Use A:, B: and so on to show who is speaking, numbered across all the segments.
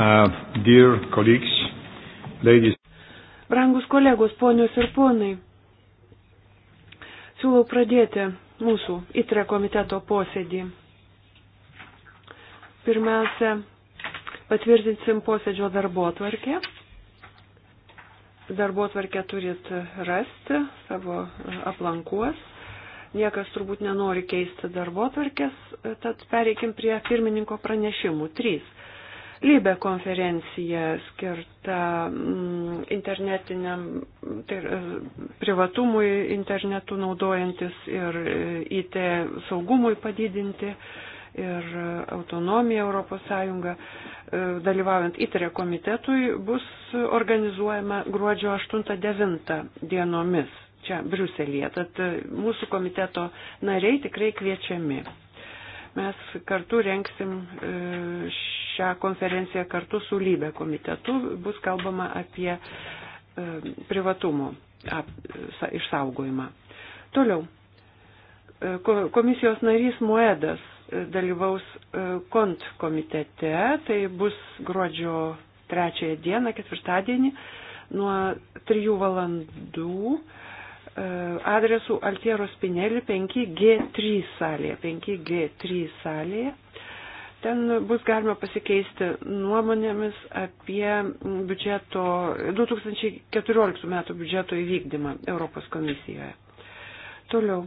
A: Uh, dear colleagues, ladies. Brangus kolegos, ponios ir ponai, siūlau pradėti mūsų ITRE komiteto posėdį. Pirmiausia, patvirtinsim posėdžio darbo atvarkę. Darbo atvarkę turit rasti savo aplankuos. Niekas turbūt nenori keisti darbo atvarkės, tad pereikim prie pirmininko pranešimų. Trys Lybė konferencija skirta mm, internetiniam tai, privatumui internetu naudojantis ir e, IT saugumui padidinti ir autonomija ES e, dalyvaujant įtarė e komitetui bus organizuojama gruodžio 8-9 dienomis čia Briuselėje. Tad mūsų komiteto nariai tikrai kviečiami. Mes kartu renksim e, šią konferenciją kartu su lybė komitetu. Bus kalbama apie e, privatumo išsaugojimą. Toliau. E, komisijos narys Moedas dalyvaus kont komitete, tai bus gruodžio trečiąją dieną, ketvirtadienį, nuo 3 valandų E, adresu Altiero Spinelį 5G3 salėje. 5G3 salėje. Ten bus galima pasikeisti nuomonėmis apie biudžeto, 2014 metų biudžeto įvykdymą Europos komisijoje. Toliau.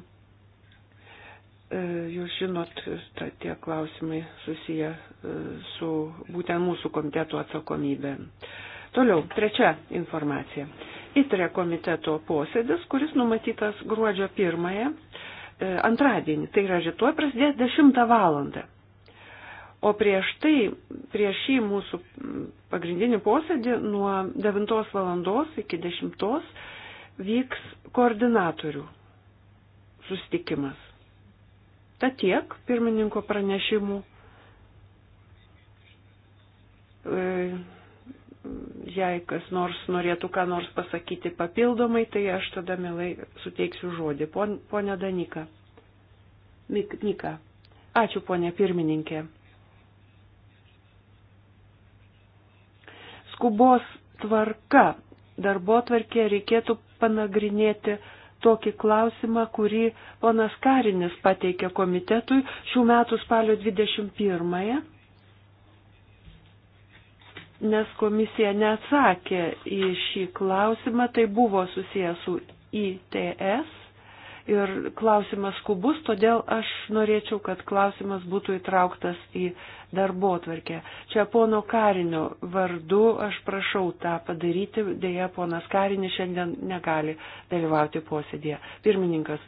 A: E, jūs žinot, ta, tie klausimai susiję e, su būtent mūsų komiteto atsakomybė. Toliau, trečia informacija. ITRE komiteto posėdis, kuris numatytas gruodžio pirmąją, e, antradienį, tai yra rytoj prasidės 10 valandą. O prieš tai, prieš šį mūsų pagrindinį posėdį nuo 9 valandos iki 10 vyks koordinatorių sustikimas. Ta tiek pirmininko pranešimų e, jei kas nors norėtų ką nors pasakyti papildomai, tai aš tada mielai suteiksiu žodį. Pon, ponia Danika. Mik, Nika. Ačiū, ponia pirmininkė. Skubos tvarka. Darbo tvarkė reikėtų panagrinėti tokį klausimą, kurį ponas Karinis pateikė komitetui šių metų spalio 21. -ąją nes komisija neatsakė į šį klausimą, tai buvo susijęs su ITS ir klausimas skubus, todėl aš norėčiau, kad klausimas būtų įtrauktas į darbo tvarkę. Čia pono Karinio vardu aš prašau tą padaryti, dėja ponas Karinis šiandien negali dalyvauti posėdėje. Pirmininkas,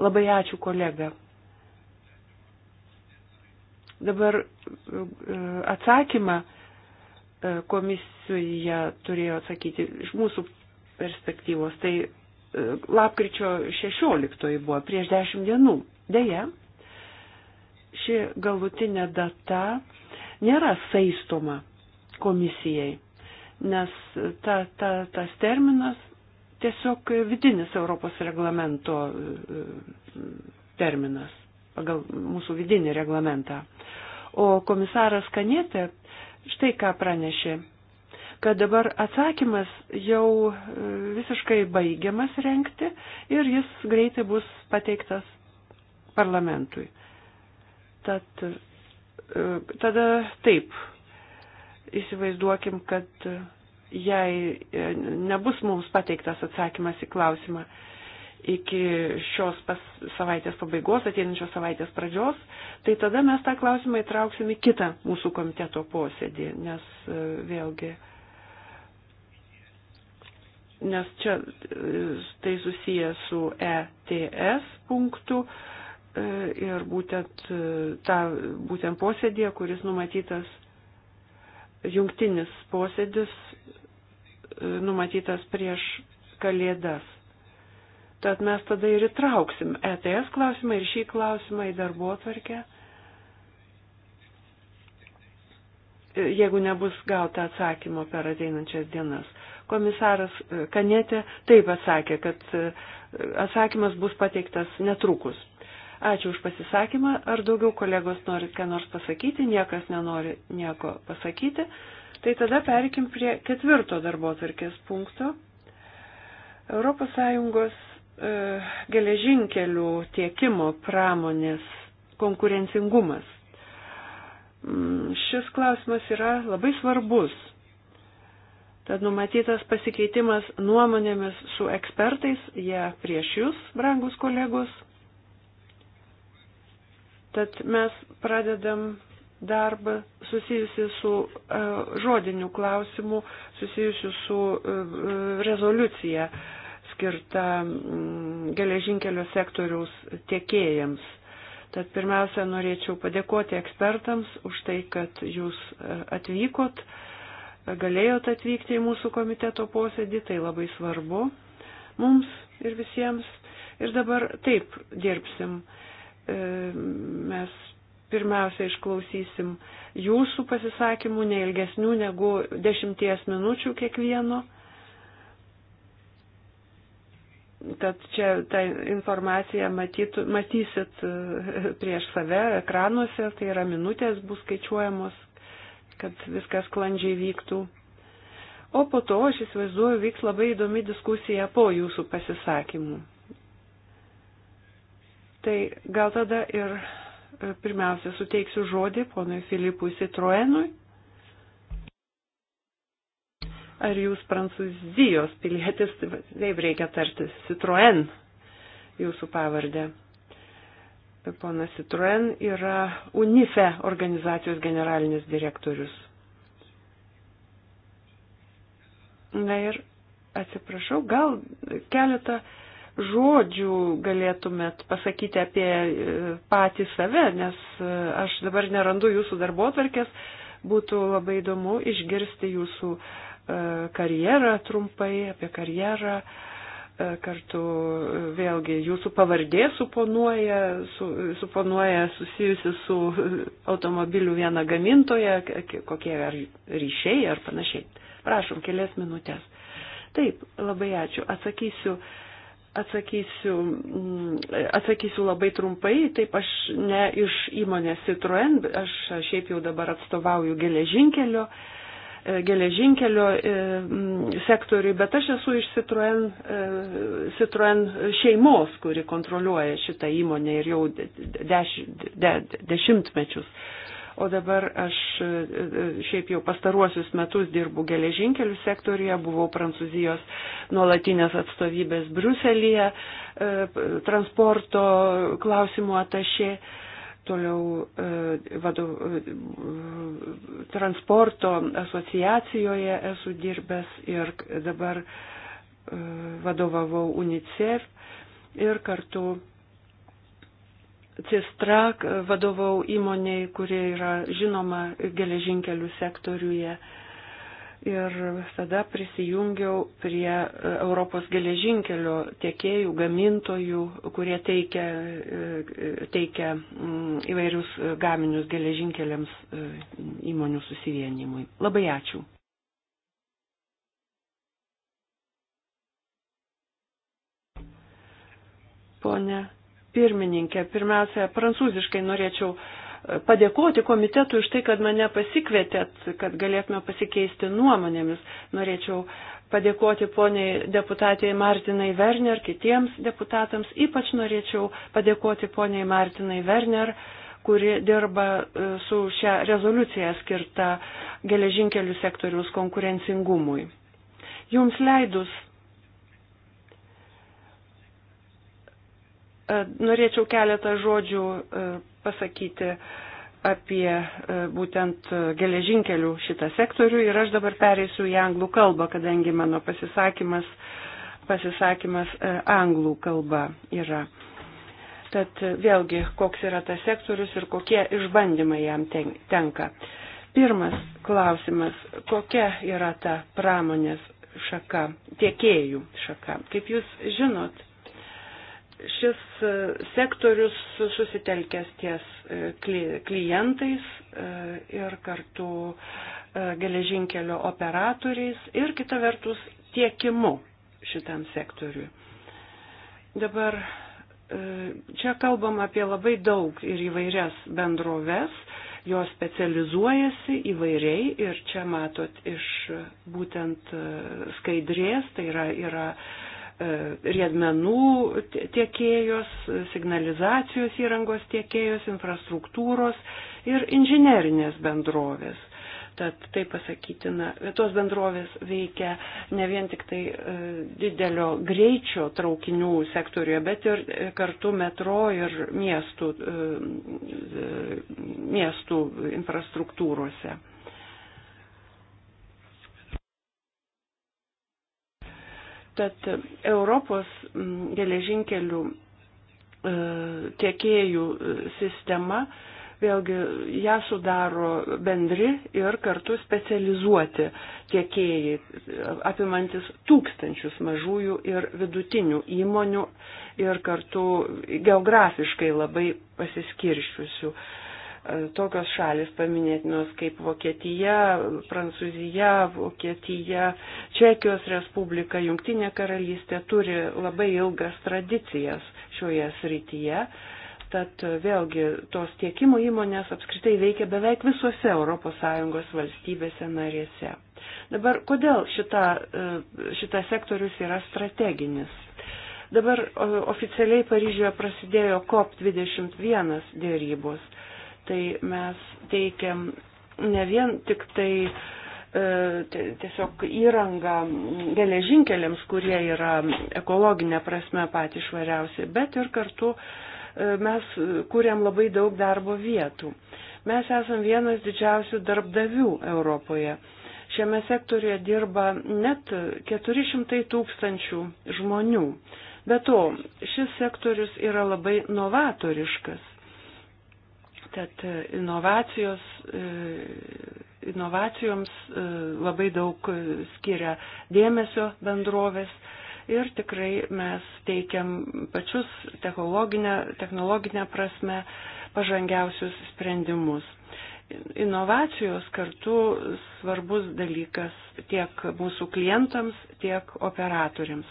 A: labai ačiū kolega. Dabar e, atsakymą E, komisija turėjo atsakyti iš mūsų perspektyvos. Tai e, lapkričio 16 buvo prieš 10 dienų. Deja, ši galutinė data nėra saistoma komisijai, nes ta, ta, tas terminas tiesiog vidinis Europos reglamento e, terminas pagal mūsų vidinį reglamentą. O komisaras Kanėtė štai ką pranešė, kad dabar atsakymas jau e, visiškai baigiamas renkti ir jis greitai bus pateiktas parlamentui. Tad, e, tada taip, įsivaizduokim, kad e, jei nebus mums pateiktas atsakymas į klausimą, iki šios pas, savaitės pabaigos, ateinančios savaitės pradžios, tai tada mes tą klausimą įtrauksim į kitą mūsų komiteto posėdį, nes e, vėlgi, nes čia e, tai susiję su ETS punktu e, ir būtent, ta, būtent posėdė, kuris numatytas jungtinis posėdis numatytas prieš kalėdas. Tad mes tada ir įtrauksim ETS klausimą ir šį klausimą į darbo atvarkę. Jeigu nebus gauta atsakymo per ateinančias dienas. Komisaras e, Kanėtė taip atsakė, kad e, atsakymas bus pateiktas netrukus. Ačiū už pasisakymą. Ar daugiau kolegos norit ką nors pasakyti? Niekas nenori nieko pasakyti. Tai tada perikim prie ketvirto darbo atvarkės punkto. ES E, geležinkelių tiekimo pramonės konkurencingumas. Mm, šis klausimas yra labai svarbus. Tad numatytas pasikeitimas nuomonėmis su ekspertais, jie prieš jūs, brangus kolegos. Tad mes pradedam darbą susijusi su uh, žodiniu klausimu, susijusiu su uh, rezoliucija uh, skirta mm, geležinkelio sektoriaus tiekėjams. Tad pirmiausia, norėčiau padėkoti ekspertams už tai, kad jūs e, atvykot, galėjot atvykti į mūsų komiteto posėdį, tai labai svarbu mums ir visiems. Ir dabar taip dirbsim. E, mes pirmiausia išklausysim jūsų pasisakymų, neilgesnių negu dešimties minučių kiekvieno. Tad čia tą informaciją matytų, matysit e, prieš save ekranuose, tai yra minutės bus skaičiuojamos, kad viskas klandžiai vyktų. O po to, aš įsivaizduoju, vyks labai įdomi diskusija po jūsų pasisakymų. Tai gal tada ir e, pirmiausia suteiksiu žodį ponui Filipui Citroenui, Ar jūs prancūzijos pilietis, tai taip reikia tartis, Citroen jūsų pavardė. Ponas Citroen yra UNIFE organizacijos generalinis direktorius. Na ir atsiprašau, gal keletą žodžių galėtumėt pasakyti apie e, patį save, nes e, aš dabar nerandu jūsų darbo tvarkės, būtų labai įdomu išgirsti jūsų uh, E, karjerą trumpai, apie karjerą. E, kartu e, vėlgi jūsų pavardė suponuoja, su, suponuoja susijusi su automobilių viena gamintoja, kokie ar ryšiai ar panašiai. Prašom, kelias minutės. Taip, labai ačiū. Atsakysiu atsakysiu, mm, atsakysiu labai trumpai, taip aš ne iš įmonės Citroen, aš šiaip jau dabar atstovauju geležinkelio E, geležinkelio e, sektoriui, bet aš esu iš Citroen, e, Citroen šeimos, kuri kontroliuoja šitą įmonę ir jau deš, de, dešimtmečius. O dabar aš šiaip jau pastaruosius metus dirbu geležinkelių sektoriuje, buvau Prancūzijos nuolatinės atstovybės Bruselėje, transporto klausimų atašė toliau e, vadov, e, transporto asociacijoje esu dirbęs ir dabar e, vadovavau UNICEF ir kartu Cistrak vadovau įmoniai, kuri yra žinoma geležinkelių sektoriuje ir tada prisijungiau prie e, Europos geležinkelio tiekėjų, gamintojų, kurie teikia, e, teikia mm, įvairius e, gaminius geležinkeliams įmonių susivienimui. Labai ačiū. Pone pirmininkė, pirmiausia, prancūziškai norėčiau uh, padėkoti komitetui už tai, kad mane pasikvietėt, kad galėtume pasikeisti nuomonėmis. Norėčiau padėkoti poniai deputatijai Martinai Werner, kitiems deputatams. Ypač norėčiau padėkoti poniai Martinai Werner, kuri dirba e, su šią rezoliuciją skirtą geležinkelių sektoriaus konkurencingumui. Jums leidus e, norėčiau keletą žodžių e, pasakyti apie e, būtent e, geležinkelių šitą sektorių ir aš dabar pereisiu į anglų kalbą, kadangi mano pasisakymas, pasisakymas e, anglų kalba yra. Tad vėlgi, koks yra tas sektorius ir kokie išbandymai jam tenka. Pirmas klausimas, kokia yra ta pramonės šaka, tiekėjų šaka. Kaip jūs žinot, šis e, sektorius susitelkęs ties e, klientais e, ir kartu geležinkelio operatoriais ir kita vertus tiekimu šitam sektoriui. Dabar čia kalbam apie labai daug ir įvairias bendroves, jos specializuojasi įvairiai ir čia matot iš būtent skaidrės, tai yra, yra E, riedmenų tiekėjos, signalizacijos įrangos tiekėjos, infrastruktūros ir inžinerinės bendrovės. Tad tai pasakytina, tos bendrovės veikia ne vien tik tai e, didelio greičio traukinių sektoriuje, bet ir e, kartu metro ir miestų, miestų infrastruktūrose. Tad Europos mm, geležinkelių e, tiekėjų e, sistema, vėlgi ją sudaro bendri ir kartu specializuoti tiekėjai, apimantis tūkstančius mažųjų ir vidutinių įmonių ir kartu geografiškai labai pasiskirščiusių. E, tokios šalis paminėtinos kaip Vokietija, Prancūzija, Vokietija, Čekijos Respublika, Jungtinė karalystė turi labai ilgas tradicijas šioje srityje. Tad vėlgi tos tiekimo įmonės apskritai veikia beveik visose ES valstybėse narėse. Dabar kodėl šita, e, šita sektorius yra strateginis? Dabar e, oficialiai Paryžioje prasidėjo COP21 dėrybos tai mes teikiam ne vien tik tai e, tiesiog įrangą geležinkeliams, kurie yra ekologinė prasme patys švariausi, bet ir kartu e, mes kuriam labai daug darbo vietų. Mes esam vienas didžiausių darbdavių Europoje. Šiame sektoriuje dirba net 400 tūkstančių žmonių. Be to, šis sektorius yra labai novatoriškas. Tad e, inovacijos, e, inovacijoms e, labai daug skiria dėmesio bendrovės ir tikrai mes teikiam pačius technologinę, technologinę prasme pažangiausius sprendimus inovacijos kartu svarbus dalykas tiek mūsų klientams, tiek operatoriams.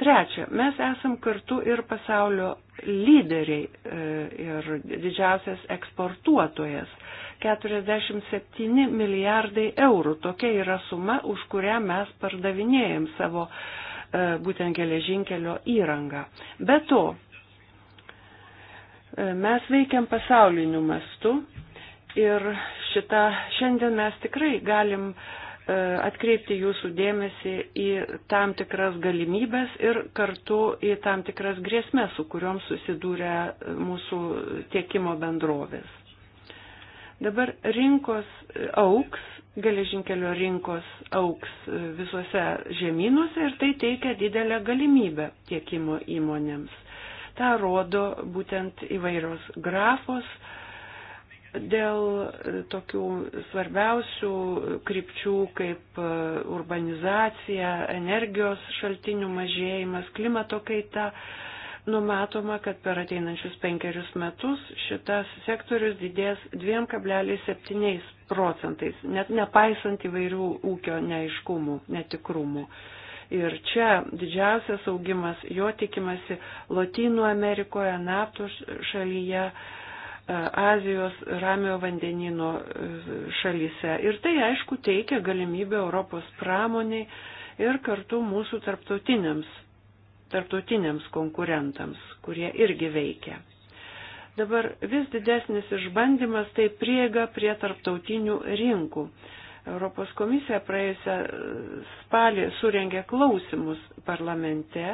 A: Trečia, mes esam kartu ir pasaulio lyderiai e, ir didžiausias eksportuotojas. 47 milijardai eurų tokia yra suma, už kurią mes pardavinėjom savo e, būtent geležinkelio įrangą. Be to, e, mes veikiam pasauliniu mastu Ir šitą šiandien mes tikrai galim e, atkreipti jūsų dėmesį į tam tikras galimybės ir kartu į tam tikras grėsmės, su kuriuom susidūrė e, mūsų tiekimo bendrovės. Dabar rinkos e, auks, geležinkelio rinkos auks visuose žemynuose ir tai teikia didelę galimybę tiekimo įmonėms. Ta rodo būtent įvairios grafos, uh, dėl e, tokių svarbiausių krypčių kaip e, urbanizacija, energijos šaltinių mažėjimas, klimato kaita. Numatoma, kad per ateinančius penkerius metus šitas sektorius didės 2,7 procentais, net nepaisant įvairių ūkio neaiškumų, netikrumų. Ir čia didžiausias augimas jo tikimasi Lotynų Amerikoje, NATO šalyje, uh, Azijos ramio vandenino e, šalyse. Ir tai, aišku, teikia galimybę Europos pramoniai ir kartu mūsų tarptautiniams, tarptautiniams konkurentams, kurie irgi veikia. Dabar vis didesnis išbandymas tai prieiga prie tarptautinių rinkų. Europos komisija praėjusią spalį surengė klausimus parlamente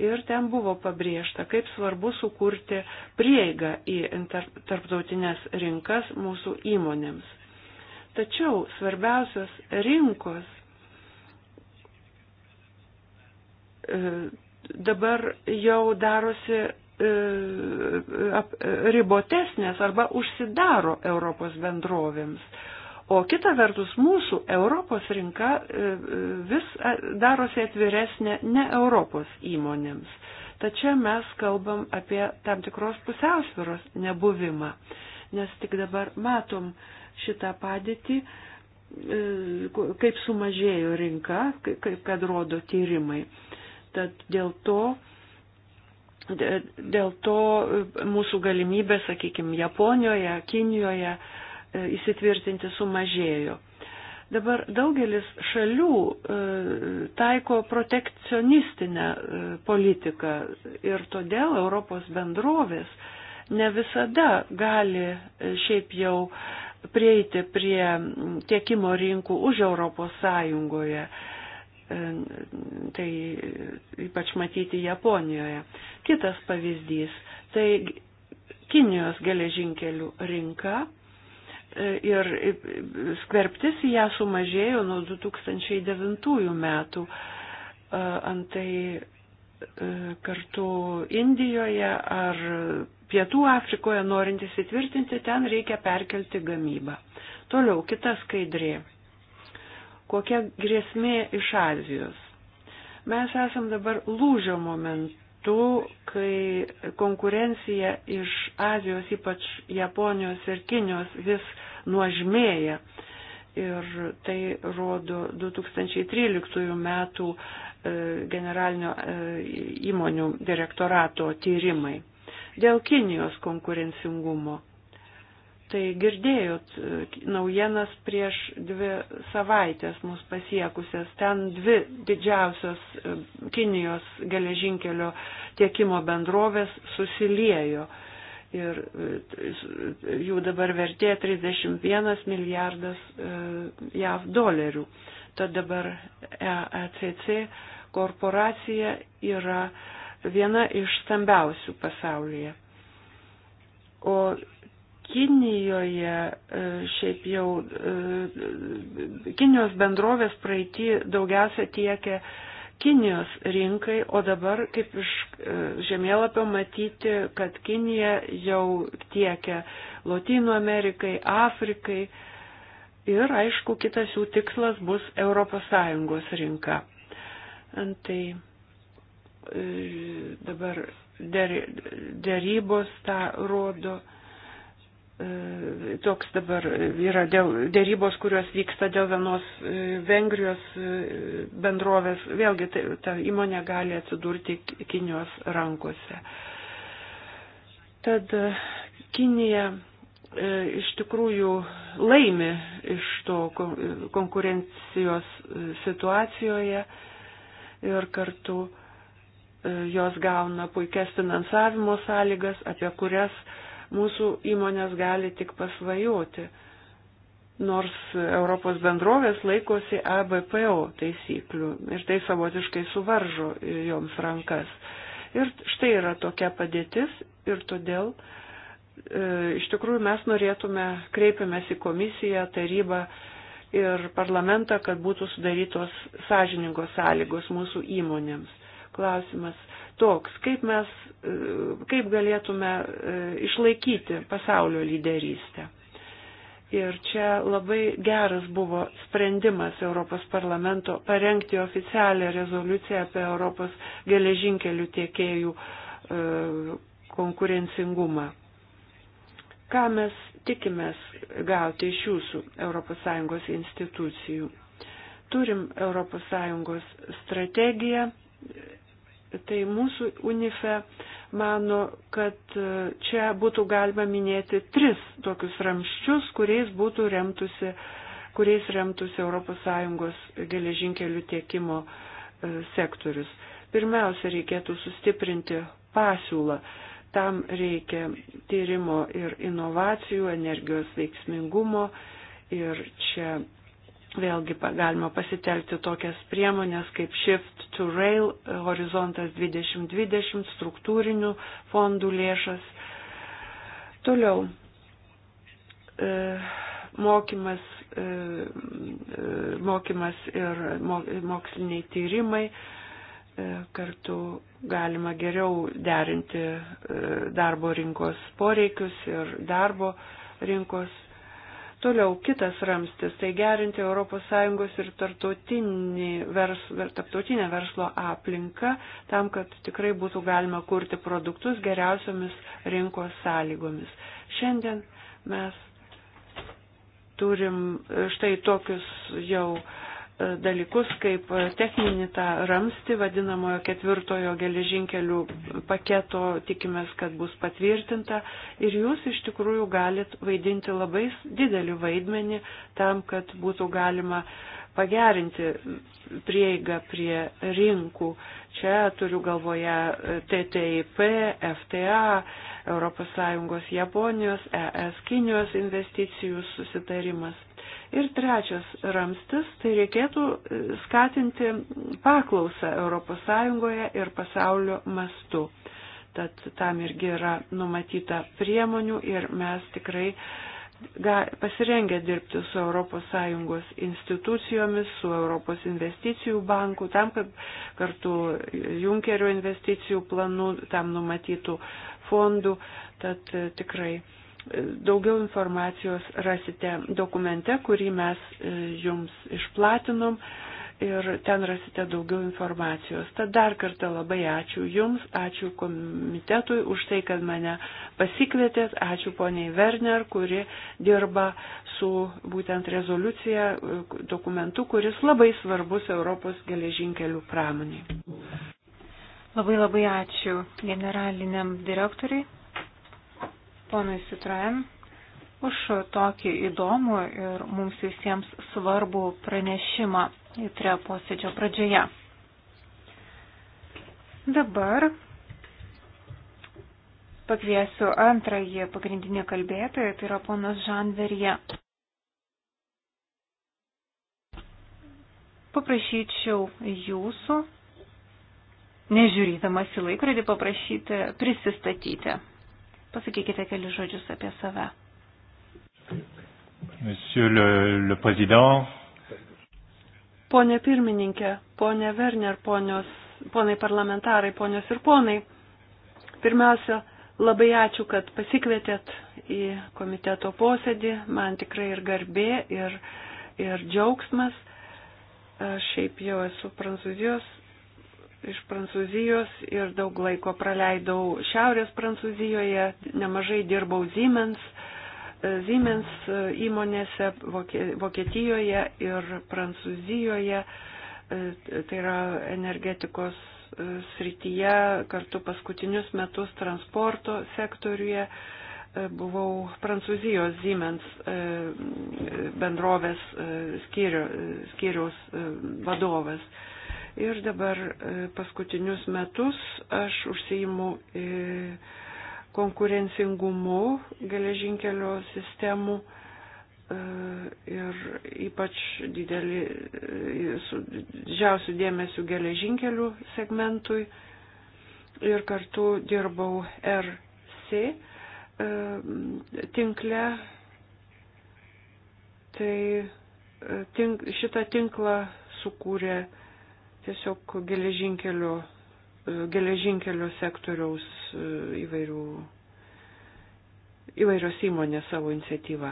A: ir ten buvo pabrėžta, kaip svarbu sukurti prieigą į tarptautinės rinkas mūsų įmonėms. Tačiau svarbiausios rinkos e, dabar jau darosi e, ribotesnės arba užsidaro Europos bendrovėms O kita vertus, mūsų Europos rinka e, e, vis e, darosi atviresnė ne Europos įmonėms. Tačiau mes kalbam apie tam tikros pusiausviros nebuvimą, nes tik dabar matom šitą padėtį, kaip sumažėjo rinka, kaip kad rodo tyrimai. Tad dėl to dėl to mūsų galimybė, sakykime, Japonijoje, Kinijoje E, įsitvirtinti sumažėjo. Dabar daugelis šalių e, taiko protekcionistinę e, politiką ir todėl Europos bendrovės ne visada gali šiaip jau prieiti prie tiekimo rinkų už Europos Sąjungoje. Tai ypač matyti Japonijoje. Kitas pavyzdys - tai Kinijos geležinkelių rinka ir skverbtis į ją sumažėjo nuo 2009 metų. Antai kartu Indijoje ar Pietų Afrikoje norint įsitvirtinti, ten reikia perkelti gamybą. Toliau, kita skaidrė. Kokia grėsmė iš Azijos? Mes esam dabar lūžio moment, metu, kai konkurencija iš Azijos, ypač Japonijos ir Kinijos, vis nuožmėja. Ir tai rodo 2013 metų e, generalinio e, įmonių direktorato tyrimai. Dėl Kinijos konkurencingumo Tai girdėjot e, naujienas prieš dvi savaitės mus pasiekusias. Ten dvi didžiausios e, Kinijos geležinkelio tiekimo bendrovės susiliejo. Ir e, jų dabar vertė 31 milijardas JAV dolerių. Tad dabar EACC korporacija yra viena iš stambiausių pasaulyje. O Kinijoje e, šiaip jau e, Kinijos bendrovės praeitį daugiausia tiekė Kinijos rinkai, o dabar kaip iš e, žemėlapio matyti, kad Kinija jau tiekia Lotynų Amerikai, Afrikai ir aišku, kitas jų tikslas bus ES rinka. Tai dabar dėrybos tą rodo. E, toks dabar yra dėl dėrybos, kurios vyksta dėl vienos e, Vengrijos e, bendrovės, vėlgi ta, ta įmonė gali atsidurti Kinijos rankose. Tad Kinija iš tikrųjų laimi iš to konkurencijos situacijoje ir kartu jos gauna puikias finansavimo sąlygas, apie kurias uh, mūsų įmonės gali tik pasvajoti, nors Europos bendrovės laikosi ABPO taisyklių ir tai savotiškai suvaržo joms rankas. Ir štai yra tokia padėtis ir todėl e, iš tikrųjų mes norėtume, kreipiamės į komisiją, tarybą ir parlamentą, kad būtų sudarytos sąžiningos sąlygos mūsų įmonėms klausimas toks, kaip mes, e, kaip galėtume e, išlaikyti pasaulio lyderystę. Ir čia labai geras buvo sprendimas Europos parlamento parengti oficialią rezoliuciją apie Europos geležinkelių tiekėjų e, konkurencingumą. Ką mes tikimės gauti iš jūsų ES institucijų? Turim ES strategiją tai mūsų UNIFE mano, kad e, čia būtų galima minėti tris tokius ramščius, kuriais būtų remtusi, kuriais remtusi ES geležinkelių tiekimo e, sektorius. Pirmiausia, reikėtų sustiprinti pasiūlą. Tam reikia tyrimo ir inovacijų, energijos veiksmingumo ir čia Vėlgi galima pasitelkti tokias priemonės kaip Shift to Rail, Horizontas 2020, struktūrinių fondų lėšas. Toliau, e, mokymas, e, e, mokymas ir moksliniai tyrimai. Kartu galima geriau derinti darbo rinkos poreikius ir darbo rinkos Toliau kitas ramstis - tai gerinti ES ir vers, tarptautinę verslo aplinką tam, kad tikrai būtų galima kurti produktus geriausiomis rinkos sąlygomis. Šiandien mes turim štai tokius jau uh, dalykus kaip techninį tą ramstį vadinamojo ketvirtojo geležinkelių paketo, tikimės, kad bus patvirtinta ir jūs iš tikrųjų galit vaidinti labai didelį vaidmenį tam, kad būtų galima pagerinti prieigą prie rinkų. Čia turiu galvoje TTIP, FTA, ES Japonijos, ES Kinijos investicijų susitarimas Ir trečias ramstis - tai reikėtų e, skatinti paklausą ES ir pasaulio mastu. Tad tam irgi yra numatyta priemonių ir mes tikrai pasirengę dirbti su ES institucijomis, su Europos investicijų banku, tam, kad kartu Junkerio investicijų planų tam numatytų fondų. Tad e, tikrai Daugiau informacijos rasite dokumente, kurį mes e, jums išplatinom ir ten rasite daugiau informacijos. Tad dar kartą labai ačiū Jums, ačiū komitetui už tai, kad mane pasikvietėt, ačiū poniai Werner, kuri dirba su būtent rezoliucija, e, dokumentu, kuris labai svarbus Europos geležinkelių pramoniai.
B: Labai labai ačiū generaliniam direktoriui ponui Citroen už tokį įdomų ir mums visiems svarbų pranešimą į tre posėdžio pradžioje. Dabar pakviesiu antrąjį pagrindinį kalbėtoją, tai yra ponas Žanverje. Paprašyčiau jūsų, nežiūrėdamas į laikrodį, paprašyti prisistatyti. Pasakykite keli žodžius apie save. Monsieur le, le Président. Pone pirmininkė, ponė
A: Werner, ponios, ponai parlamentarai, ponios ir ponai. Pirmiausia, labai ačiū, kad pasikvietėt į komiteto posėdį. Man tikrai ir garbė, ir, ir džiaugsmas. Aš šiaip jau esu Prancūzijos iš Prancūzijos ir daug laiko praleidau Šiaurės Prancūzijoje, nemažai dirbau Siemens, e, Siemens e, įmonėse Vokietijoje ir Prancūzijoje, e, tai yra energetikos srityje, kartu paskutinius metus transporto sektoriuje buvau Prancūzijos Siemens bendrovės skyriaus vadovas. Ir dabar e, paskutinius metus aš užsijimu e, konkurencingumu geležinkelio sistemų e, ir ypač didelį, su didžiausiu dėmesiu geležinkelių segmentui. Ir kartu dirbau RC tinkle. Tai tink, šitą tinklą sukūrė uh, tiesiog geležinkelio, e, geležinkelio sektoriaus e, įvairių, įvairios įmonės savo iniciatyvą.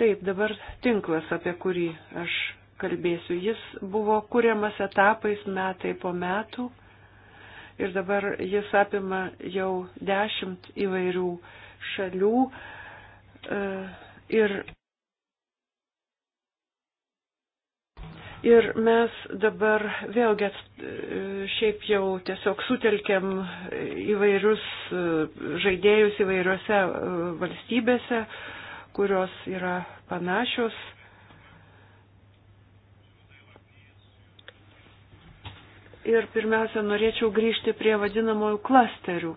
A: Taip, dabar tinklas, apie kurį aš kalbėsiu, jis buvo kuriamas etapais metai po metų ir dabar jis apima jau dešimt įvairių šalių e, ir Ir mes dabar vėlgi šiaip jau tiesiog sutelkiam įvairius e, žaidėjus įvairiose e, valstybėse, kurios yra panašios. Ir pirmiausia, norėčiau grįžti prie vadinamojų klasterių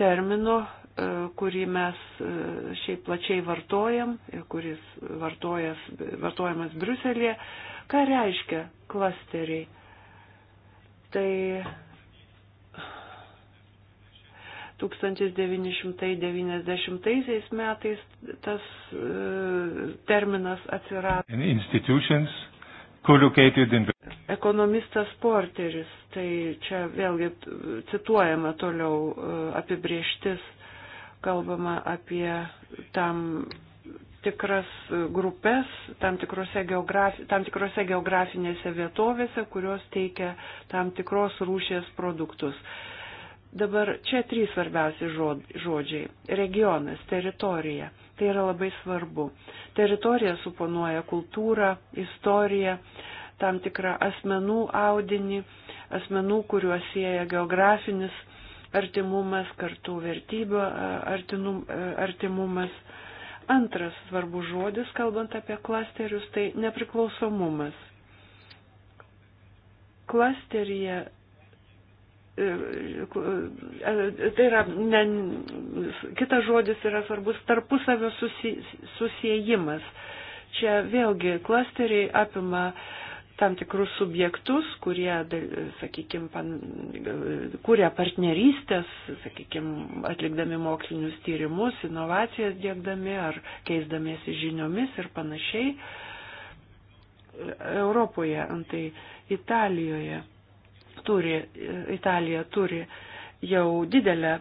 A: termino, e, kurį mes šiaip plačiai vartojam ir kuris vartojas, vartojamas Bruselėje Ką reiškia klasteriai? Tai 1990 metais tas e, terminas atsirado. In... Ekonomistas Porteris, tai čia vėlgi cituojama toliau e, apibrieštis, kalbama apie tam tikras grupės tam tikrose, geografi, tam tikrose geografinėse vietovėse, kurios teikia tam tikros rūšės produktus. Dabar čia trys svarbiausi žodžiai - regionas, teritorija. Tai yra labai svarbu. Teritorija suponuoja kultūrą, istoriją, tam tikrą asmenų audinį, asmenų, kuriuos sieja geografinis artimumas, kartu vertybių artimumas Antras svarbus žodis, kalbant apie klasterius, tai nepriklausomumas. Klasteryje e, e, tai yra, ne, kitas žodis yra svarbus tarpusavio susi, susijimas. Čia vėlgi klasteriai apima uh, tam tikrus subjektus, kurie, sakykime, kūrė partnerystės, sakykime, atlikdami mokslinius tyrimus, inovacijas dėkdami ar keisdamiesi žiniomis ir panašiai. Europoje, antai Italijoje turi, Italija turi jau didelę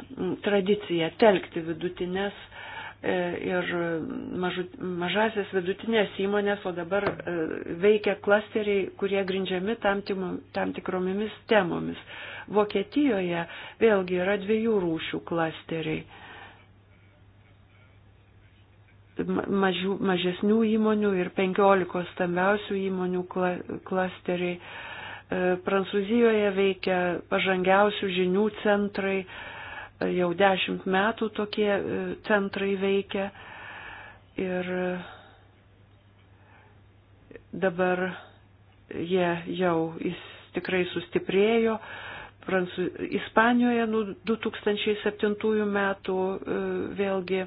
A: tradiciją telkti vidutinės uh, E, ir mažu, mažasis vidutinės įmonės, o dabar e, veikia klasteriai, kurie grindžiami tam, tam tikromis temomis. Vokietijoje vėlgi yra dviejų rūšių klasteriai. Mažių, mažesnių įmonių ir penkiolikos stambiausių įmonių kla, klasteriai. E, Prancūzijoje veikia pažangiausių žinių centrai, jau dešimt metų tokie e, centrai veikia ir e, dabar jie jau jis tikrai sustiprėjo. Prancu... Ispanijoje nuo 2007 metų e, vėlgi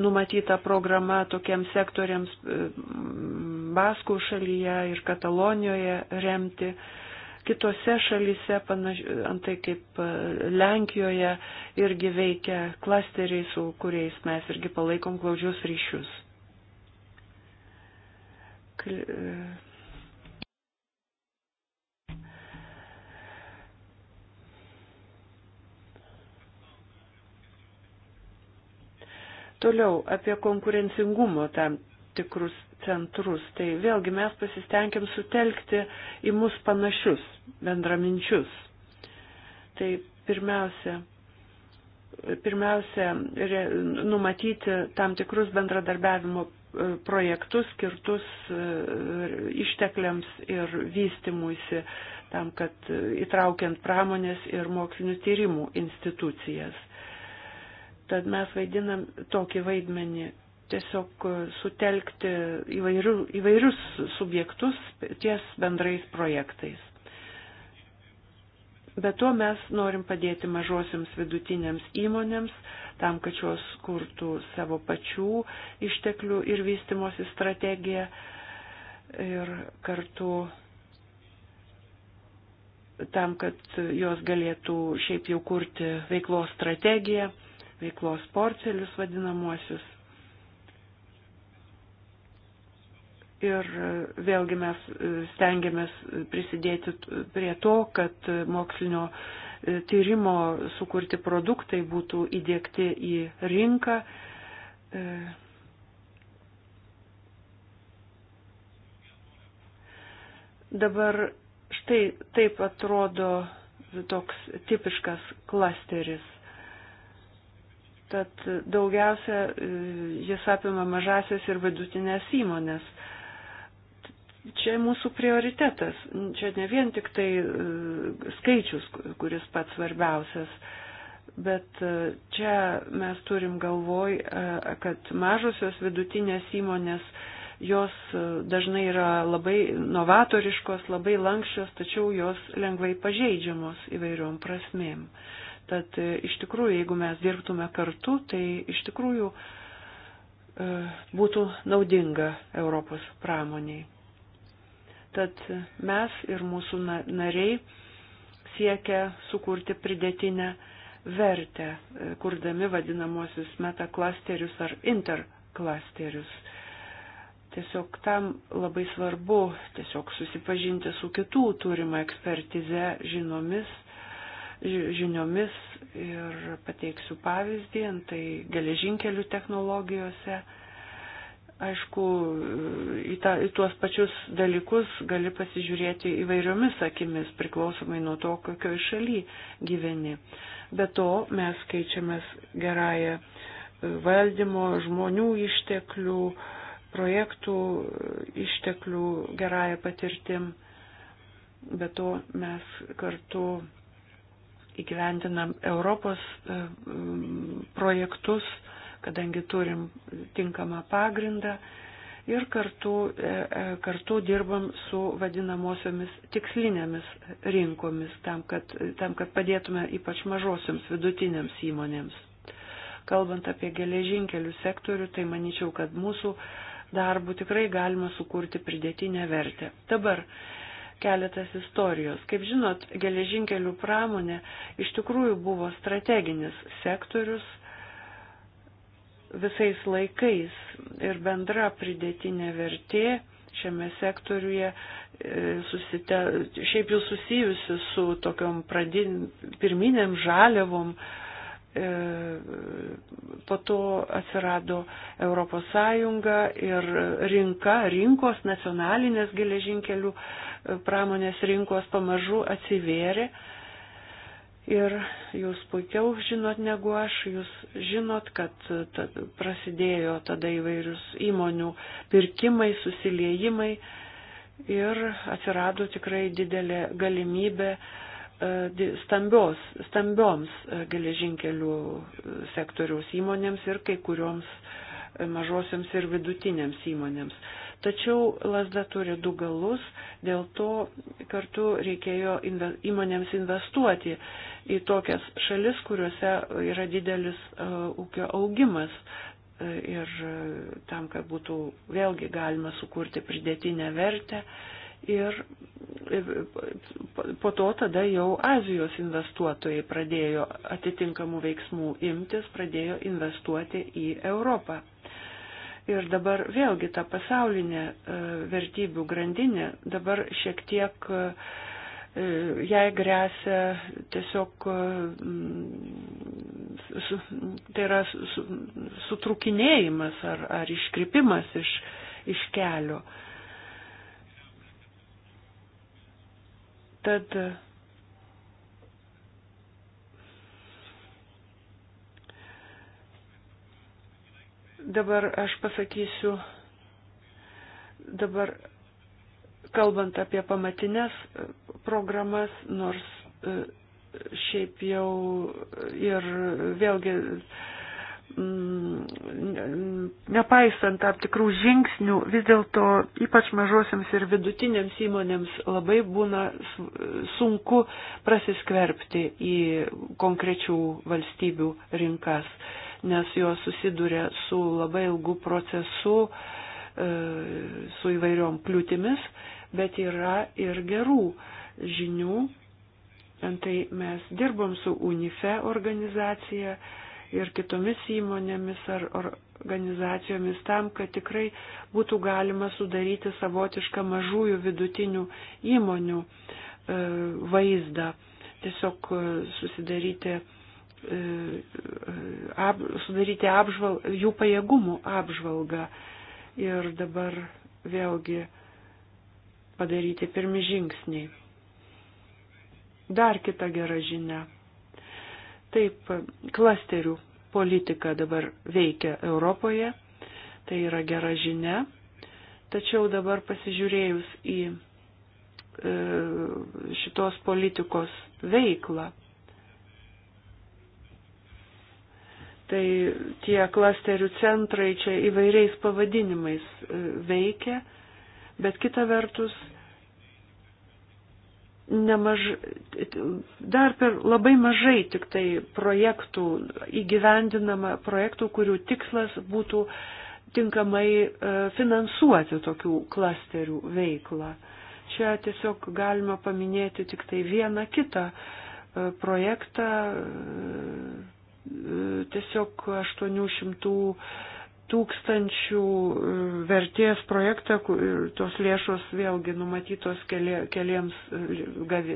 A: numatyta programa tokiems sektoriams Baskų šalyje ir Katalonijoje remti kitose šalyse, antai kaip e, Lenkijoje, irgi veikia klasteriai, su kuriais mes irgi palaikom glaudžius ryšius. E, Toliau apie konkurencingumo tam tikrus centrus. Tai vėlgi mes pasistengiam sutelkti į mus panašius, bendraminčius. Tai pirmiausia, pirmiausia re, numatyti tam tikrus bendradarbiavimo e, projektus skirtus e, ištekliams ir vystimuisi tam, kad e, įtraukiant pramonės ir mokslinių tyrimų institucijas. Tad mes vaidinam tokį vaidmenį tiesiog e, sutelkti įvairių, įvairius subjektus ties bendrais projektais. Be to mes norim padėti mažosiams vidutinėms įmonėms, tam, kad šios kurtų savo pačių išteklių ir vystimosi strategiją ir kartu tam, kad jos galėtų šiaip jau kurti veiklos strategiją, veiklos porcelius vadinamuosius Ir e, vėlgi mes e, stengiamės prisidėti prie to, kad mokslinio e, tyrimo sukurti produktai būtų įdėkti į rinką. Dabar štai taip atrodo toks tipiškas klasteris. Tad daugiausia jis apima mažasias ir vidutinės įmonės čia mūsų prioritetas. Čia ne vien tik tai e, skaičius, kuris pats svarbiausias, bet e, čia mes turim galvoj, e, kad mažosios vidutinės įmonės, jos dažnai yra labai novatoriškos, labai lankščios, tačiau jos lengvai pažeidžiamos įvairiom prasmėm. Tad iš tikrųjų, jeigu mes dirbtume kartu, tai iš tikrųjų būtų naudinga Europos pramoniai. Tad mes ir mūsų nariai siekia sukurti pridėtinę vertę, e, kurdami vadinamosius metaklasterius ar interklasterius. Tiesiog tam labai svarbu tiesiog susipažinti su kitų turima ekspertize žinomis, žiniomis ir pateiksiu pavyzdį, tai geležinkelių technologijose aišku, į, ta, į tuos pačius dalykus gali pasižiūrėti įvairiomis akimis, priklausomai nuo to, kokioje šalyje gyveni. Be to, mes keičiamės gerąją e, valdymo, žmonių išteklių, projektų e, išteklių gerąją patirtim. Be to, mes kartu įgyvendinam Europos e, projektus, kadangi turim tinkamą pagrindą ir kartu, e, e, kartu dirbam su vadinamosiomis tikslinėmis rinkomis, tam kad, tam, kad padėtume ypač mažosioms vidutinėms įmonėms. Kalbant apie geležinkelių sektorių, tai manyčiau, kad mūsų darbų tikrai galima sukurti pridėtinę vertę. Dabar keletas istorijos. Kaip žinot, geležinkelių pramonė iš tikrųjų buvo strateginis sektorius visais laikais ir bendra pridėtinė vertė šiame sektoriuje e, susite, šiaip jau susijusi su tokiom pradin, pirminėm žaliavom. E, po to atsirado Europos Sąjunga ir rinka, rinkos, nacionalinės geležinkelių e, pramonės rinkos pamažu atsivėrė Ir jūs puikiau žinot negu aš, jūs žinot, kad tad prasidėjo tada įvairius įmonių pirkimai, susiliejimai ir atsirado tikrai didelė galimybė e, stambios, stambioms e, geležinkelių e, sektoriaus įmonėms ir kai kurioms mažosiams ir vidutinėms įmonėms. Tačiau lasda turi du galus, dėl to kartu reikėjo įmonėms investuoti į tokias šalis, kuriuose yra didelis e, ūkio augimas e, ir e, tam, kad būtų vėlgi galima sukurti pridėtinę vertę. Ir po to tada jau Azijos investuotojai pradėjo atitinkamų veiksmų imtis, pradėjo investuoti į Europą. Ir dabar vėlgi ta pasaulinė e, vertybių grandinė dabar šiek tiek e, jai grėsia tiesiog, e, su, tai yra su, sutrukinėjimas ar, ar iškripimas iš, iš kelio. Tad Dabar aš pasakysiu, dabar kalbant apie pamatinės programas, nors e, šiaip jau ir vėlgi mm, nepaisant tam tikrų žingsnių, vis dėlto ypač mažosiams ir vidutinėms įmonėms labai būna sunku prasiskverbti į konkrečių valstybių rinkas nes jos susiduria su labai ilgu procesu, e, su įvairiom kliūtimis, bet yra ir gerų žinių. Antai mes dirbom su UNIFE organizacija ir kitomis įmonėmis ar organizacijomis tam, kad tikrai būtų galima sudaryti savotišką mažųjų vidutinių įmonių e, vaizdą, tiesiog e, susidaryti E, ap, sudaryti apžval, jų pajėgumų apžvalgą ir dabar vėlgi padaryti pirmi žingsniai. Dar kita gera žinia. Taip, klasterių politika dabar veikia Europoje, tai yra gera žinia, tačiau dabar pasižiūrėjus į e, šitos politikos veiklą, Tai tie klasterių centrai čia įvairiais pavadinimais e, veikia, bet kita vertus nemaž, dar per labai mažai tik tai projektų įgyvendinama, projektų, kurių tikslas būtų tinkamai e, finansuoti tokių klasterių veiklą. Čia tiesiog galima paminėti tik tai vieną kitą e, projektą tiesiog 800 tūkstančių e, vertės projektą, tos lėšos vėlgi numatytos keli, keliems e, e,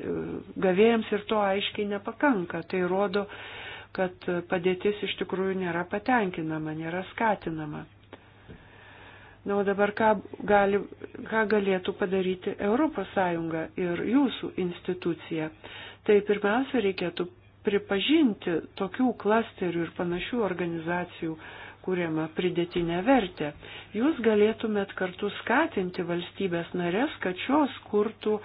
A: gavėjams ir to aiškiai nepakanka. Tai rodo, kad padėtis iš tikrųjų nėra patenkinama, nėra skatinama. Na, o dabar ką, gali, ką galėtų padaryti ES ir jūsų institucija? Tai pirmiausia, reikėtų pripažinti tokių klasterių ir panašių organizacijų kūriamą pridėtinę vertę. Jūs galėtumėt kartu skatinti valstybės narės, kad šios kurtų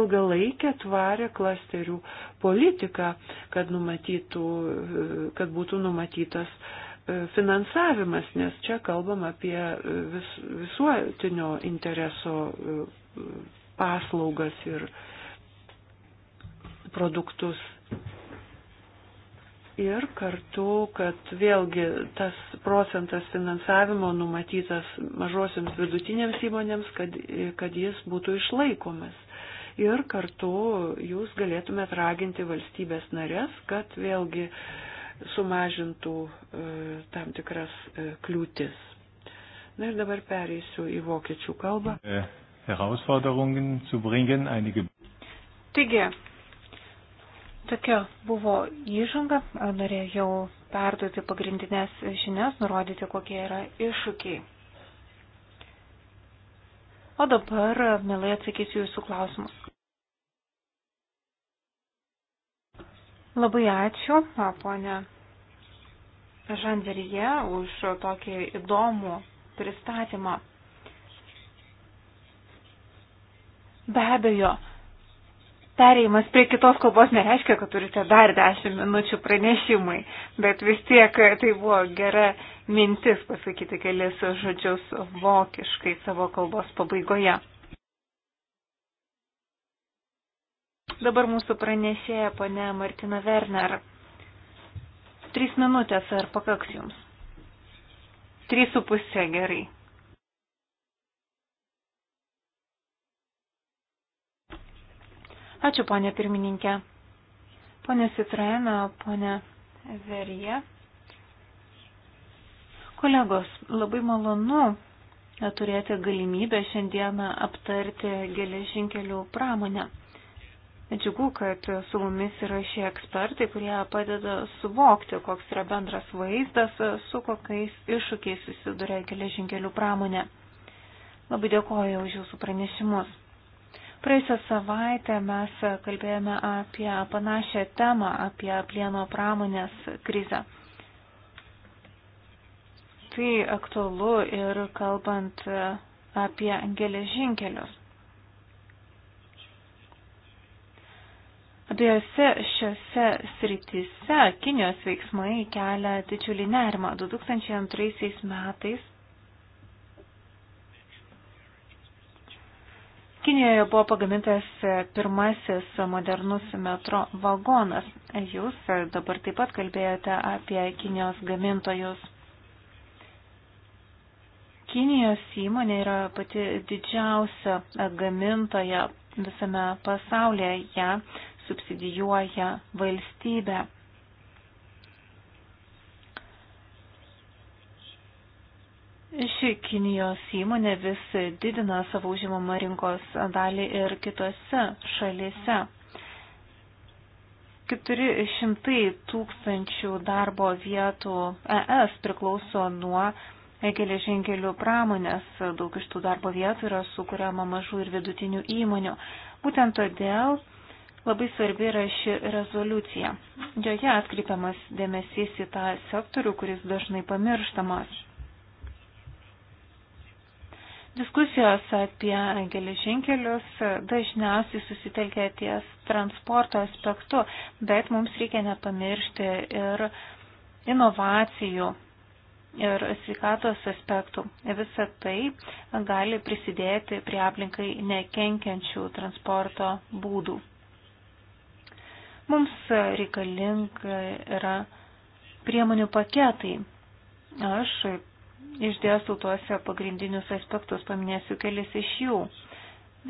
A: ilgalaikę tvarę klasterių politiką, kad, numatytų, kad būtų numatytas e, finansavimas, nes čia kalbam apie e, vis, visuotinio intereso e, paslaugas ir produktus ir kartu, kad vėlgi tas procentas finansavimo numatytas mažosiams vidutinėms įmonėms, kad, kad jis būtų išlaikomas. Ir kartu jūs galėtumėt raginti valstybės narės, kad vėlgi sumažintų e, tam tikras e, kliūtis. Na ir dabar pereisiu į vokiečių kalbą.
B: Taigi, Tokia buvo įžanga, norėjau perduoti pagrindinės žinias, nurodyti, kokie yra iššūkiai. O dabar, mielai, atsakysiu jūsų klausimus. Labai ačiū, ponė Žanderyje, už tokį įdomų pristatymą. Be abejo, Pereimas prie kitos kalbos nereiškia, kad turite dar dešimt minučių pranešimui, bet vis tiek tai buvo gera mintis pasakyti kelias žodžius vokiškai savo kalbos pabaigoje. Dabar mūsų pranešėja ponė Martina Werner. Trys minutės ar pakaks jums? Trys su pusė gerai. Ačiū, ponė pirmininkė. Pone Citraena, ponė Verija. Kolegos, labai malonu turėti galimybę šiandieną aptarti geležinkelių pramonę. Džiugu, kad su mumis yra šie ekspertai, kurie padeda suvokti, koks yra bendras vaizdas, su kokiais iššūkiais susiduria geležinkelių pramonė. Labai dėkoju už jūsų pranešimus. Praėjusią savaitę mes kalbėjome apie panašią temą, apie plieno pramonės krizę. Tai aktualu ir kalbant apie geležinkelius. Abiejose šiose srityse Kinijos veiksmai kelia didžiulį nerimą. 2002 metais Kinijoje buvo pagamintas pirmasis modernus metro vagonas. Jūs dabar taip pat kalbėjote apie Kinijos gamintojus. Kinijos įmonė yra pati didžiausia gamintoja visame pasaulyje. Ja subsidijuoja valstybę. Ši Kinijos įmonė vis didina savo užimamą rinkos dalį ir kitose šalyse. 400 tūkstančių darbo vietų ES priklauso nuo geležinkelių pramonės. Daug iš tų darbo vietų yra sukuriama mažų ir vidutinių įmonių. Būtent todėl labai svarbi yra ši rezoliucija. Joje atkreipiamas dėmesys į tą sektorių, kuris dažnai pamirštamas. Diskusijos apie geležinkelius dažniausiai susitelkia ties transporto aspektu, bet mums reikia nepamiršti ir inovacijų ir sveikatos aspektų. Visa tai gali prisidėti prie aplinkai nekenkiančių transporto būdų. Mums reikalinga yra priemonių paketai. Aš išdėstu tuose pagrindinius aspektus, paminėsiu kelis iš jų.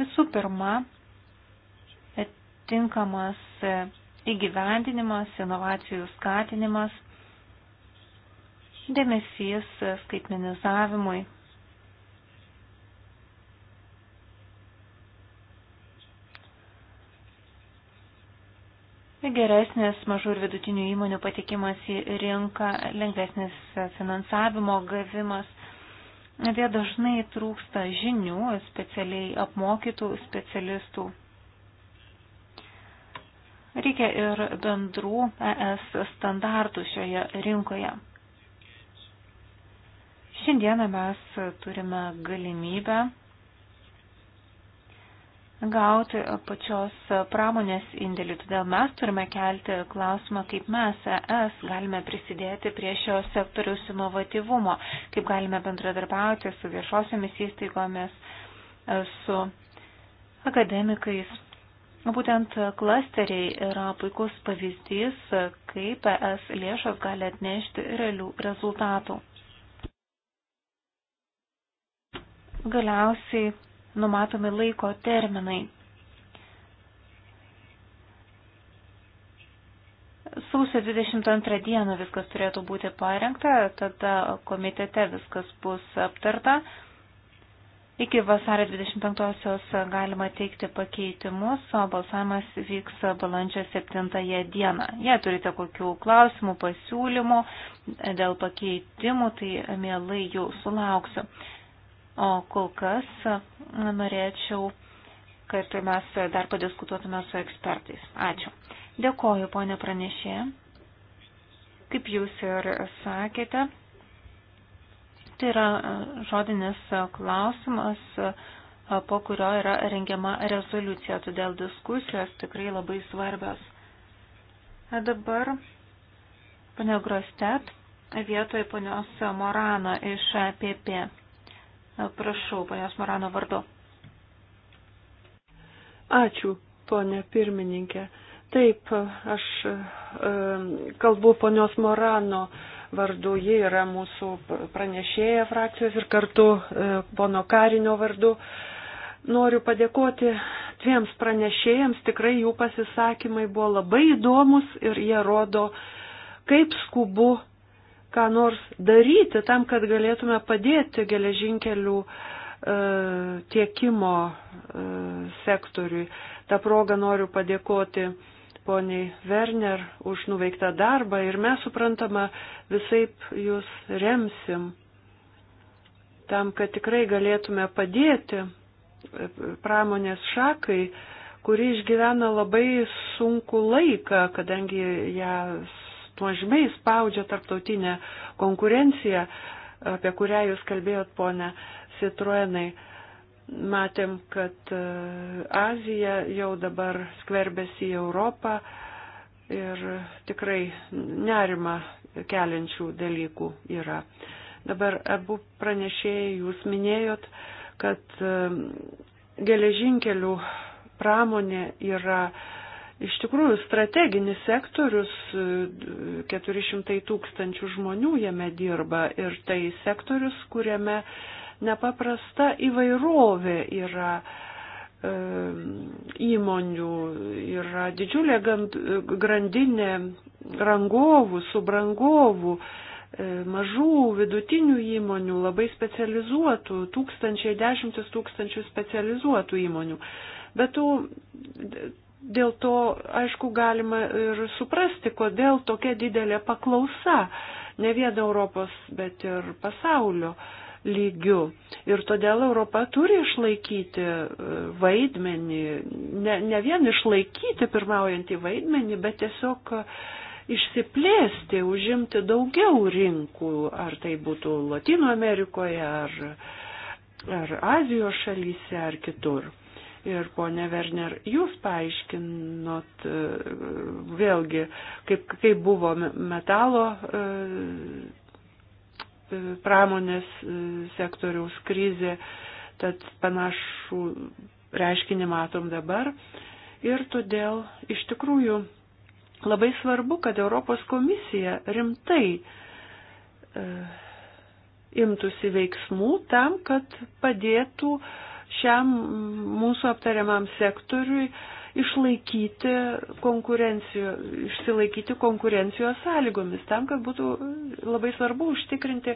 B: Visų pirma, tinkamas įgyvendinimas, inovacijų skatinimas, dėmesys skaitmenizavimui geresnis mažų ir vidutinių įmonių patikimas į rinką, lengvesnis finansavimo gavimas. Jie dažnai trūksta žinių, specialiai apmokytų specialistų. Reikia ir bendrų ES standartų šioje rinkoje. Šiandieną mes turime galimybę gauti pačios pramonės indėlį. Todėl mes turime kelti klausimą, kaip mes ES galime prisidėti prie šio sektoriaus inovatyvumo, kaip galime bendradarbiauti su viešosiamis įstaigomis, su akademikais. Būtent klasteriai yra puikus pavyzdys, kaip ES lėšos gali atnešti realių rezultatų. Galiausiai numatomi laiko terminai. Sausio 22 dieną viskas turėtų būti parengta, tada komitete viskas bus aptarta. Iki vasario 25-osios galima teikti pakeitimus, o balsavimas vyks balandžio 7 dieną. Jei turite kokių klausimų, pasiūlymų dėl pakeitimų, tai mielai jų sulauksiu. O kol kas norėčiau, kad mes dar padiskutuotume su ekspertais. Ačiū. Dėkoju, ponė pranešė. Kaip jūs ir sakėte, tai yra e, žodinis klausimas, e, po kurio yra rengiama rezoliucija, todėl diskusijos tikrai labai svarbios. Dabar ponė Grostet vietoje ponios Morano iš PP. Prašau, ponios Morano vardu.
A: Ačiū, ponė pirmininkė. Taip, aš e, kalbu ponios Morano vardu, ji yra mūsų pranešėja frakcijos ir kartu e, pono Karinio vardu. Noriu padėkoti dviems pranešėjams, tikrai jų pasisakymai buvo labai įdomus ir jie rodo, kaip skubu ką nors daryti tam, kad galėtume padėti geležinkelių e, tiekimo e, sektoriui. Ta proga noriu padėkoti poniai Werner už nuveiktą darbą ir mes suprantama visai jūs remsim tam, kad tikrai galėtume padėti e, pramonės šakai, kuri išgyvena labai sunku laiką, kadangi ją nuožmiai spaudžia tarptautinė konkurencija, apie kurią jūs kalbėjot, ponė Citroenai. Matėm, kad e, Azija jau dabar skverbėsi į Europą ir tikrai nerima keliančių dalykų yra. Dabar abu pranešėjai jūs minėjot, kad e, geležinkelių pramonė yra uh, iš tikrųjų strateginis sektorius, 400 tūkstančių žmonių jame dirba ir tai sektorius, kuriame nepaprasta įvairovė yra įmonių, yra didžiulė grandinė rangovų, subrangovų, e, mažų, vidutinių įmonių, labai specializuotų, tūkstančiai, dešimtis tūkstančių specializuotų įmonių. Bet tų Dėl to, aišku, galima ir suprasti, kodėl tokia didelė paklausa ne vien Europos, bet ir pasaulio lygių. Ir todėl Europa turi išlaikyti e, vaidmenį, ne, ne vien išlaikyti pirmaujantį vaidmenį, bet tiesiog e, išsiplėsti, užimti daugiau rinkų, ar tai būtų Latino Amerikoje, ar, ar Azijos šalyse, ar kitur. Ir ponė Werner, jūs paaiškinot e, vėlgi, kaip, kaip buvo metalo e, e, pramonės sektoriaus krizė, tad panašų reiškinį matom dabar. Ir todėl iš tikrųjų labai svarbu, kad Europos komisija rimtai e, imtųsi veiksmų tam, kad padėtų e, šiam mūsų aptariamam sektoriui išlaikyti, konkurencijos, išsilaikyti konkurencijos sąlygomis, tam, kad būtų labai svarbu užtikrinti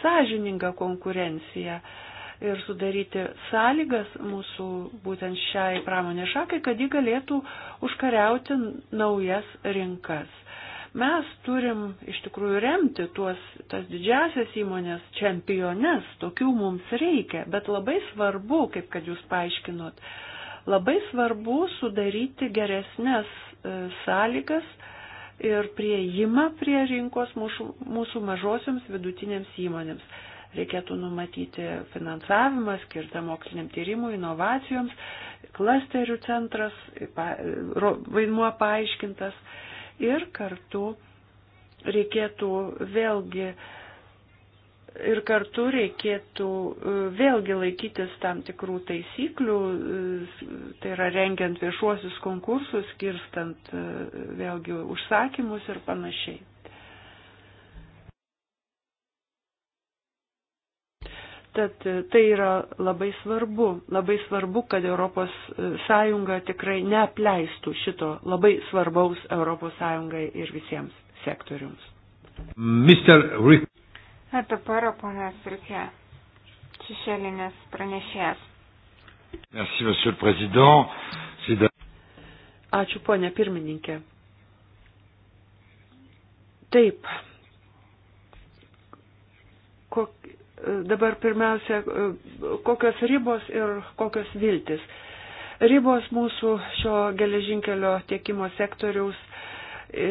A: sąžiningą konkurenciją ir sudaryti sąlygas mūsų būtent šiai pramonės šakai, kad ji galėtų užkariauti naujas rinkas. Mes turim iš tikrųjų remti tuos, tas didžiasias įmonės čempiones, tokių mums reikia, bet labai svarbu, kaip kad jūs paaiškinot, labai svarbu sudaryti geresnės e, sąlygas ir prieimą prie rinkos mūsų, mūsų mažosioms vidutinėms įmonėms. Reikėtų numatyti finansavimą skirtą moksliniam tyrimui, inovacijoms, klasterių centras, vaidmuo paaiškintas ir kartu reikėtų vėlgi ir kartu reikėtų e, vėlgi laikytis tam tikrų taisyklių, e, tai yra rengiant viešuosius konkursus, kirstant e, vėlgi užsakymus ir panašiai. Tad e, tai yra labai svarbu, labai svarbu, kad ES e, tikrai neapleistų šito labai svarbaus ES ir visiems sektoriums.
B: Mr. Rick. Na dabar ponas Rikė, šešėlinis pranešėjas. Merci, monsieur le président.
A: Ačiū, ponė pirmininkė. Taip. Kok, dabar pirmiausia, kokios ribos ir kokios viltis. Ribos mūsų šio geležinkelio tiekimo sektoriaus e,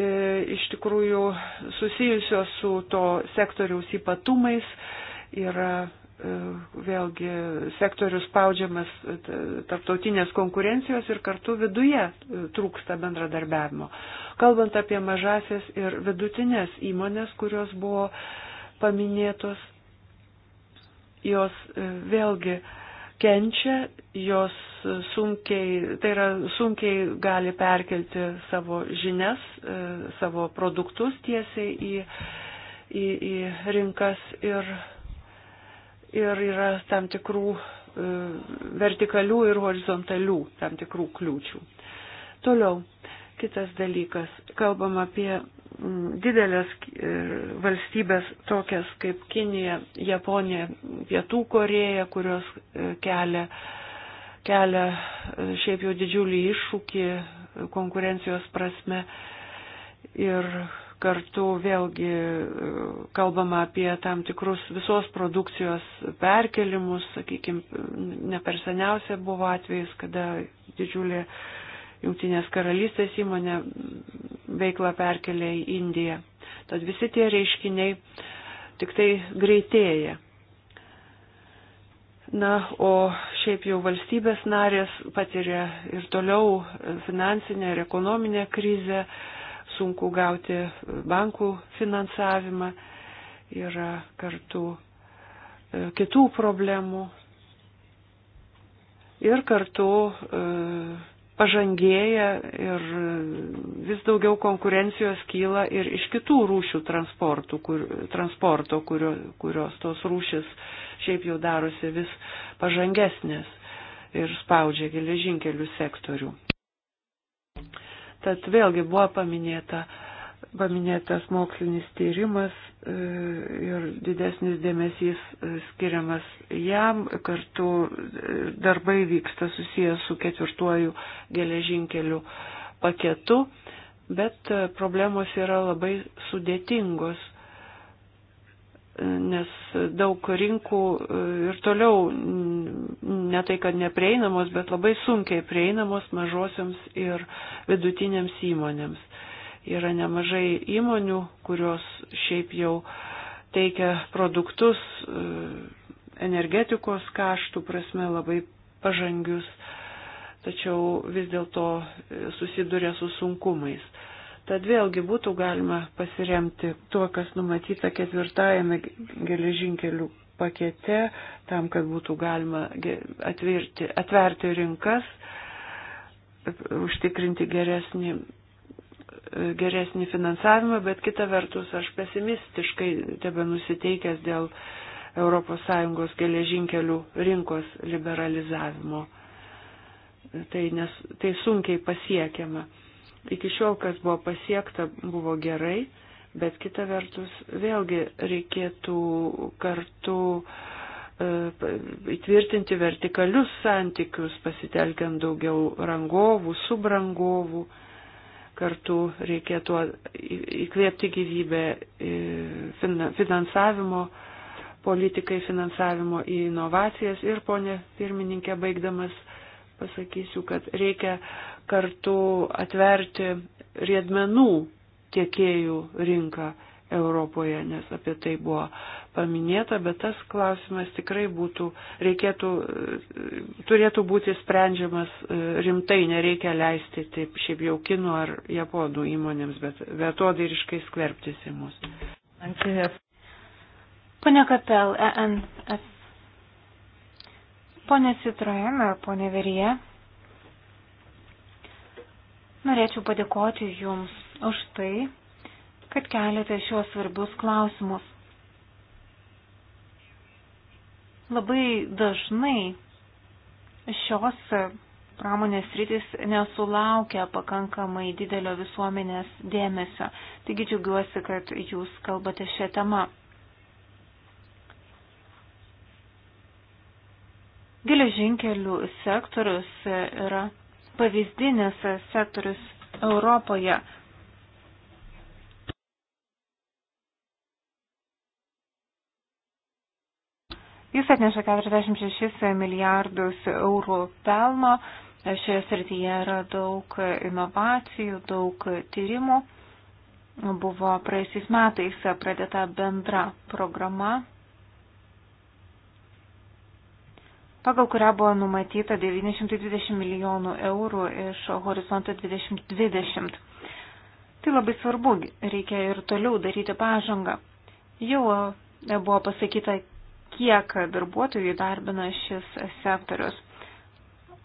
A: iš tikrųjų susijusios su to sektoriaus ypatumais yra e, vėlgi sektorius spaudžiamas e, tarptautinės konkurencijos ir kartu viduje trūksta bendradarbiavimo. Kalbant apie mažasias ir vidutinės įmonės, kurios buvo paminėtos, jos e, vėlgi kenčia, jos sunkiai, tai yra sunkiai gali perkelti savo žinias, e, savo produktus tiesiai į, į, į rinkas ir, ir yra tam tikrų e, vertikalių ir horizontalių tam tikrų kliūčių. Toliau, Kitas dalykas, kalbam apie mm, didelės e, valstybės tokias kaip Kinija, Japonija, Pietų Koreja, kurios e, kelia, kelia e, šiaip jau didžiulį iššūkį konkurencijos prasme. Ir kartu vėlgi kalbama apie tam tikrus visos produkcijos perkelimus, sakykime, ne per seniausia buvo atvejis, kada didžiulė Jungtinės karalystės įmonė veiklą perkelė į Indiją. Tad visi tie reiškiniai tik tai greitėja. Na, o šiaip jau valstybės narės patiria ir toliau finansinę ir ekonominę krizę, sunku gauti bankų finansavimą, yra kartu e, kitų problemų ir kartu e, pažangėja ir vis daugiau konkurencijos kyla ir iš kitų rūšių kur, transporto, kurio, kurios tos rūšis šiaip jau darosi vis pažangesnės ir spaudžia geležinkelių sektorių. Tad vėlgi buvo paminėta uh, paminėtas mokslinis tyrimas e, ir didesnis dėmesys e, skiriamas jam, kartu e, darbai vyksta susijęs su ketvirtuoju geležinkeliu paketu, bet problemos yra labai sudėtingos, nes daug rinkų ir toliau ne tai, kad neprieinamos, bet labai sunkiai prieinamos mažosiams ir vidutinėms įmonėms Yra nemažai įmonių, kurios šiaip jau teikia produktus e, energetikos kaštų prasme labai pažangius, tačiau vis dėlto e, susiduria su sunkumais. Tad vėlgi būtų galima pasiremti tuo, kas numatyta ketvirtajame geležinkelių pakete, tam, kad būtų galima atverti, atverti rinkas, e, užtikrinti geresnį geresnį finansavimą, bet kita vertus aš pesimistiškai tebe nusiteikęs dėl ES geležinkelių rinkos liberalizavimo. Tai, nes, tai sunkiai pasiekiama. Iki šiol, kas buvo pasiekta, buvo gerai, bet kita vertus vėlgi reikėtų kartu e, įtvirtinti vertikalius santykius, pasitelkiant daugiau rangovų, subrangovų. Uh, kartu reikėtų įkvėpti gyvybę finansavimo politikai, finansavimo į inovacijas. Ir, ponė pirmininkė, baigdamas pasakysiu, kad reikia kartu atverti riedmenų tiekėjų rinką Europoje, nes apie tai buvo paminėta, bet tas klausimas tikrai būtų, reikėtų, e, turėtų būti sprendžiamas e, rimtai, nereikia leisti taip šiaip jau kinų ar japonų įmonėms, bet vietodairiškai skverbtis į mus.
B: Pone Kapel, ENF. Pone Citroen, pone Verija. Norėčiau padėkoti Jums už tai, kad keliate šios svarbius klausimus. Labai dažnai šios pramonės rytis nesulaukia pakankamai didelio visuomenės dėmesio. Taigi džiaugiuosi, kad jūs kalbate šią temą. Geležinkelių sektorius yra pavyzdinis sektorius Europoje. Jis atneša 46 milijardus eurų pelno. Šioje srityje yra daug inovacijų, daug tyrimų. Buvo praeisiais metais pradėta bendra programa, pagal kurią buvo numatyta 920 milijonų eurų iš horizonto 2020. Tai labai svarbu, reikia ir toliau daryti pažangą. Jau buvo pasakyta kiek darbuotojų įdarbina šis sektorius.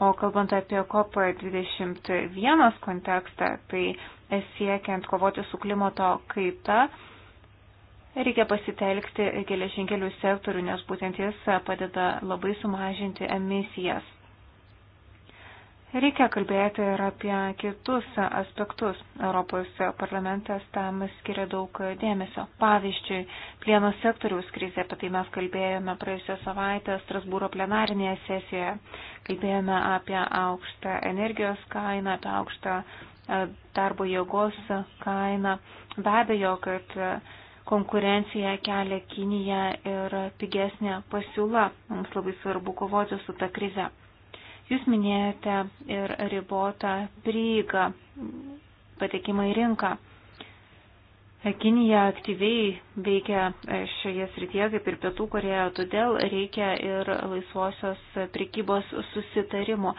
B: O kalbant apie COP21 kontekstą, tai siekiant kovoti su klimato kaita, reikia pasitelkti geležinkelių sektorių, nes būtent jis padeda labai sumažinti emisijas. Reikia kalbėti ir apie kitus aspektus. Europos parlamentas tam skiria daug dėmesio. Pavyzdžiui, plieno sektoriaus krizė, apie tai mes kalbėjome praėjusią savaitę Strasbūro plenarinėje sesijoje. Kalbėjome apie aukštą energijos kainą, apie aukštą e, darbo jėgos kainą. Be abejo, kad konkurencija kelia Kinija ir pigesnė pasiūla. Mums labai svarbu kovoti su ta krize. Jūs minėjote ir ribotą prieigą patekimą į rinką. Kinija aktyviai veikia šioje srityje, kaip ir pietų Koreja, todėl reikia ir laisvosios prekybos susitarimų.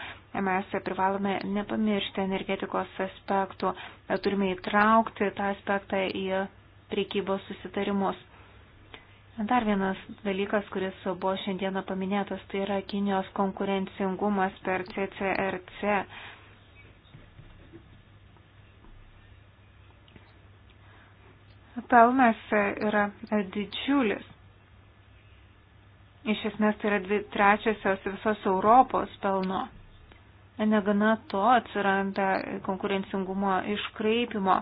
B: Mes privalome nepamiršti energetikos aspektų, turime įtraukti tą aspektą į prekybos susitarimus. Dar vienas dalykas, kuris buvo šiandieną paminėtas, tai yra Kinijos konkurencingumas per CCRC. Pelnas yra didžiulis. Iš esmės tai yra dvi trečiosios visos Europos pelno. Negana to atsiranda konkurencingumo iškraipimo,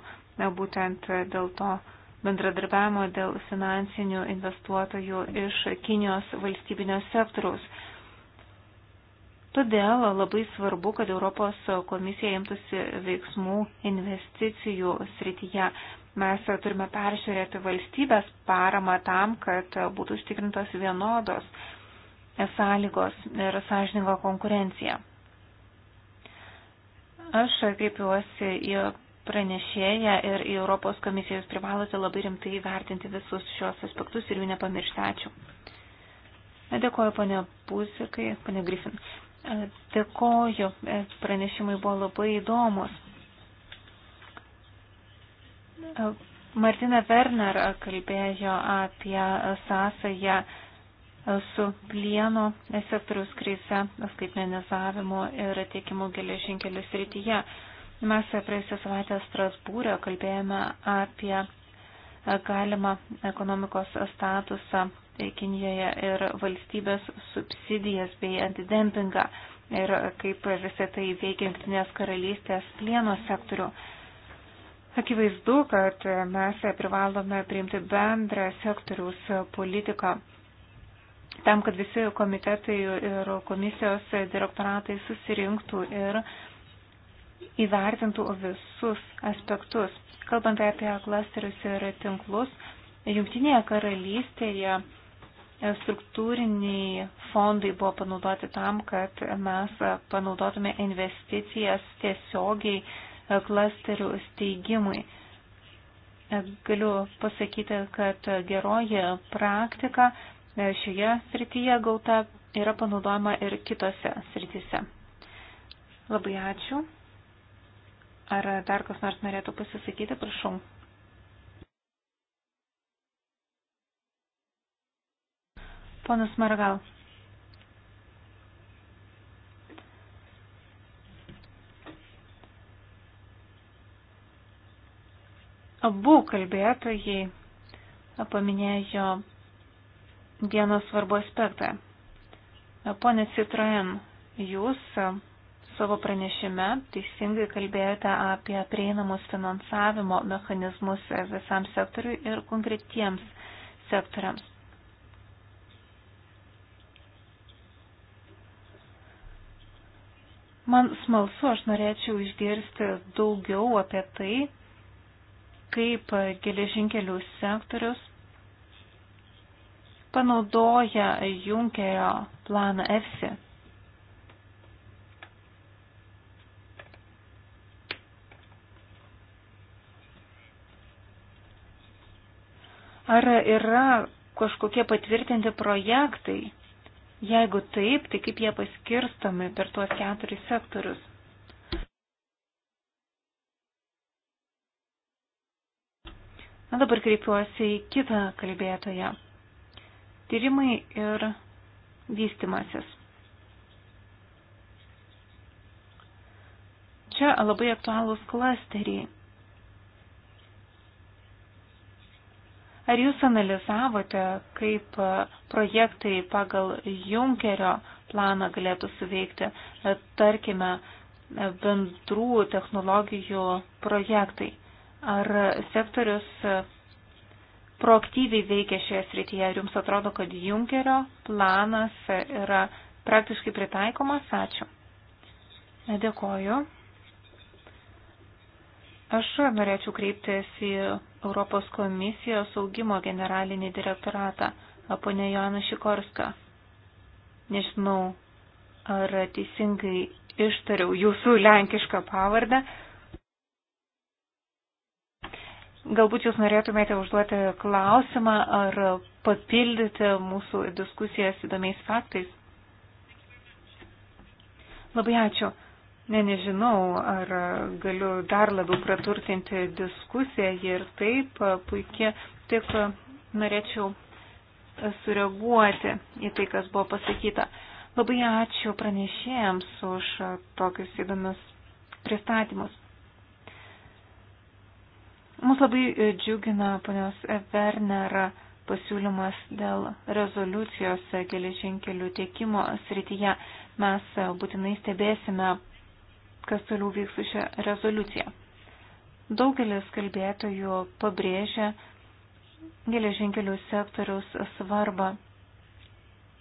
B: būtent dėl to bendradarbiavimo dėl finansinių investuotojų iš Kinijos valstybinio sektoriaus. Todėl labai svarbu, kad Europos komisija imtųsi veiksmų investicijų srityje. Mes turime peržiūrėti valstybės paramą tam, kad būtų užtikrintos vienodos sąlygos ir sąžininga konkurencija. Aš kreipiuosi į pranešėja ir į Europos komisiją jūs privalote labai rimtai vertinti visus šios aspektus ir jų nepamiršti. Ačiū. Dėkoju, ponė Pusikai, ponė Grifin. Dėkoju, e, pranešimai buvo labai įdomus. E, Martina Werner kalbėjo apie sąsąją e, su plieno sektoriaus krize, skaitmenizavimu ir tiekimu geležinkelių srityje. Mes praėjusią savaitę Strasbūrę kalbėjome apie galimą ekonomikos statusą Kinijoje ir valstybės subsidijas bei antidempingą ir kaip visą tai veikia Junktinės karalystės plieno sektorių. Akivaizdu, kad mes privalome priimti bendrą sektoriaus politiką tam, kad visi komitetai ir komisijos direktoratai susirinktų ir įvertintų visus aspektus. Kalbant apie klasterius ir tinklus, Jungtinėje karalystėje struktūriniai fondai buvo panaudoti tam, kad mes panaudotume investicijas tiesiogiai klasterių steigimui. Galiu pasakyti, kad geroji praktika šioje srityje gauta yra panaudojama ir kitose srityse. Labai ačiū. Ar dar kas nors norėtų pasisakyti, prašau. Ponas Margal. Abu kalbėtojai paminėjo vieną svarbų aspektą. Pone Citroen, jūs Savo pranešime teisingai kalbėjote apie prieinamus finansavimo mechanizmus visam sektoriui ir konkretiems sektoriams. Man smalsu, aš norėčiau išgirsti daugiau apie tai, kaip geležinkelių sektorius panaudoja Junkerio planą EFSI Ar yra kažkokie patvirtinti projektai? Jeigu taip, tai kaip jie paskirstomi per tuos keturis sektorius? Na dabar kreipiuosi į kitą kalbėtoją. Tyrimai ir vystimasis. Čia labai aktualūs klasteriai. Ar jūs analizavote, kaip e, projektai pagal Junkerio planą galėtų suveikti, e, tarkime, e, bendrų technologijų projektai? Ar sektorius proaktyviai veikia šioje srityje? Ar jums atrodo, kad Junkerio planas yra praktiškai pritaikomas? Ačiū. Dėkoju. Aš norėčiau kreiptis į Europos komisijos augimo generalinį direktoratą, ponė Joana Šikorska. Nežinau, ar teisingai ištariau jūsų lenkišką pavardę. Galbūt jūs norėtumėte užduoti klausimą ar papildyti mūsų diskusijas įdomiais faktais. Labai ačiū. Ne, nežinau, ar galiu dar labiau praturtinti diskusiją ir taip puikiai. Tik norėčiau sureaguoti į tai, kas buvo pasakyta. Labai ačiū pranešėjams už tokius įdomius pristatymus. Mus labai džiugina ponios Wernera pasiūlymas dėl rezoliucijos geležinkelių tiekimo srityje. Mes būtinai stebėsime kas toliau vyks su šia rezoliucija. Daugelis kalbėtojų pabrėžia geležinkelių sektoriaus svarbą.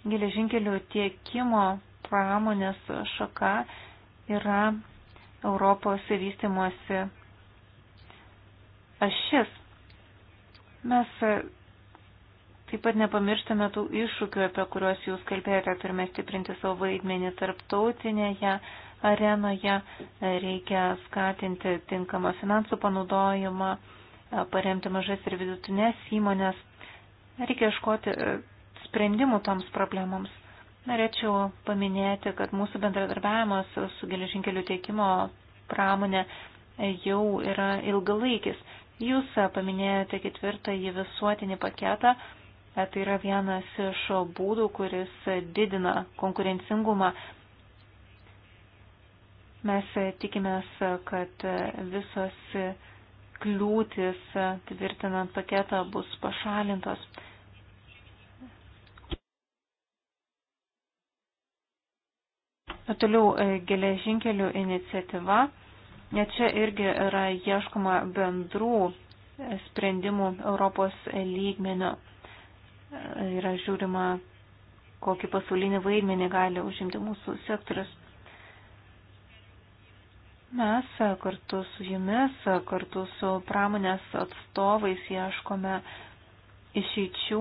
B: Geležinkelių tiekimo pramonės šaka yra Europos vystimuose ašis. Mes Taip pat nepamirštame tų iššūkių, apie kuriuos jūs kalbėjote, turime stiprinti savo vaidmenį tarptautinėje arenoje, reikia skatinti tinkamą finansų panaudojimą, paremti mažas ir vidutinės įmonės, reikia iškoti e, sprendimų toms problemams. Norėčiau paminėti, kad mūsų bendradarbiavimas su geležinkelių tiekimo pramonė jau yra ilgalaikis. Jūs paminėjote ketvirtąjį visuotinį paketą. E, tai yra vienas iš būdų, kuris didina konkurencingumą Mes tikimės, kad visos kliūtis tvirtinant paketą bus pašalintos. Toliau e, geležinkelių iniciatyva. Net čia irgi yra ieškoma bendrų sprendimų Europos lygmenio. E, yra žiūrima, kokį pasaulinį vaidmenį gali užimti mūsų sektorius. Mes kartu su jumis, kartu su pramonės atstovais ieškome išeičių.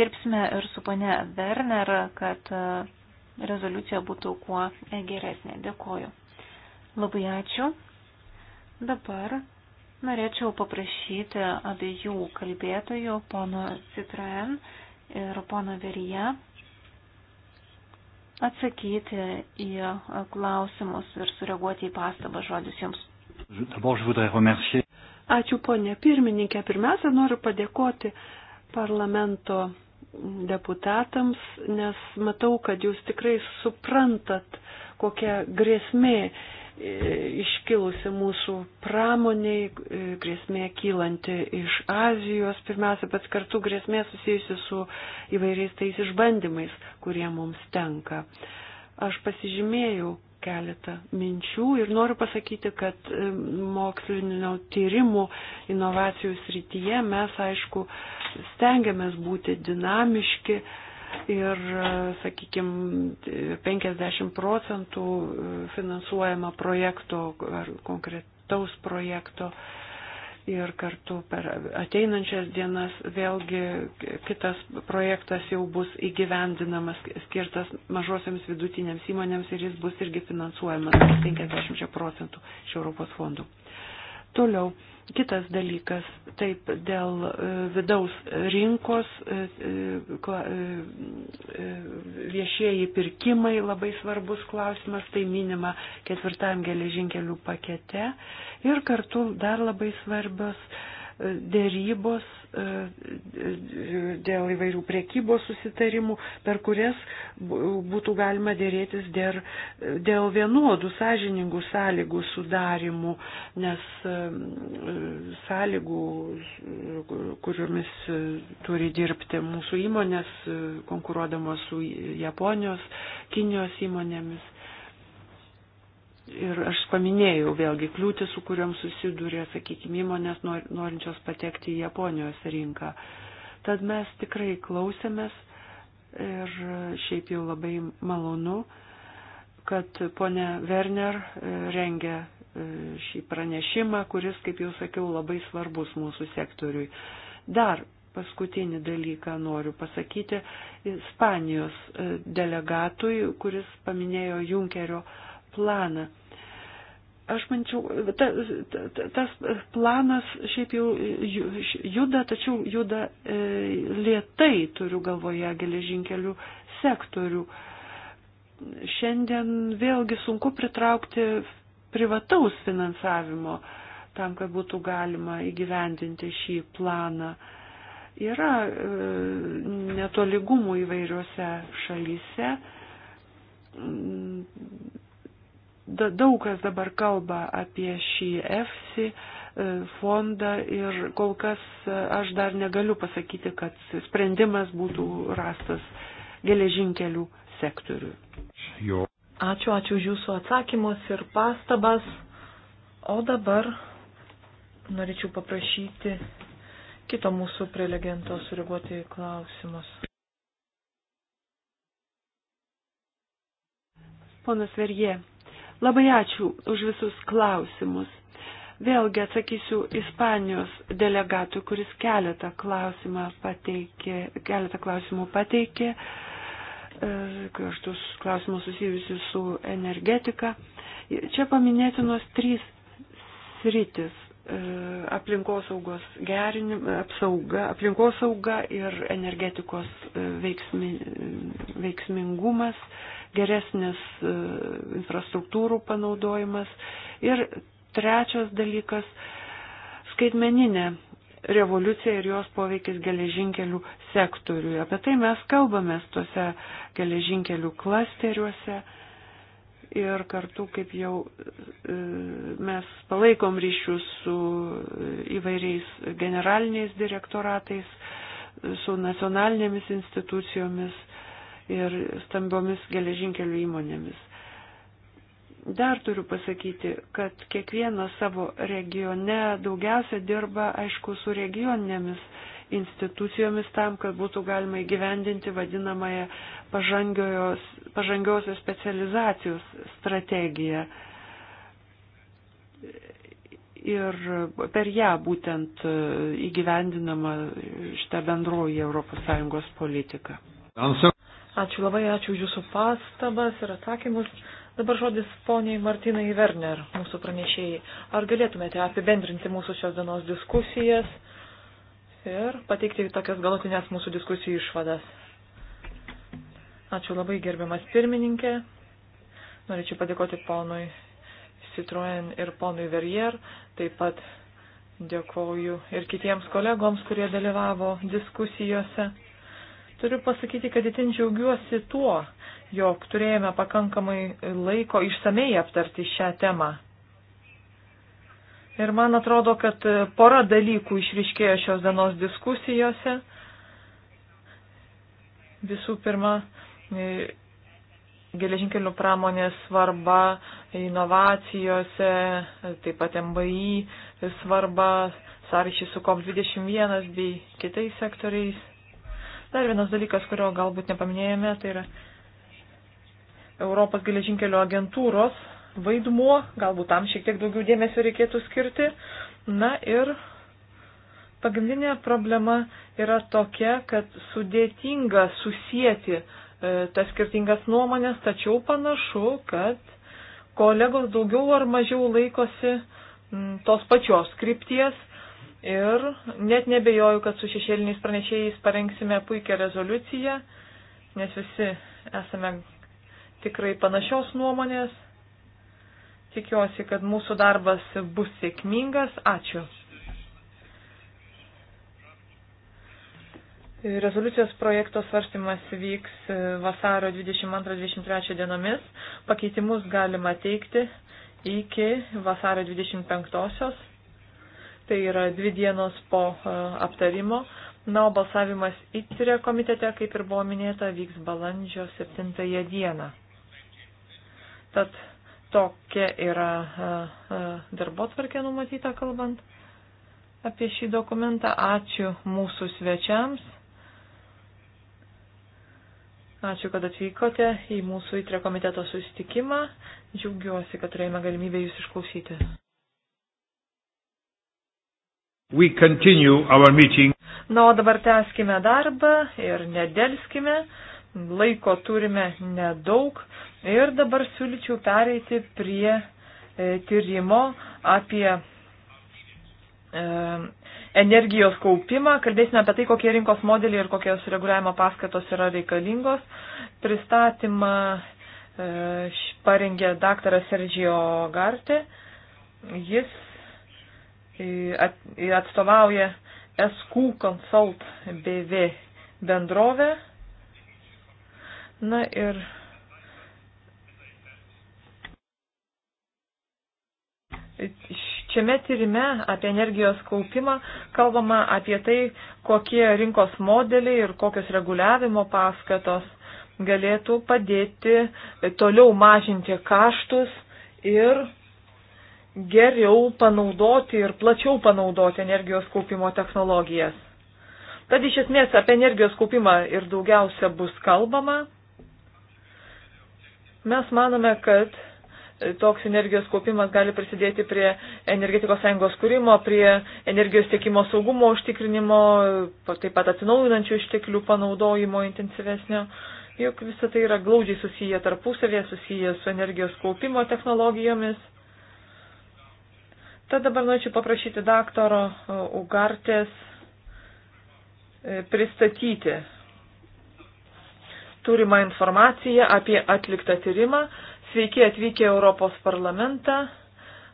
B: Dirbsime ir su pane Werner, kad rezoliucija būtų kuo geresnė. Dėkoju. Labai ačiū. Dabar norėčiau paprašyti abiejų kalbėtojų, pono Citroen ir pono Verija, atsakyti į e, klausimus ir sureaguoti į pastabą žodis jums. Ačiū ponė pirmininkė. Pirmiausia, noriu padėkoti
A: parlamento deputatams, nes matau, kad jūs tikrai suprantat, kokia grėsmė iškilusi mūsų pramoniai, grėsmė kylanti iš Azijos, pirmiausia, bet kartu grėsmė susijusi su įvairiais tais išbandymais, kurie mums tenka. Aš pasižymėjau keletą minčių ir noriu pasakyti, kad mokslinio tyrimų inovacijų srityje mes, aišku, stengiamės būti dinamiški, ir, sakykime, 50 procentų finansuojama projekto ar konkretaus projekto ir kartu per ateinančias dienas vėlgi kitas projektas jau bus įgyvendinamas, skirtas mažosiams vidutinėms įmonėms ir jis bus irgi finansuojamas 50 procentų iš Europos fondų. Toliau Kitas dalykas, taip, dėl e, vidaus rinkos e, e, viešieji pirkimai labai svarbus klausimas, tai minima ketvirtam geležinkelių pakete ir kartu dar labai svarbios dėrybos e, dėl įvairių priekybos susitarimų, per kurias būtų galima dėrėtis dėl, dėl vienodų sąžiningų sąlygų sudarimų, nes e, sąlygų, kuriomis turi dirbti mūsų įmonės, konkuruodamos su Japonijos, Kinijos įmonėmis Ir aš paminėjau vėlgi kliūtis, su kuriuom susiduria, sakykime, įmonės norinčios patekti į Japonijos rinką. Tad mes tikrai klausėmės ir šiaip jau labai malonu, kad ponė Werner e, rengia e, šį pranešimą, kuris, kaip jau sakiau, labai svarbus mūsų sektoriui. Dar paskutinį dalyką noriu pasakyti Ispanijos e, delegatui, kuris paminėjo Junkerio planą. Aš mančiau, ta, ta, tas planas šiaip jau juda, tačiau juda e, lietai, turiu galvoje, geležinkelių sektorių. Šiandien vėlgi sunku pritraukti privataus finansavimo tam, kad būtų galima įgyvendinti šį planą. Yra e, netoligumų įvairiose šalyse daug kas dabar kalba apie šį EFSI fondą ir kol kas e, aš dar negaliu pasakyti, kad sprendimas būtų rastas geležinkelių sektoriui. Jo. Ačiū, ačiū už Jūsų atsakymus ir pastabas.
C: O dabar norėčiau paprašyti kito mūsų prelegento sureaguoti į klausimus.
A: Ponas Verjė, Labai ačiū už visus klausimus. Vėlgi atsakysiu Ispanijos delegatui, kuris keletą, pateikė, keletą klausimų pateikė, e, kraštus klausimus susijusius su energetika. Čia paminėtinos trys sritis E, aplinkosaugos gerinim, apsauga, aplinkosauga ir energetikos e, veiksmi, e, veiksmingumas, geresnis infrastruktūrų panaudojimas ir trečias dalykas - skaitmeninė revoliucija ir jos poveikis geležinkelių sektoriui. Apie tai mes kalbame tuose geležinkelių klasteriuose ir kartu, kaip jau e, mes palaikom ryšius su įvairiais generaliniais direktoratais, su nacionalinėmis institucijomis ir stambiomis geležinkelių įmonėmis. Dar turiu pasakyti, kad kiekvienas savo regione daugiausia dirba, aišku, su regioninėmis institucijomis tam, kad būtų galima įgyvendinti vadinamąją pažangios, pažangiosios specializacijos strategiją. Ir per ją būtent įgyvendinama šitą bendroji ES politika. Ačiū labai, ačiū už Jūsų
C: pastabas ir atsakymus. Dabar žodis poniai Martinai Werner, mūsų pranešėjai. Ar galėtumėte apibendrinti mūsų šios dienos diskusijas? ir pateikti tokias galutinės mūsų diskusijų išvadas. Ačiū labai gerbiamas pirmininkė. Norėčiau padėkoti ponui Citroen ir ponui Verrier. Taip pat dėkoju ir kitiems kolegoms, kurie dalyvavo diskusijose. Turiu pasakyti, kad itin džiaugiuosi tuo, jog turėjome pakankamai laiko išsamei aptarti šią temą. Ir man atrodo, kad pora dalykų išriškėjo šios dienos diskusijose. Visų pirma, e, geležinkelių pramonės svarba inovacijose, taip pat MBI svarba, sąryšys su COP21 bei kitais sektoriais. Dar vienas dalykas, kurio galbūt nepaminėjome, tai yra Europos geležinkelių agentūros vaidmuo, galbūt tam šiek tiek daugiau dėmesio reikėtų skirti. Na ir pagrindinė problema yra tokia, kad sudėtinga susijęti e, tas skirtingas nuomonės, tačiau panašu, kad kolegos daugiau ar mažiau laikosi m, tos pačios krypties ir net nebejoju, kad su šešėliniais pranešėjais parengsime puikią rezoliuciją, nes visi esame tikrai panašios nuomonės. Tikiuosi, kad mūsų darbas bus sėkmingas. Ačiū. Rezoliucijos projekto svarstymas vyks vasaro 22-23 dienomis. Pakeitimus galima teikti iki vasaro 25-osios. Tai yra dvi dienos po e, aptarimo. Na, o balsavimas įtirė komitete, kaip ir buvo minėta, vyks balandžio 7 dieną. Tad tokia yra darbo tvarkė numatyta kalbant apie šį dokumentą. Ačiū mūsų svečiams. Ačiū, kad atvykote į mūsų įtrio komiteto susitikimą. Džiaugiuosi, kad turėjome galimybę jūs išklausyti. We continue our meeting. Na, o dabar tęskime darbą ir nedelskime laiko turime nedaug ir dabar siūlyčiau pereiti prie e, tyrimo apie e, energijos kaupimą. Kalbėsime apie tai, kokie rinkos modeliai ir kokios reguliavimo paskatos yra reikalingos. Pristatymą e, parengė daktaras Sergio Gartė. Jis atstovauja SQ Consult BV bendrovę Na ir Šiame tyrime apie energijos kaupimą kalbama apie tai, kokie rinkos modeliai ir kokios reguliavimo paskatos galėtų padėti toliau mažinti kaštus ir geriau panaudoti ir plačiau panaudoti energijos kaupimo technologijas. Tad iš esmės apie energijos kaupimą ir daugiausia bus kalbama. Mes manome, kad toks energijos kaupimas gali prisidėti prie energetikos sąjungos kūrimo, prie energijos tiekimo saugumo užtikrinimo, taip pat atsinaujinančių išteklių panaudojimo intensyvesnio. Juk visa tai yra glaudžiai susiję tarpusavėje, susiję su energijos kaupimo technologijomis. Tad dabar norėčiau paprašyti daktaro e, Ugartės e, pristatyti turimą informaciją apie atliktą tyrimą. Sveiki atvykę Europos parlamentą.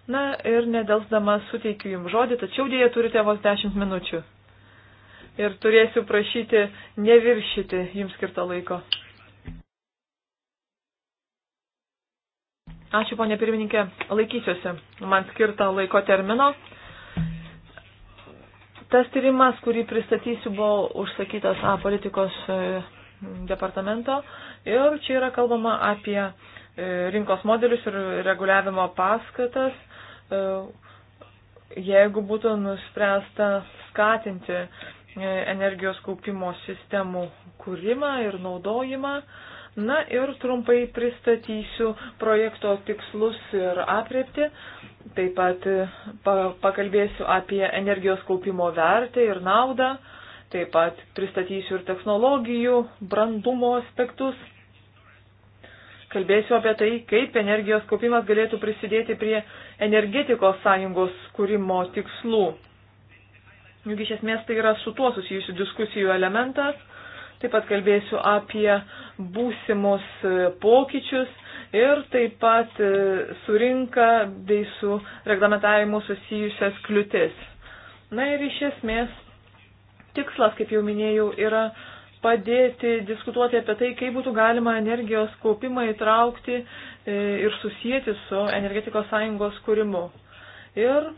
C: Na ir nedelsdama suteikiu Jums žodį, tačiau dėja turite vos 10 minučių. Ir turėsiu prašyti neviršyti Jums skirto laiko. Ačiū, ponė pirmininkė, laikysiuosi man skirtą laiko termino. Tas tyrimas, kurį pristatysiu, buvo užsakytas A politikos e, departamento ir čia yra kalbama apie e, rinkos modelius ir reguliavimo paskatas, e, jeigu būtų nuspręsta skatinti e, energijos kaupimo sistemų kūrimą ir naudojimą. Na ir trumpai pristatysiu projekto tikslus ir apriepti. Taip pat pakalbėsiu apie energijos kaupimo vertę ir naudą. Taip pat pristatysiu ir technologijų brandumo aspektus. Kalbėsiu apie tai, kaip energijos kaupimas galėtų prisidėti prie energetikos sąjungos kūrimo tikslų. Juk iš esmės tai yra su tuo susijusių diskusijų elementas. Taip pat kalbėsiu apie būsimus pokyčius ir taip pat su rinka bei su reglamentavimu susijusias kliūtis. Na ir iš esmės tikslas, kaip jau minėjau, yra padėti diskutuoti apie tai, kaip būtų galima energijos kaupimą įtraukti e, ir susijęti su energetikos sąjungos kūrimu. Ir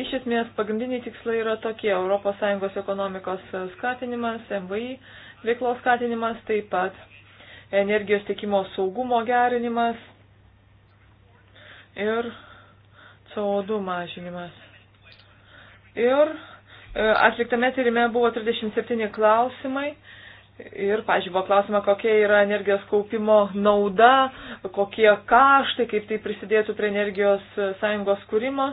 C: iš esmės pagrindiniai tikslai yra tokie - ES ekonomikos skatinimas, MVI veiklos skatinimas, taip pat energijos tiekimo saugumo gerinimas ir CO2 mažinimas. Ir E, atliktame tyrime buvo 37 klausimai. Ir, pažiūrėjau, buvo klausima, kokia yra energijos kaupimo nauda, kokie kaštai, kaip tai prisidėtų prie energijos sąjungos kūrimo.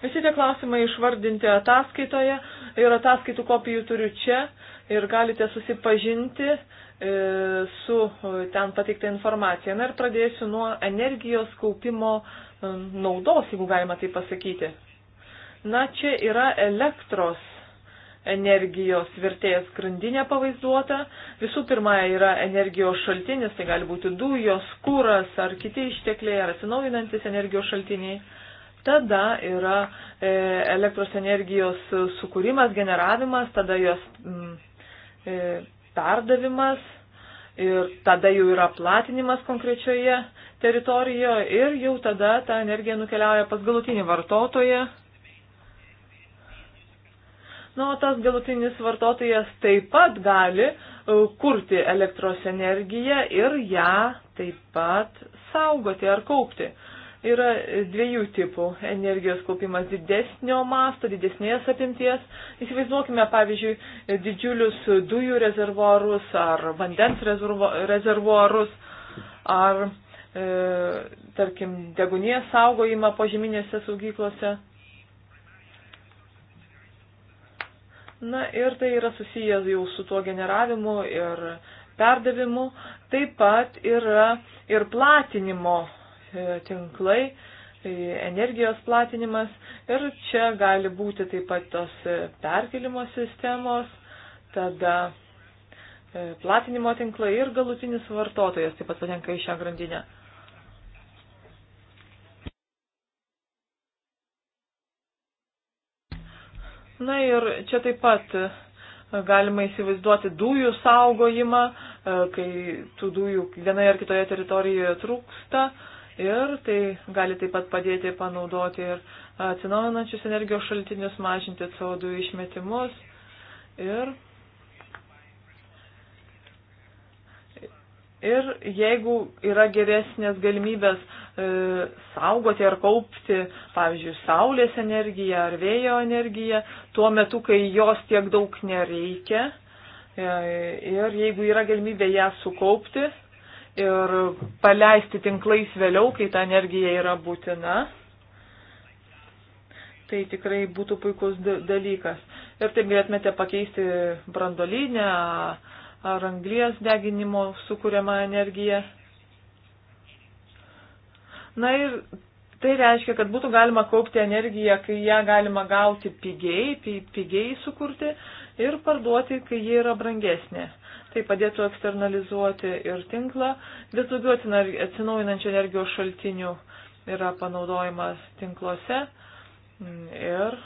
C: Visi tie klausimai išvardinti ataskaitoje ir ataskaitų kopijų turiu čia ir galite susipažinti e, su ten pateikta informacija. Na ir pradėsiu nuo energijos kaupimo e, naudos, jeigu galima tai pasakyti. Na, čia yra elektros energijos vertėjas grandinė pavaizduota. Visų pirma yra energijos šaltinis, tai gali būti dujos, kūras ar kiti ištekliai ar atsinaujinantis energijos šaltiniai. Tada yra e, elektros energijos sukūrimas, generavimas, tada jos mm, e, perdavimas ir tada jau yra platinimas konkrečioje teritorijoje ir jau tada ta energija nukeliauja pas galutinį vartotoją Na, o tas galutinis vartotojas taip pat gali e, kurti elektros energiją ir ją taip pat saugoti ar kaupti. Yra dviejų tipų energijos kaupimas didesnio masto, didesnės apimties. Įsivaizduokime, pavyzdžiui, didžiulius dujų rezervuarus ar vandens rezervuarus ar, e, tarkim, degunės saugojimą požeminėse saugyklose. Na ir tai yra susijęs jau su tuo generavimu ir perdavimu. Taip pat yra ir platinimo e, tinklai, e, energijos platinimas ir čia gali būti taip pat tos e, perkelimo sistemos, tada platinimo tinklai ir galutinis vartotojas taip pat patenka į šią grandinę. Na ir čia taip pat e, galima įsivaizduoti dujų saugojimą, e, kai tų dujų vienoje ar kitoje teritorijoje trūksta. Ir tai gali taip pat padėti panaudoti ir atsinaujinančius energijos šaltinius, mažinti CO2 išmetimus. Ir Ir jeigu yra geresnės galimybės e, saugoti ar kaupti, pavyzdžiui, saulės energiją ar vėjo energiją, tuo metu, kai jos tiek daug nereikia, e, ir jeigu yra galimybė ją sukaupti ir paleisti tinklais vėliau, kai ta energija yra būtina, tai tikrai būtų puikus dalykas. Ir taip galėtumėte pakeisti brandolinę. E, ar anglijas deginimo sukūriama energija. Na ir tai reiškia, kad būtų galima kaupti energiją, kai ją galima gauti pigiai, pigiai sukurti ir parduoti, kai ji yra brangesnė. Tai padėtų eksternalizuoti ir tinklą. Vis daugiau atsinaujinančių energijos šaltinių yra panaudojimas tinkluose. Ir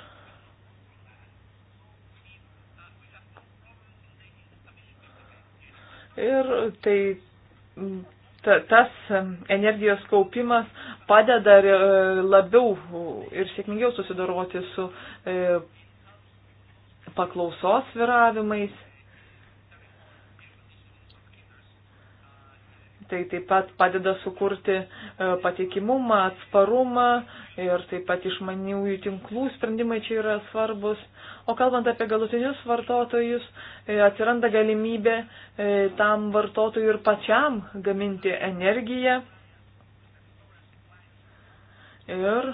C: Ir tai ta, tas energijos kaupimas padeda ir, e, labiau ir sėkmingiau susidoroti su e, paklausos sviravimais. Tai taip pat padeda sukurti e, patikimumą, atsparumą ir taip pat išmaniųjų tinklų sprendimai čia yra svarbus. O kalbant apie galutinius vartotojus, e, atsiranda galimybė e, tam vartotojui ir pačiam gaminti energiją ir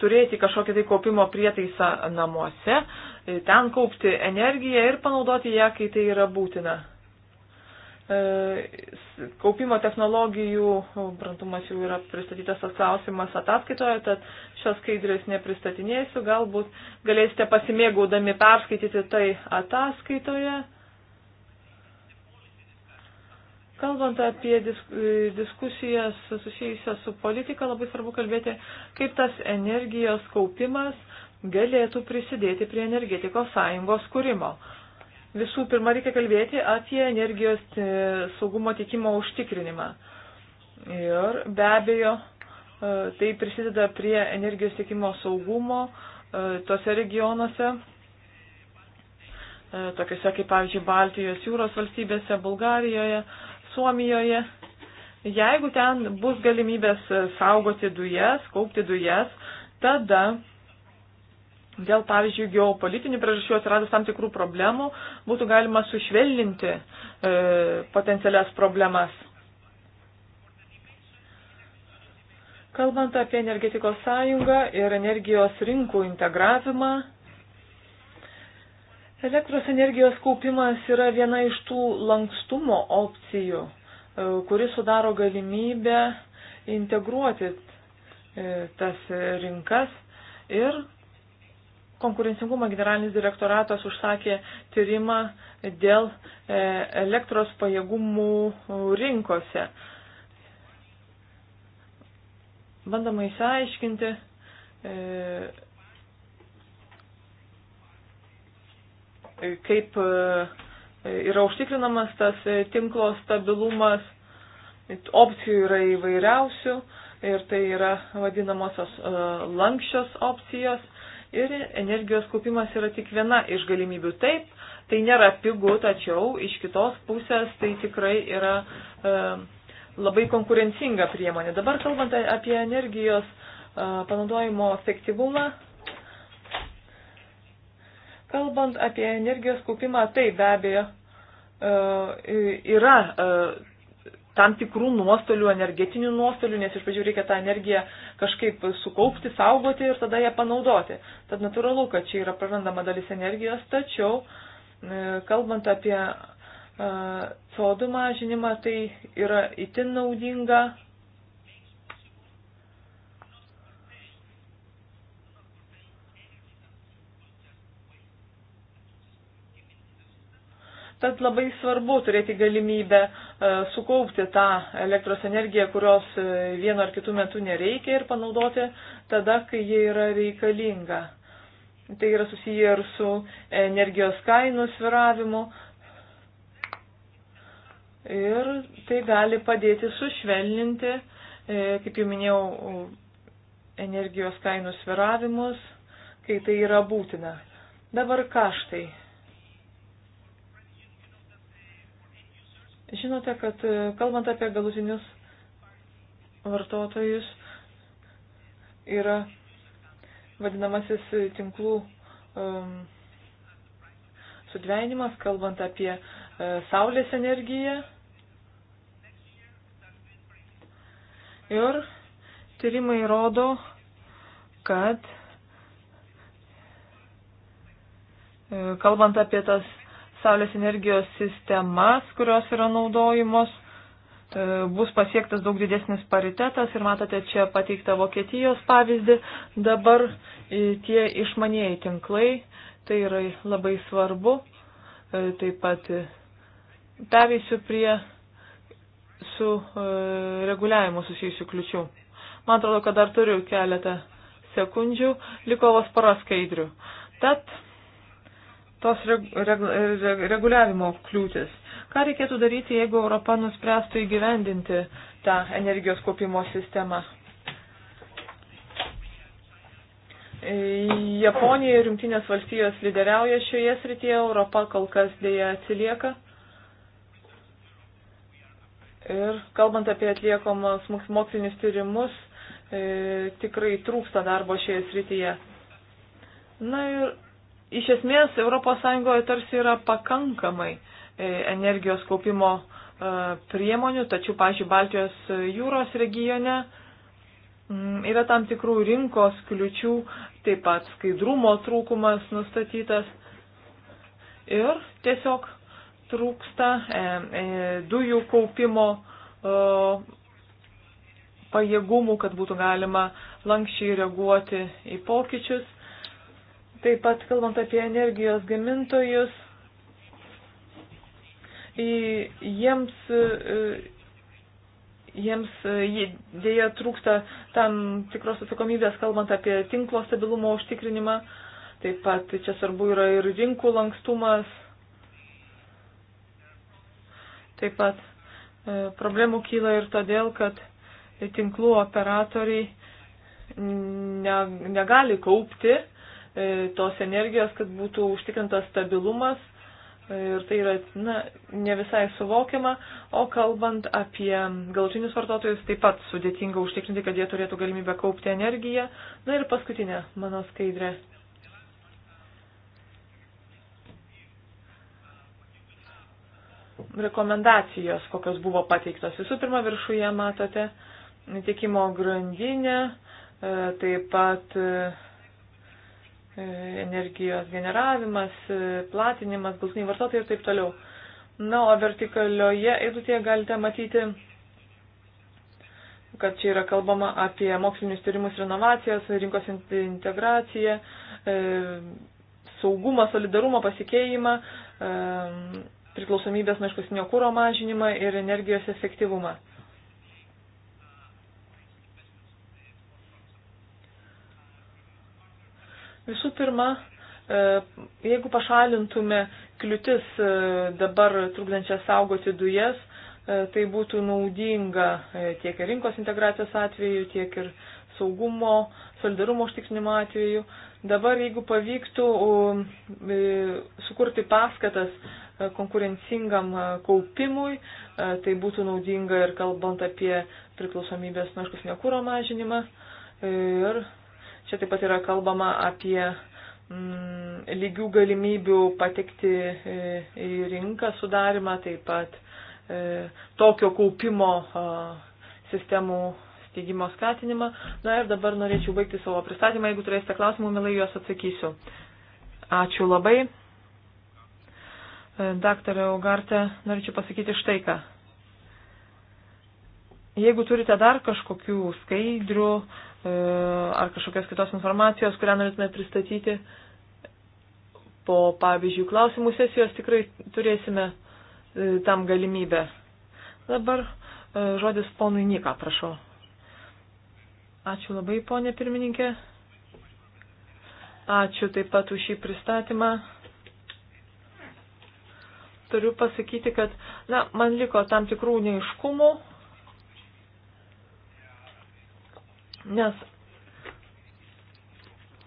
C: turėti kažkokį tai kaupimo prietaisą namuose, ten kaupti energiją ir panaudoti ją, kai tai yra būtina. E, kaupimo technologijų brandumas jau yra pristatytas tas klausimas ataskaitoje, tad šios skaidrės nepristatinėsiu, galbūt galėsite pasimėgaudami perskaityti tai ataskaitoje. Kalbant apie disk, e, diskusijas susijusias su politika, labai svarbu kalbėti, kaip tas energijos kaupimas galėtų prisidėti prie energetikos sąjungos kūrimo. Visų pirma, reikia kalbėti apie energijos e, saugumo tiekimo užtikrinimą. Ir be abejo, e, tai prisideda prie energijos tiekimo saugumo e, tose regionuose, tokiuose kaip, pavyzdžiui, Baltijos jūros valstybėse, Bulgarijoje, Suomijoje. Jeigu ten bus galimybės saugoti dujas, kaupti dujas, tada dėl, pavyzdžiui, geopolitinių priežasčių atsiradus tam tikrų problemų, būtų galima sušvelninti e, potencialias problemas. Kalbant apie energetikos sąjungą ir energijos rinkų integravimą, elektros energijos kaupimas yra viena iš tų lankstumo opcijų, e, kuri sudaro galimybę integruoti e, tas rinkas ir konkurencingumo generalinis direktoratas užsakė tyrimą dėl e, elektros pajėgumų rinkose. Bandama įsiaiškinti, e, kaip e, yra užtikrinamas tas tinklo stabilumas, opcijų yra įvairiausių ir tai yra vadinamosios lankščios opcijos Ir energijos kaupimas yra tik viena iš galimybių. Taip, tai nėra pigu, tačiau iš kitos pusės tai tikrai yra e, labai konkurencinga priemonė. Dabar kalbant apie energijos e, panaudojimo efektyvumą, kalbant apie energijos kaupimą, tai be abejo e, yra. E, tam tikrų nuostolių, energetinių nuostolių, nes iš pradžių reikia tą energiją kažkaip sukaupti, saugoti ir tada ją panaudoti. Tad natūralu, kad čia yra prarandama dalis energijos, tačiau e, kalbant apie e, CO2 mažinimą, tai yra itin naudinga. Tad labai svarbu turėti galimybę uh, E, sukaupti tą elektros energiją, kurios e, vienu ar kitu metu nereikia ir panaudoti tada, kai ji yra reikalinga. Tai yra susiję ir su energijos kainų sviravimu. Ir tai gali padėti sušvelninti, e, kaip jau minėjau, energijos kainų sviravimus, kai tai yra būtina. Dabar kaštai. Žinote, kad e, kalbant apie galutinius vartotojus, yra vadinamasis tinklų um, sudvenimas, kalbant apie uh, saulės energiją. Ir tyrimai rodo, kad e, kalbant apie tas saulės energijos sistemas, kurios yra naudojimos, e, bus pasiektas daug didesnis paritetas ir matote čia pateiktą Vokietijos pavyzdį. Dabar e, tie išmanieji tinklai, tai yra labai svarbu. E, taip pat perėsiu prie su reguliavimu susijusių kliučių. Man atrodo, kad dar turiu keletą sekundžių, liko vos para skaidrių. Tad tos reg, reg, reg, reguliavimo kliūtis. Ką reikėtų daryti, jeigu Europa nuspręstų įgyvendinti tą energijos kaupimo sistemą? Japonija ir Junktinės valstijos lyderiauja šioje srityje, Europa kol kas dėja atsilieka. Ir kalbant apie atliekamas mokslinius tyrimus, e, tikrai trūksta darbo šioje srityje. Na ir iš esmės ES tarsi yra pakankamai e, energijos kaupimo e, priemonių, tačiau, pažiūrėjau, Baltijos jūros regione mm, yra tam tikrų rinkos kliučių, taip pat skaidrumo trūkumas nustatytas ir tiesiog trūksta e, dujų kaupimo pajėgumų, kad būtų galima lankščiai reaguoti į pokyčius. Taip pat kalbant apie energijos gamintojus, jiems, e, jiems e, dėja trūksta tam tikros atsakomybės, kalbant apie tinklo stabilumo užtikrinimą. Taip pat čia svarbu yra ir rinkų lankstumas. Taip pat e, problemų kyla ir todėl, kad tinklų operatoriai negali kaupti E, tos energijos, kad būtų užtikrintas stabilumas ir tai yra na, ne visai suvokiama, o kalbant apie galutinius vartotojus, taip pat sudėtinga užtikrinti, kad jie turėtų galimybę kaupti energiją. Na ir paskutinė mano skaidrė. Rekomendacijos, kokios buvo pateiktos. Visų pirma, viršuje matote tikimo grandinę, e, taip pat e, E, energijos generavimas, e, platinimas, galtiniai vartotojai ir taip toliau. Na, o vertikalioje eilutėje galite matyti, kad čia yra kalbama apie mokslinius tyrimus ir inovacijas, rinkos integraciją, e, saugumą, solidarumą, pasikeimą, priklausomybės nuo iškasinio kūro mažinimą ir energijos efektyvumą. Visų pirma, e, jeigu pašalintume kliūtis e, dabar trukdančias saugoti dujas, e, tai būtų naudinga tiek ir rinkos integracijos atveju, tiek ir saugumo, solidarumo užtikrinimo atveju. Dabar, jeigu pavyktų sukurti paskatas konkurencingam kaupimui, tai būtų naudinga ir kalbant apie priklausomybės nuo iškasnio kūro mažinimą. Ir Čia taip pat yra kalbama apie mm, lygių galimybių patekti e, į rinką sudarimą, taip pat e, tokio kaupimo a, sistemų steigimo skatinimą. Na ir dabar norėčiau baigti savo pristatymą. Jeigu turėsite klausimų, mielai juos atsakysiu. Ačiū labai. E, Daktarė Augarte, norėčiau pasakyti štai ką. Jeigu turite dar kažkokių skaidrių, E, ar kažkokios kitos informacijos, kurią norėtume pristatyti. Po, pavyzdžiui, klausimų sesijos tikrai turėsime e, tam galimybę. Dabar e, žodis ponui Nika, prašau. Ačiū labai, ponė pirmininkė. Ačiū taip pat už šį pristatymą. Turiu pasakyti, kad na, man liko tam tikrų neiškumų Nes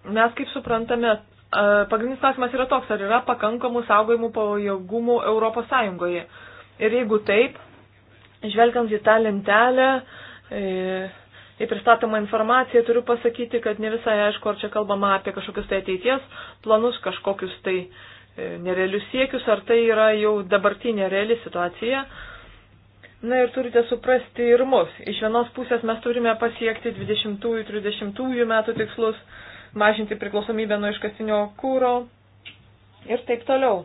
C: mes kaip suprantame, pagrindinis klausimas yra toks, ar yra pakankamų saugojimų pajėgumų Europos Sąjungoje. Ir jeigu taip, žvelgiant į tą lentelę, į pristatomą informaciją, turiu pasakyti, kad ne visai aišku, ar čia kalbama apie kažkokius tai ateities planus, kažkokius tai e, nerealius siekius, ar tai yra jau dabartinė reali situacija. Na ir turite suprasti ir mus. Iš vienos pusės mes turime pasiekti 20-30 metų tikslus, mažinti priklausomybę nuo iškastinio kūro ir taip toliau.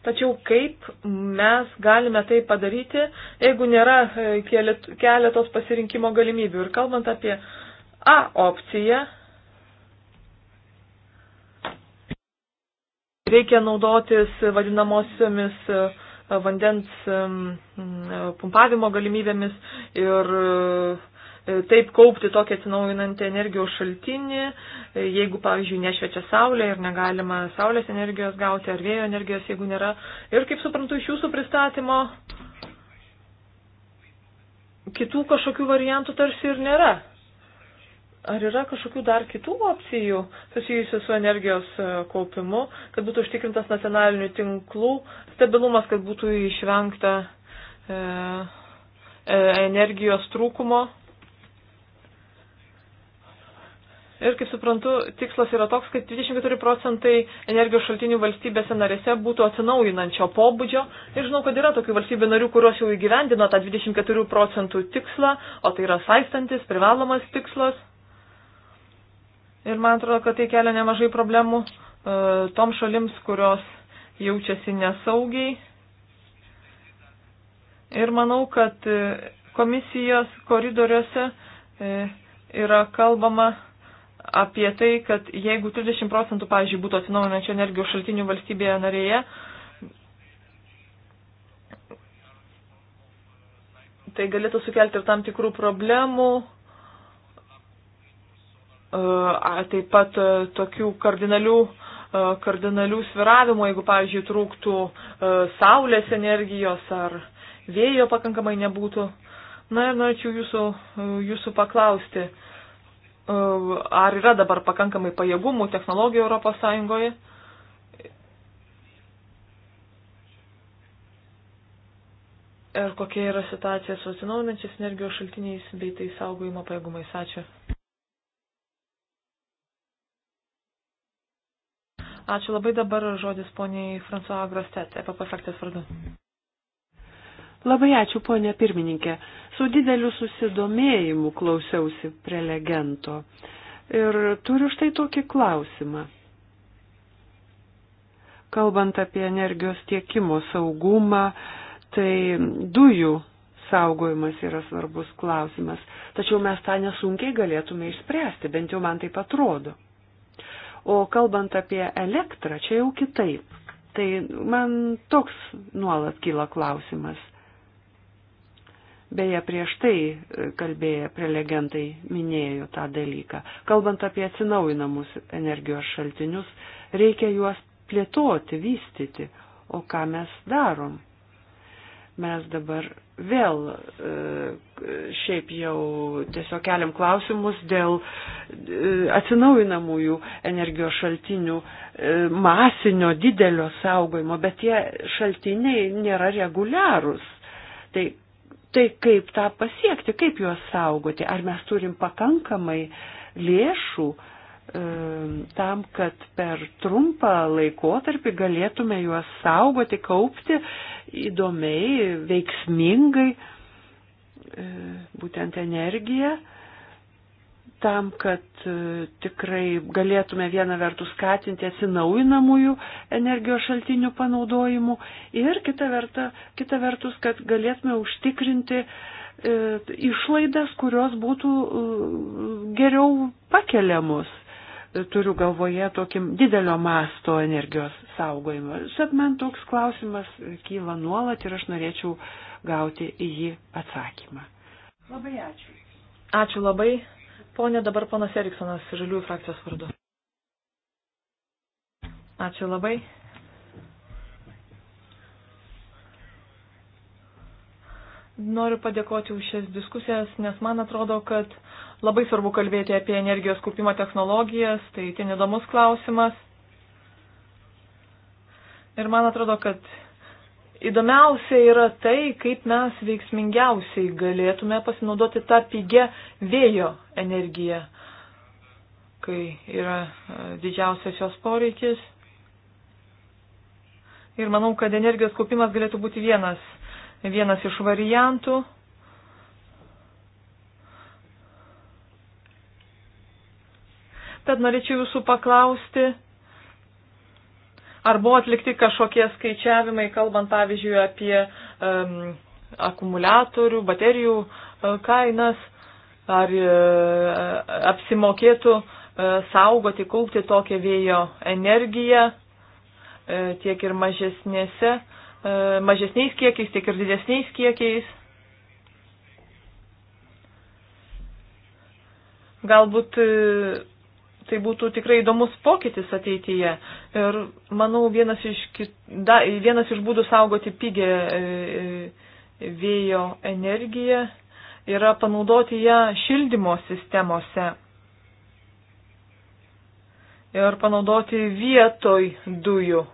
C: Tačiau kaip mes galime tai padaryti, jeigu nėra e, keletos pasirinkimo galimybių. Ir kalbant apie A opciją, reikia naudotis vadinamosiomis e, vandens pumpavimo galimybėmis ir e, taip kaupti tokį atsinaujinantį energijos šaltinį, e, jeigu, pavyzdžiui, nešviečia saulė ir negalima saulės energijos gauti ar vėjo energijos, jeigu nėra. Ir kaip suprantu iš jūsų pristatymo, kitų kažkokių variantų tarsi ir nėra. Ar yra kažkokių dar kitų opcijų susijusių su energijos e, kaupimu, kad būtų užtikrintas nacionalinių tinklų stabilumas, kad būtų išvengta e, e, energijos trūkumo? Ir kaip suprantu, tikslas yra toks, kad 24 procentai energijos šaltinių valstybėse narėse būtų atsinaujinančio pobūdžio. Ir žinau, kad yra tokių valstybių narių, kurios jau įgyvendino tą 24 procentų tikslą, o tai yra saistantis, privalomas tikslas. Ir man atrodo, kad tai kelia nemažai problemų e, tom šalims, kurios jaučiasi nesaugiai. Ir manau, kad e, komisijos koridoriuose e, yra kalbama apie tai, kad jeigu 30 procentų, pavyzdžiui, būtų atsinaujinančių energijos šaltinių valstybėje narėje, tai galėtų sukelti ir tam tikrų problemų taip pat tokių kardinalių kardinalių sviravimų, jeigu, pavyzdžiui, trūktų saulės energijos ar vėjo pakankamai nebūtų. Na ir norėčiau jūsų, jūsų paklausti, ar yra dabar pakankamai pajėgumų technologijų Europos Sąjungoje? Ir kokia yra situacija su atsinaujinančiais energijos šaltiniais bei tai saugojimo pajėgumais? Ačiū. Ačiū labai dabar žodis poniai François Grostet, EPP frakcijos vardu.
A: Labai ačiū, ponė pirmininkė. Su dideliu susidomėjimu klausiausi prelegento. Ir turiu štai tokį klausimą. Kalbant apie energijos tiekimo saugumą, tai dujų saugojimas yra svarbus klausimas. Tačiau mes tą nesunkiai galėtume išspręsti, bent jau man tai patrodo. O kalbant apie elektrą, čia jau kitaip. Tai man toks nuolat kyla klausimas. Beje, prieš tai e, kalbėję prelegentai minėjo tą dalyką. Kalbant apie atsinaujinamus energijos šaltinius, reikia juos plėtoti, vystyti. O ką mes darom? mes dabar vėl e, šiaip jau tiesiog keliam klausimus dėl e, atsinaujinamųjų energijos šaltinių e, masinio didelio saugojimo, bet tie šaltiniai nėra reguliarūs. Tai, tai kaip tą pasiekti, kaip juos saugoti, ar mes turim pakankamai lėšų, tam, kad per trumpą laikotarpį galėtume juos saugoti, kaupti įdomiai, veiksmingai e, būtent energiją tam, kad e, tikrai galėtume vieną vertus skatinti atsinaujinamųjų energijos šaltinių panaudojimų ir kita, verta, kita vertus, kad galėtume užtikrinti e, išlaidas, kurios būtų geriau pakeliamus turiu galvoje tokį didelio masto energijos saugojimą. Šiaip man toks klausimas kyla nuolat ir aš norėčiau gauti į jį atsakymą. Labai ačiū. Ačiū labai.
C: Pone, dabar ponas Eriksonas, Žaliųjų frakcijos vardu. Ačiū labai. Noriu padėkoti už šias diskusijas, nes man atrodo, kad uh, Labai svarbu kalbėti apie energijos kaupimo technologijas, tai ten įdomus klausimas. Ir man atrodo, kad Įdomiausia yra tai, kaip mes veiksmingiausiai galėtume pasinaudoti tą pigę vėjo energiją, kai yra e, didžiausias jos poreikis. Ir manau, kad energijos kaupimas galėtų būti vienas, vienas iš variantų. Tad norėčiau jūsų paklausti, ar buvo atlikti kažkokie skaičiavimai, kalbant pavyzdžiui apie um, akumuliatorių, baterijų uh, kainas, ar uh, apsimokėtų uh, saugoti, kaupti tokią vėjo energiją uh, tiek ir mažesnėse, uh, mažesniais kiekiais, tiek ir didesniais kiekiais. Galbūt uh, tai būtų tikrai įdomus pokytis ateityje. Ir manau, vienas iš, kit, da, vienas iš būdų saugoti pigę e, e, vėjo energiją yra panaudoti ją šildymo sistemose. Ir panaudoti vietoj dujų.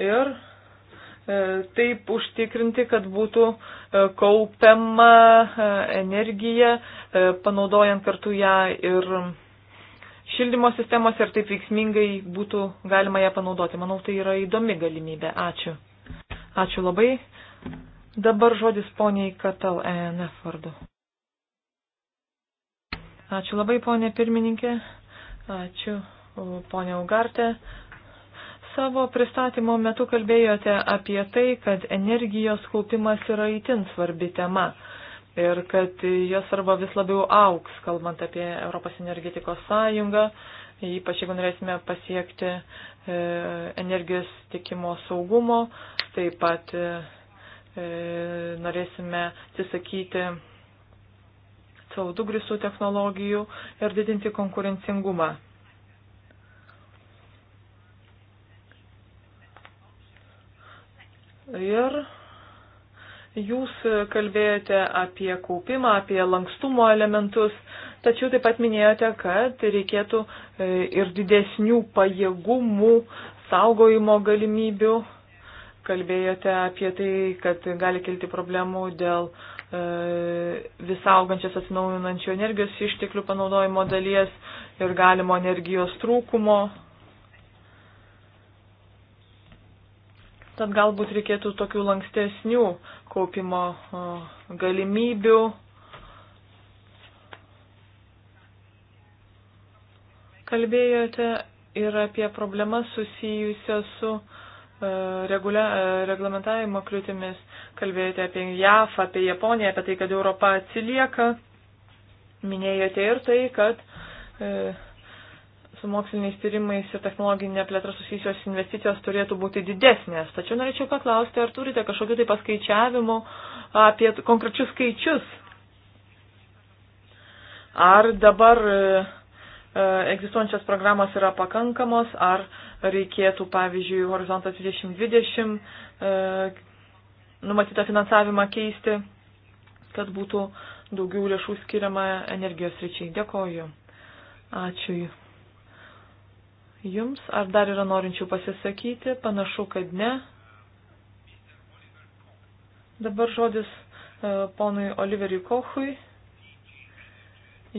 C: Ir e, taip užtikrinti, kad būtų kaupiama energija, panaudojant kartu ją ir šildymo sistemos ir taip veiksmingai būtų galima ją panaudoti. Manau, tai yra įdomi galimybė. Ačiū. Ačiū labai. Dabar žodis poniai Katal ENF vardu. Ačiū labai, ponė pirmininkė. Ačiū, ponė Ugartė. Savo pristatymo metu kalbėjote apie tai, kad energijos kaupimas yra itin svarbi tema ir kad jos arba vis labiau auks, kalbant apie Europos energetikos sąjungą, ypač jeigu norėsime pasiekti e, energijos tikimo saugumo, taip pat e, e, norėsime atsisakyti CO2 grisų technologijų ir didinti konkurencingumą. Ir Jūs kalbėjote apie kaupimą, apie lankstumo elementus, tačiau taip pat minėjote, kad reikėtų e, ir didesnių pajėgumų, saugojimo galimybių. Kalbėjote apie tai, kad gali kilti problemų dėl e, visaugančias atsinaujinančių energijos išteklių panaudojimo dalies ir galimo energijos trūkumo. Tad galbūt reikėtų tokių lankstesnių kaupimo galimybių. Kalbėjote ir apie problemas susijusias su regulia, reglamentavimo kliūtimis. Kalbėjote apie JAF, apie Japoniją, apie tai, kad Europa atsilieka. Minėjote ir tai, kad su moksliniais tyrimais ir technologinė plėtra susijusios investicijos turėtų būti didesnės. Tačiau norėčiau paklausti, ar turite kažkokiu tai paskaičiavimu apie konkrečius skaičius? Ar dabar e, e, egzistuojančios programos yra pakankamos, ar reikėtų, pavyzdžiui, Horizontas 2020 e, numatytą finansavimą keisti, kad būtų daugiau lėšų skiriama energijos ryčiai. Dėkoju. Ačiū. Jums ar dar yra norinčių pasisakyti? Panašu, kad ne. Dabar žodis e, ponui Oliveriui Kochui.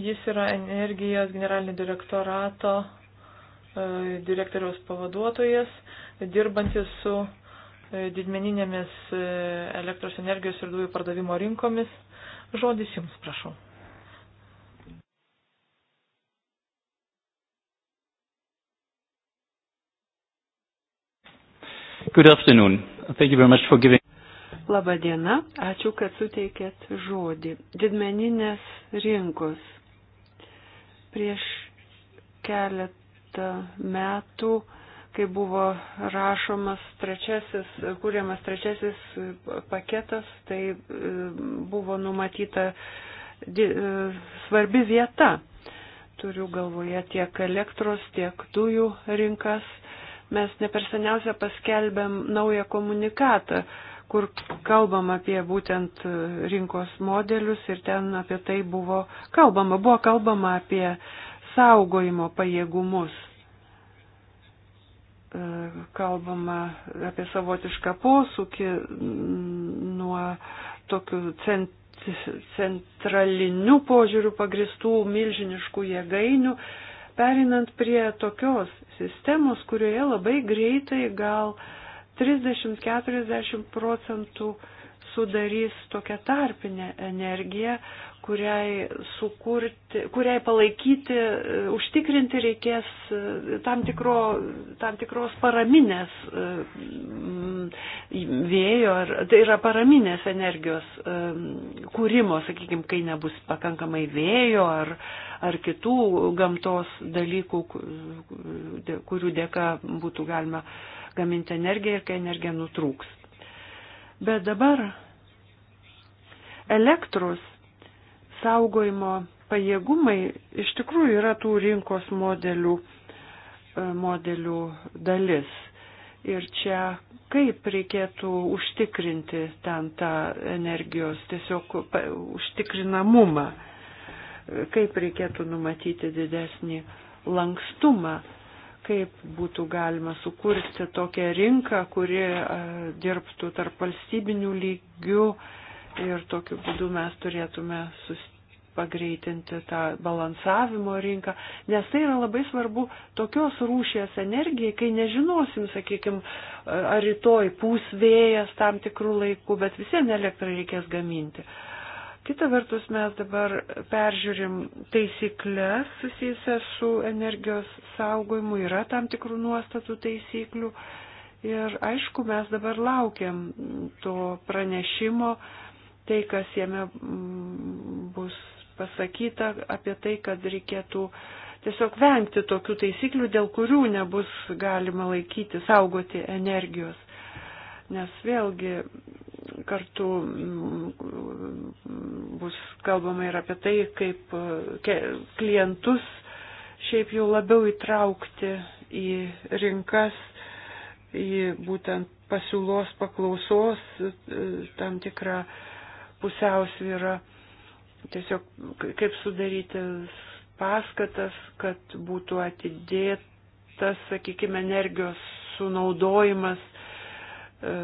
C: Jis yra energijos generalinio direktorato e, direktoriaus pavaduotojas, dirbantis su e, didmeninėmis elektros energijos ir dujų pardavimo rinkomis. Žodis jums, prašau.
B: Good afternoon. Thank you very much for giving.
A: Labą dieną, ačiū, kad suteikėt žodį. Didmeninės rinkos. Prieš keletą metų, kai buvo rašomas trečiasis, kūriamas trečiasis paketas, tai e, buvo numatyta e, svarbi vieta. Turiu galvoje tiek elektros, tiek dujų rinkas Mes neperseniausia paskelbėm naują komunikatą, kur kalbam apie būtent e, rinkos modelius ir ten apie tai buvo kalbama. Buvo kalbama apie saugojimo pajėgumus. E, kalbama apie savotišką posūkį nuo tokių cent, centralinių požiūrių pagristų milžiniškų jėgainių perinant prie tokios sistemos, kurioje labai greitai gal 30-40 procentų uh, sudarys tokią tarpinę energiją, kuriai, sukurti, kuriai palaikyti, e, užtikrinti reikės e, tam, tikro, tam tikros paraminės e, vėjo, ar, tai yra paraminės energijos kūrimo, sakykime, kai nebus pakankamai vėjo ar, ar kitų gamtos dalykų, kurių dėka būtų galima gaminti energiją ir kai energija nutrūks. Bet dabar elektros saugojimo pajėgumai iš tikrųjų yra tų rinkos modelių, e, modelių dalis. Ir čia kaip reikėtų užtikrinti ten tą energijos tiesiog užtikrinamumą, kaip reikėtų numatyti didesnį lankstumą, kaip būtų galima sukurti tokią rinką, kuri e, dirbtų tarp valstybinių lygių ir tokiu būdu mes turėtume pagreitinti tą balansavimo rinką, nes tai yra labai svarbu tokios rūšies energijai, kai nežinosim, sakykime, ar rytoj pūs vėjas tam tikrų laikų, bet visiems elektrą reikės gaminti. Kita vertus, mes dabar peržiūrim taisyklės susijusias su energijos saugojimu, yra tam tikrų nuostatų taisyklių. Ir aišku, mes dabar laukiam to pranešimo, uh, tai, kas jame mm, bus pasakyta apie tai, kad reikėtų tiesiog vengti tokių taisyklių, dėl kurių nebus galima laikyti, saugoti energijos. Nes vėlgi kartu mm, bus kalbama ir apie tai, kaip klientus šiaip jau labiau įtraukti į rinkas, į būtent pasiūlos paklausos e, tam tikrą uh, pusiausvyrą, tiesiog kaip sudaryti paskatas, kad būtų atidėtas, sakykime, energijos sunaudojimas e,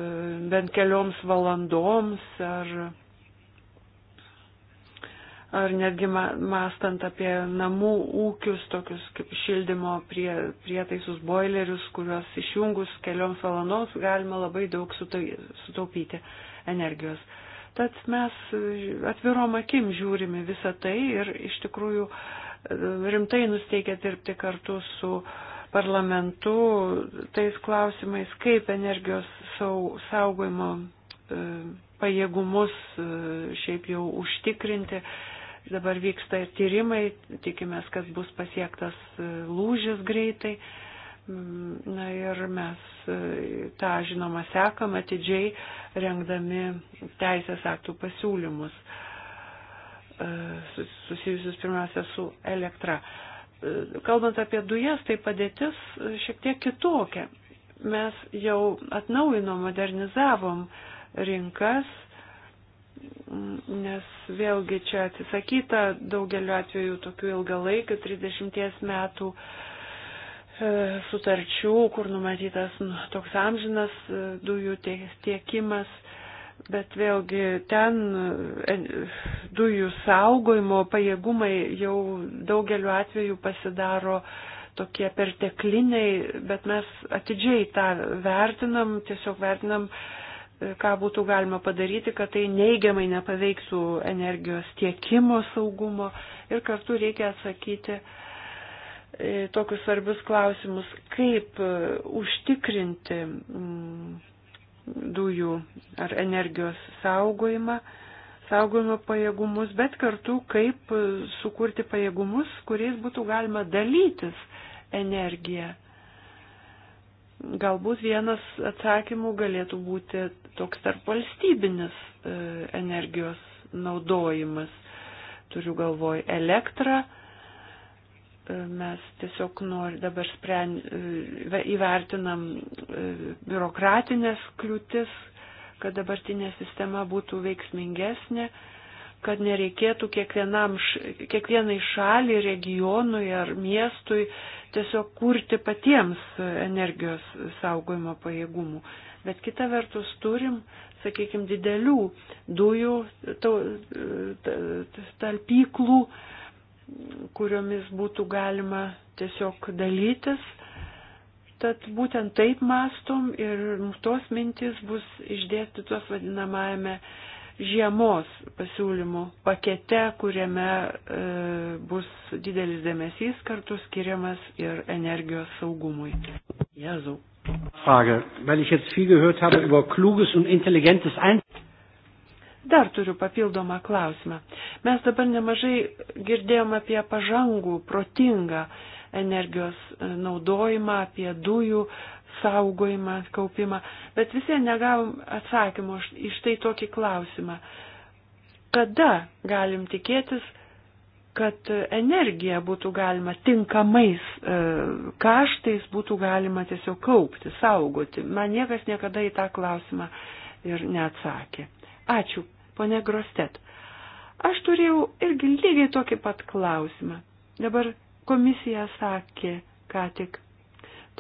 A: bent kelioms valandoms ar, ar netgi mastant apie namų ūkius, tokius kaip šildymo prie, prietaisus boilerius, kuriuos išjungus kelioms valandoms galima labai daug sutaupyti energijos. Uh, Tad mes atvirom akim žiūrime visą tai ir iš tikrųjų e, rimtai nusteikia dirbti kartu su parlamentu tais klausimais, kaip energijos saugojimo e, pajėgumus e, šiaip jau užtikrinti. Dabar vyksta ir tyrimai, tikimės, kad bus pasiektas lūžis greitai. Mm, na ir mes e, tą žinoma sekam atidžiai, rengdami teisės aktų pasiūlymus e, susijusius pirmiausia su elektra. E, kalbant apie dujas, tai padėtis šiek tiek kitokia. Mes jau atnaujinom, modernizavom rinkas, mm, nes vėlgi čia atsisakyta daugeliu atveju tokių ilgalaikių 30 metų uh, E, sutarčių, kur numatytas nu, toks amžinas e, dujų tiekimas, bet vėlgi ten e, dujų saugojimo pajėgumai jau daugeliu atveju pasidaro tokie pertekliniai, bet mes atidžiai tą vertinam, tiesiog vertinam, ką būtų galima padaryti, kad tai neigiamai nepaveiktų energijos tiekimo saugumo ir kartu reikia atsakyti uh, E, tokius svarbius klausimus, kaip e, užtikrinti mm, dujų ar energijos saugojimą, saugojimo pajėgumus, bet kartu kaip e, sukurti pajėgumus, kuriais būtų galima dalytis energiją. Galbūt vienas atsakymų galėtų būti toks tarp valstybinis energijos naudojimas. Turiu galvoj elektrą, E, mes tiesiog nori, dabar spren, e, įvertinam e, biurokratinės kliūtis, kad dabartinė sistema būtų veiksmingesnė, kad nereikėtų kiekvienai šaliai, regionui ar miestui tiesiog kurti patiems energijos saugojimo pajėgumų. Bet kita vertus turim, sakykime, didelių dujų talpyklų, ta, ta, ta, kuriomis būtų galima tiesiog dalytis. Tad būtent taip mastom ir tos mintis bus išdėstytos vadinamajame žiemos pasiūlymų pakete, kuriame e, bus didelis dėmesys kartu skiriamas ir energijos saugumui. Jėzau. Frage, weil ich jetzt viel gehört habe über kluges und intelligentes Ein Dar turiu papildomą klausimą. Mes dabar nemažai girdėjom apie pažangų, protingą energijos e, naudojimą, apie dujų saugojimą, kaupimą, bet visi negavom atsakymo iš tai tokį klausimą. Kada galim tikėtis, kad energiją būtų galima tinkamais e, kaštais, būtų galima tiesiog kaupti, saugoti? Man niekas niekada į tą klausimą ir neatsakė. Ačiū Pone Grostet, aš turėjau irgi lygiai tokį pat klausimą. Dabar komisija sakė, ką tik,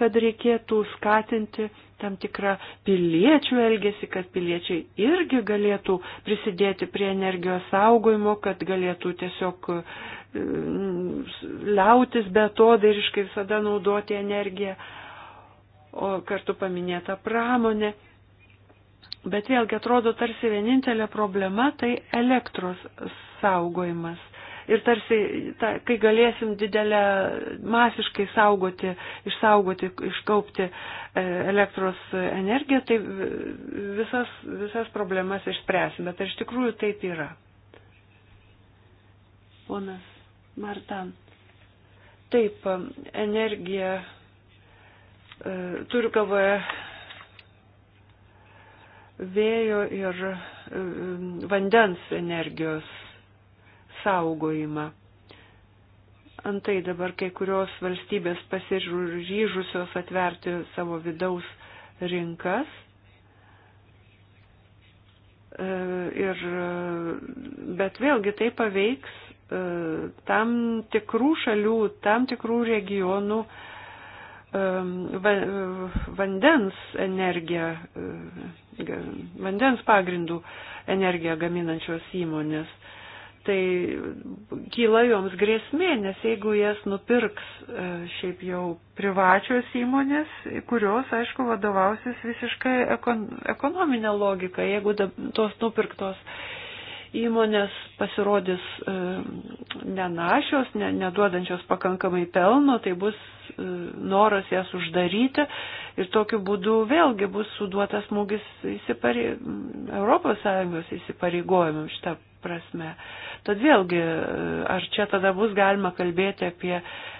A: kad reikėtų skatinti tam tikrą piliečių elgesį, kad piliečiai irgi galėtų prisidėti prie energijos saugojimo, kad galėtų tiesiog mm, liautis betodairiškai visada naudoti energiją. O kartu paminėta pramonė. Bet vėlgi atrodo tarsi vienintelė problema tai elektros saugojimas. Ir tarsi, ta, kai galėsim didelę masiškai saugoti, išsaugoti, iškaupti e, elektros energiją, tai visas, visas problemas išspręsim. Bet ar iš tikrųjų taip yra? Ponas Martan. Taip, e, energija, e, turiu galvoje vėjo ir vandens energijos saugojimą. Antai dabar kai kurios valstybės pasiryžusios atverti savo vidaus rinkas e, ir, bet vėlgi tai paveiks e, tam tikrų šalių, tam tikrų regionų uh, Um, vandens energiją, uh, vandens pagrindų energiją gaminančios įmonės. Tai kyla joms grėsmė, nes jeigu jas nupirks uh, šiaip jau privačios įmonės, kurios, aišku, vadovausis visiškai ekonominė logika, jeigu tos nupirktos įmonės pasirodys e, nenašios, ne, neduodančios pakankamai pelno, tai bus e, noras jas uždaryti ir tokiu būdu vėlgi bus suduotas smūgis įsipare... ES įsipareigojimam šitą prasme. Tad vėlgi, e, ar čia tada bus galima kalbėti apie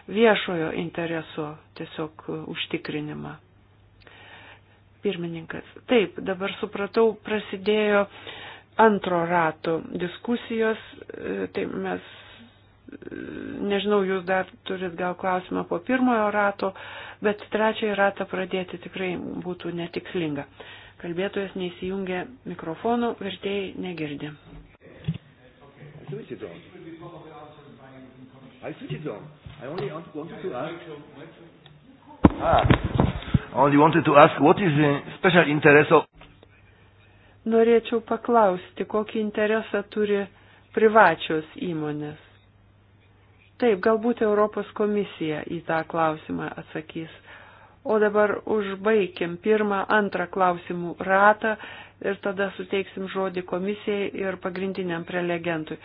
A: viešojo intereso tiesiog užtikrinimą? Pirmininkas. Taip, dabar supratau, prasidėjo uh, antro rato diskusijos. E, tai mes, e, nežinau, jūs dar turit gal klausimą po pirmojo rato, bet trečiąjį ratą pradėti tikrai būtų netikslinga. Kalbėtojas neįsijungia mikrofono, vertėjai negirdi.
B: I switch it on. I only wanted to ask. Ah, only wanted to ask what is the special interest of
A: norėčiau paklausti, kokį interesą turi privačios įmonės. Taip, galbūt Europos komisija į tą klausimą atsakys. O dabar užbaikim pirmą, antrą klausimų ratą ir tada suteiksim žodį komisijai ir pagrindiniam prelegentui.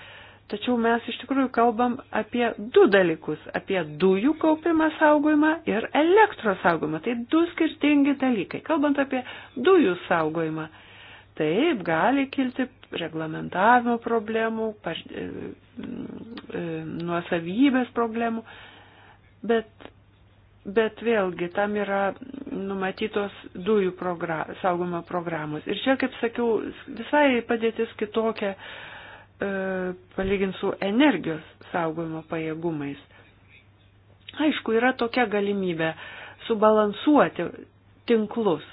A: Tačiau mes iš tikrųjų kalbam apie du dalykus - apie dujų kaupimą saugojimą ir elektros saugojimą. Tai du skirtingi dalykai. Kalbant apie dujų saugojimą, Taip, gali kilti reglamentavimo problemų, paž... E, e, nuosavybės problemų, bet, bet vėlgi tam yra numatytos dujų progra... saugumo programos. Ir čia, kaip sakiau, visai padėtis kitokia e, palyginti su energijos saugojimo pajėgumais. Aišku, yra tokia galimybė subalansuoti tinklus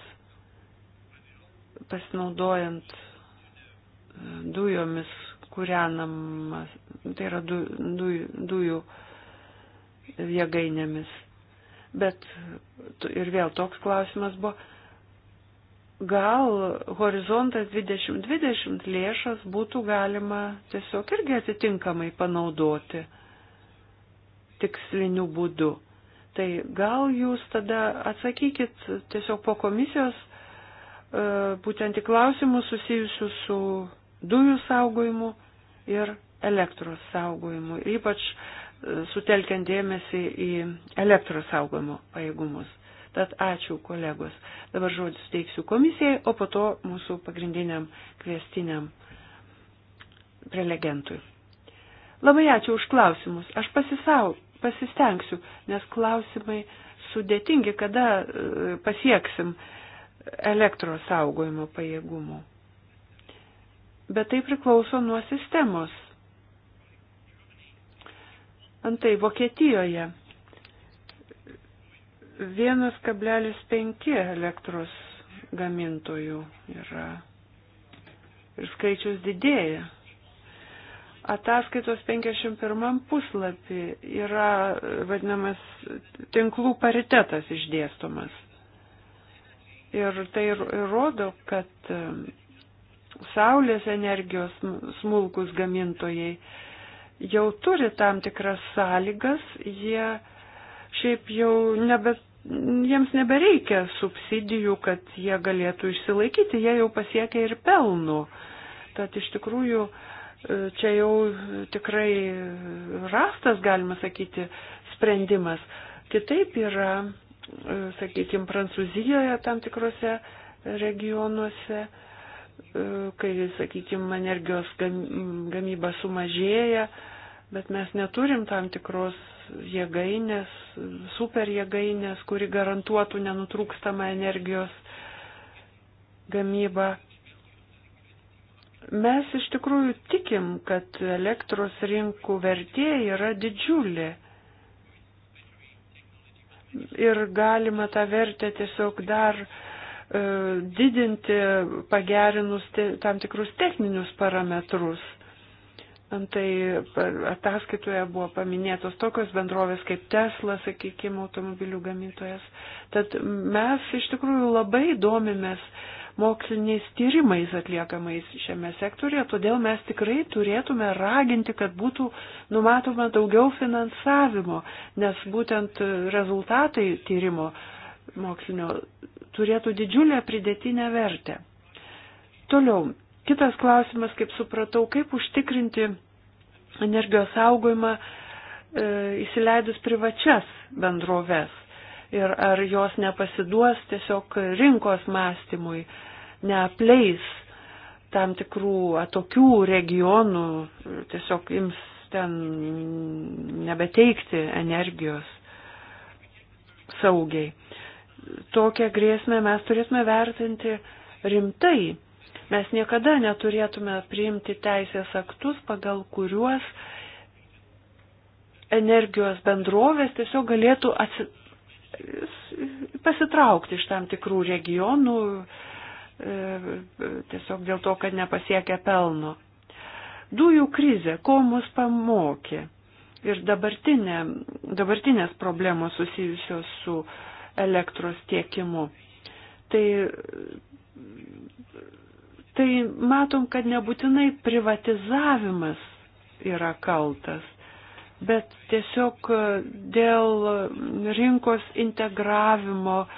A: pasinaudojant e, dujomis kūrenamas, tai yra du, du, dujų jėgainėmis. Bet ir vėl toks klausimas buvo, gal horizontas 2020 lėšas būtų galima tiesiog irgi atitinkamai panaudoti tiksliniu būdu. Tai gal jūs tada atsakykit tiesiog po komisijos E, būtent į klausimus susijusius su dujų saugojimu ir elektros saugojimu, ypač e, sutelkiant dėmesį į elektros saugojimo pajėgumus. Tad ačiū kolegos. Dabar žodį suteiksiu komisijai, o po to mūsų pagrindiniam kvestiniam prelegentui. Labai ačiū už klausimus. Aš pasisau, pasistengsiu, nes klausimai sudėtingi, kada e, pasieksim uh, elektros saugojimo pajėgumų. Bet tai priklauso nuo sistemos. Antai Vokietijoje 1,5 elektros gamintojų yra ir skaičius didėja. Ataskaitos 51 puslapį yra vadinamas tinklų paritetas išdėstomas. Ir tai rodo, kad um, saulės energijos smulkus gamintojai jau turi tam tikras sąlygas, jie šiaip jau nebe, jiems nebereikia subsidijų, kad jie galėtų išsilaikyti, jie jau pasiekia ir pelnų. Tad iš tikrųjų e, čia jau tikrai rastas, galima sakyti, sprendimas. Kitaip yra E, sakykime, Prancūzijoje tam tikrose regionuose, e, kai, sakykime, energijos gamyba sumažėja, bet mes neturim tam tikros jėgainės, super jėgainės, kuri garantuotų nenutrūkstamą energijos gamybą. Mes iš tikrųjų tikim, kad elektros rinkų vertė yra didžiulė ir galima tą vertę tiesiog dar e, didinti, pagerinus tam tikrus techninius parametrus. Antai ataskaitoje buvo paminėtos tokios bendrovės kaip Tesla, sakykime, automobilių gamintojas. Tad mes iš tikrųjų labai domimės uh, moksliniais tyrimais atliekamais šiame sektorėje, todėl mes tikrai turėtume raginti, kad būtų numatoma daugiau finansavimo, nes būtent rezultatai tyrimo mokslinio turėtų didžiulę pridėtinę vertę. Toliau, kitas klausimas, kaip supratau, kaip užtikrinti energijos saugojimą e, įsileidus privačias bendroves ir ar jos nepasiduos tiesiog rinkos mąstymui, neapleis tam tikrų atokių regionų, tiesiog ims ten nebeteikti energijos saugiai. Tokią grėsmę mes turėtume vertinti rimtai. Mes niekada neturėtume priimti teisės aktus, pagal kuriuos energijos bendrovės tiesiog galėtų atsitikti pasitraukti iš tam tikrų regionų e, tiesiog dėl to, kad nepasiekia pelno. Dujų krizė, ko mus pamokė ir dabartinė, dabartinės problemos susijusios su elektros tiekimu. Tai, tai matom, kad nebūtinai privatizavimas yra kaltas bet tiesiog e, dėl rinkos integravimo e,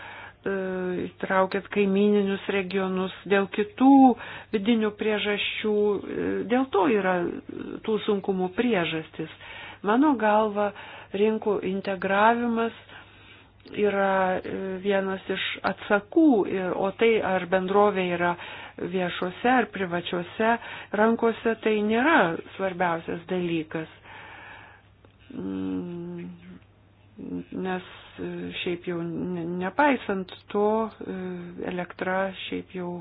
A: įtraukiant kaimininius regionus, dėl kitų vidinių priežasčių, e, dėl to yra tų sunkumų priežastis. Mano galva, rinkų integravimas yra vienas iš atsakų, o tai ar bendrovė yra viešuose ar privačiuose rankose, tai nėra svarbiausias dalykas. Mm, nes e, šiaip jau nepaisant to e, elektra šiaip jau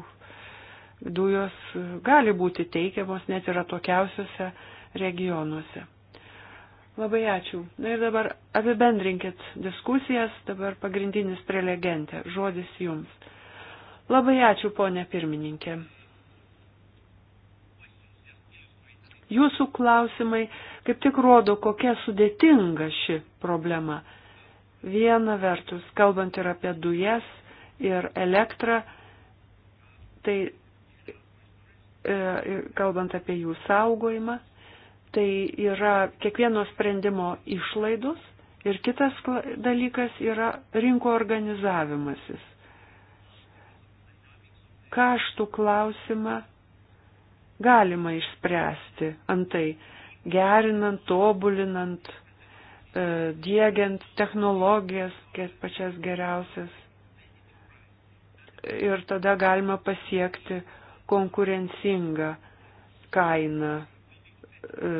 A: dujos e, gali būti teikiamos net ir atokiausiuose regionuose. Labai ačiū. Na ir dabar apibendrinkit diskusijas, dabar pagrindinis prelegentė, žodis jums. Labai ačiū, ponė pirmininkė. Jūsų klausimai kaip tik rodo, kokia sudėtinga ši problema. Viena vertus, kalbant ir apie dujas ir elektrą, tai e, kalbant apie jų saugojimą, tai yra kiekvieno sprendimo išlaidos ir kitas dalykas yra rinko organizavimasis. Kaštų klausimą galima išspręsti antai, gerinant, tobulinant, e, dėgiant technologijas, pačias geriausias. Ir tada galima pasiekti konkurencingą kainą. E,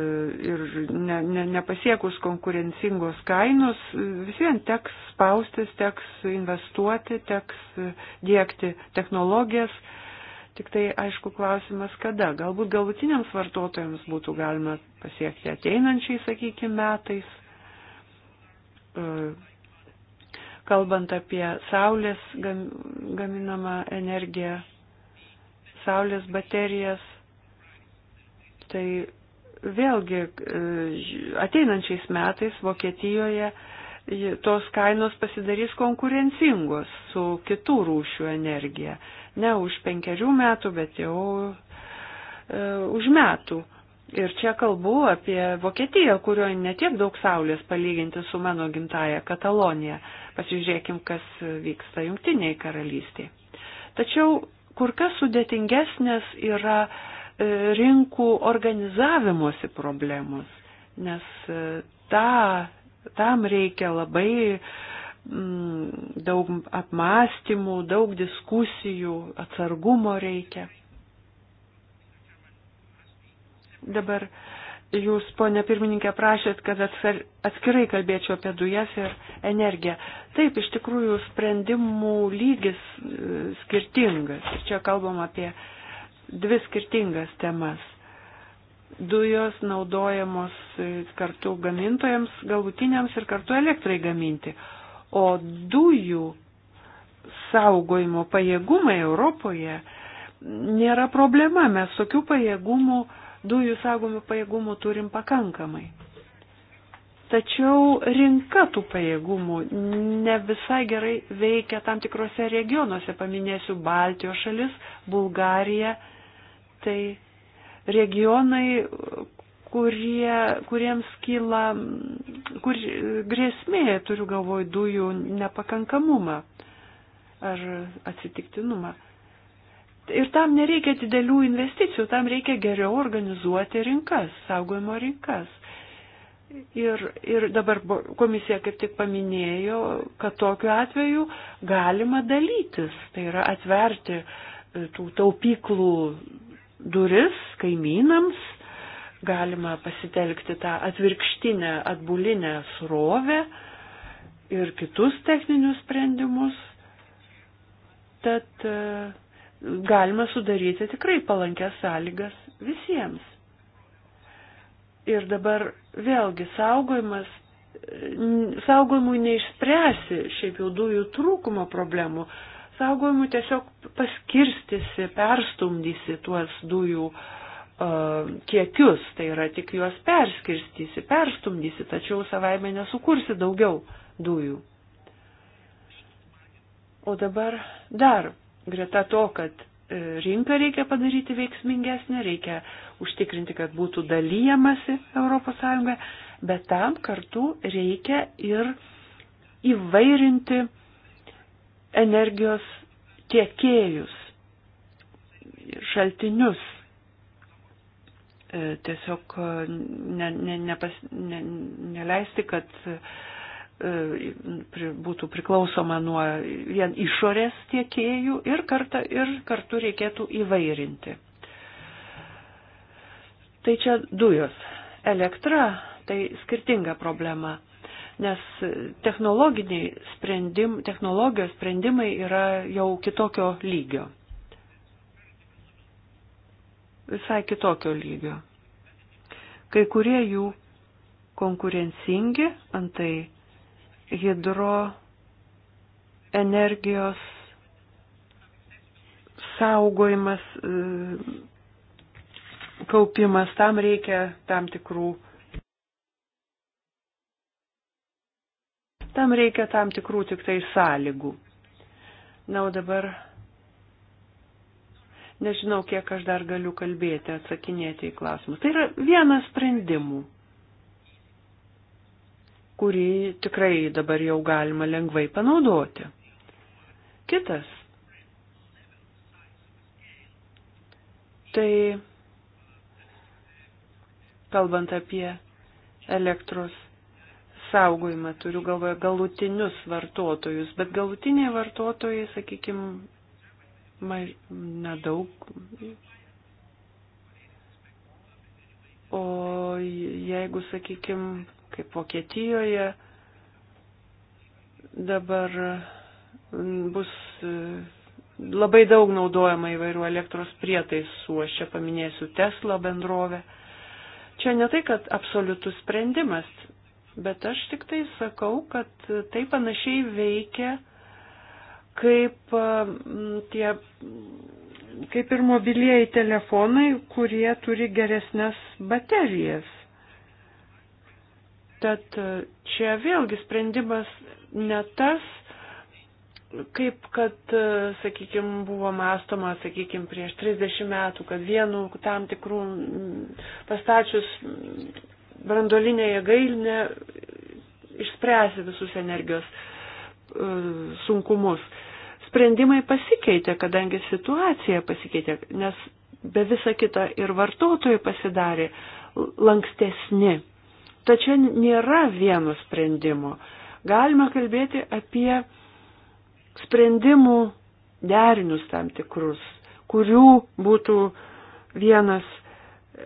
A: ir ne, ne, nepasiekus konkurencingos kainos, vis vien teks spaustis, teks investuoti, teks dėkti technologijas, Tik tai aišku klausimas, kada. Galbūt galutiniams vartotojams būtų galima pasiekti ateinančiai, sakykime, metais. E, kalbant apie saulės gaminamą energiją, saulės baterijas, tai vėlgi e, ateinančiais metais Vokietijoje tos kainos pasidarys konkurencingos su kitų rūšių energija. Ne už penkerių metų, bet jau e, už metų. Ir čia kalbu apie Vokietiją, kurioje netiek daug saulės palyginti su mano gimtaja Katalonija. Pasižiūrėkim, kas vyksta jungtiniai karalystiai. Tačiau kur kas sudėtingesnės yra e, rinkų organizavimosi problemos, nes e, tą Tam reikia labai mm, daug apmąstymų, daug diskusijų, atsargumo reikia. Dabar jūs, ponė pirmininkė, prašėt, kad atskirai kalbėčiau apie dujas ir energiją. Taip, iš tikrųjų, sprendimų lygis e, skirtingas. Ir čia kalbam apie dvi skirtingas temas dujos naudojamos e, kartu gamintojams, galutiniams ir kartu elektrai gaminti. O dujų saugojimo pajėgumai Europoje nėra problema. Mes tokių pajėgumų, dujų saugomų pajėgumų turim pakankamai. Tačiau rinka tų pajėgumų ne visai gerai veikia tam tikrose regionuose. Paminėsiu Baltijos šalis, Bulgariją. Tai regionai, kurie, kuriems kyla kur, grėsmė, turiu galvoj, dujų nepakankamumą ar atsitiktinumą. Ir tam nereikia didelių investicijų, tam reikia geriau organizuoti rinkas, saugojimo rinkas. Ir, ir dabar komisija kaip tik paminėjo, kad tokiu atveju galima dalytis, tai yra atverti e, tų taupyklų duris kaimynams, galima pasitelkti tą atvirkštinę atbulinę srovę ir kitus techninius sprendimus. Tad e, galima sudaryti tikrai palankias sąlygas visiems. Ir dabar vėlgi saugojimas saugojimui neišspręsi šiaip jau dujų trūkumo problemų, saugojimų tiesiog paskirstysi, perstumdysi tuos dujų uh, kiekius, tai yra tik juos perskirstysi, perstumdysi, tačiau savaime nesukursi daugiau dujų. O dabar dar greta to, kad e, rinką reikia padaryti veiksmingesnę, reikia užtikrinti, kad būtų dalyjamasi ES, bet tam kartu reikia ir įvairinti uh, energijos tiekėjus, šaltinius. E, tiesiog e, ne, ne, nepas, ne, neleisti, kad e, būtų priklausoma nuo vien išorės tiekėjų ir, karta, ir kartu reikėtų įvairinti. Tai čia dujos. Elektra tai skirtinga problema nes technologiniai sprendim, technologijos sprendimai yra jau kitokio lygio. Visai kitokio lygio. Kai kurie jų konkurencingi, antai hidro energijos saugojimas, e, kaupimas, tam reikia tam tikrų Tam reikia tam tikrų tik tai sąlygų. Na, o dabar nežinau, kiek aš dar galiu kalbėti, atsakinėti į klausimus. Tai yra vienas sprendimų, kurį tikrai dabar jau galima lengvai panaudoti. Kitas. Tai kalbant apie elektros saugojimą, turiu galvoje galutinius vartotojus, bet galutiniai vartotojai, sakykime, maž... nedaug. O jeigu, sakykime, kaip Vokietijoje dabar bus e, labai daug naudojama įvairių elektros prietaisų, aš čia paminėsiu Tesla bendrovę. Čia ne tai, kad absoliutus sprendimas, Bet aš tik tai sakau, kad tai panašiai veikia kaip um, tie, kaip ir mobilieji telefonai, kurie turi geresnės baterijas. Tad uh, čia vėlgi sprendimas ne tas, kaip kad, uh, sakykime, buvo mąstoma, sakykime, prieš 30 metų, kad vienu tam tikrų mm, pastačius brandolinė jėgainė išspręs visus energijos e, sunkumus. Sprendimai pasikeitė, kadangi situacija pasikeitė, nes be visa kita ir vartotojai pasidarė lankstesni. Tačiau nėra vieno sprendimo. Galima kalbėti apie sprendimų derinius tam tikrus, kurių būtų vienas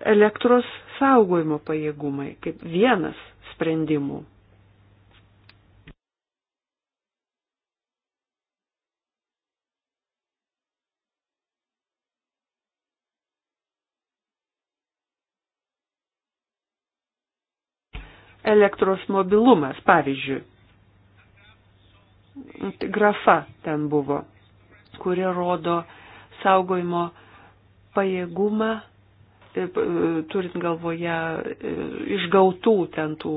A: elektros saugojimo pajėgumai kaip vienas sprendimų. Elektros mobilumas, pavyzdžiui. Grafa ten buvo, kuri rodo saugojimo pajėgumą E, e, turint galvoje e, išgautų ten tų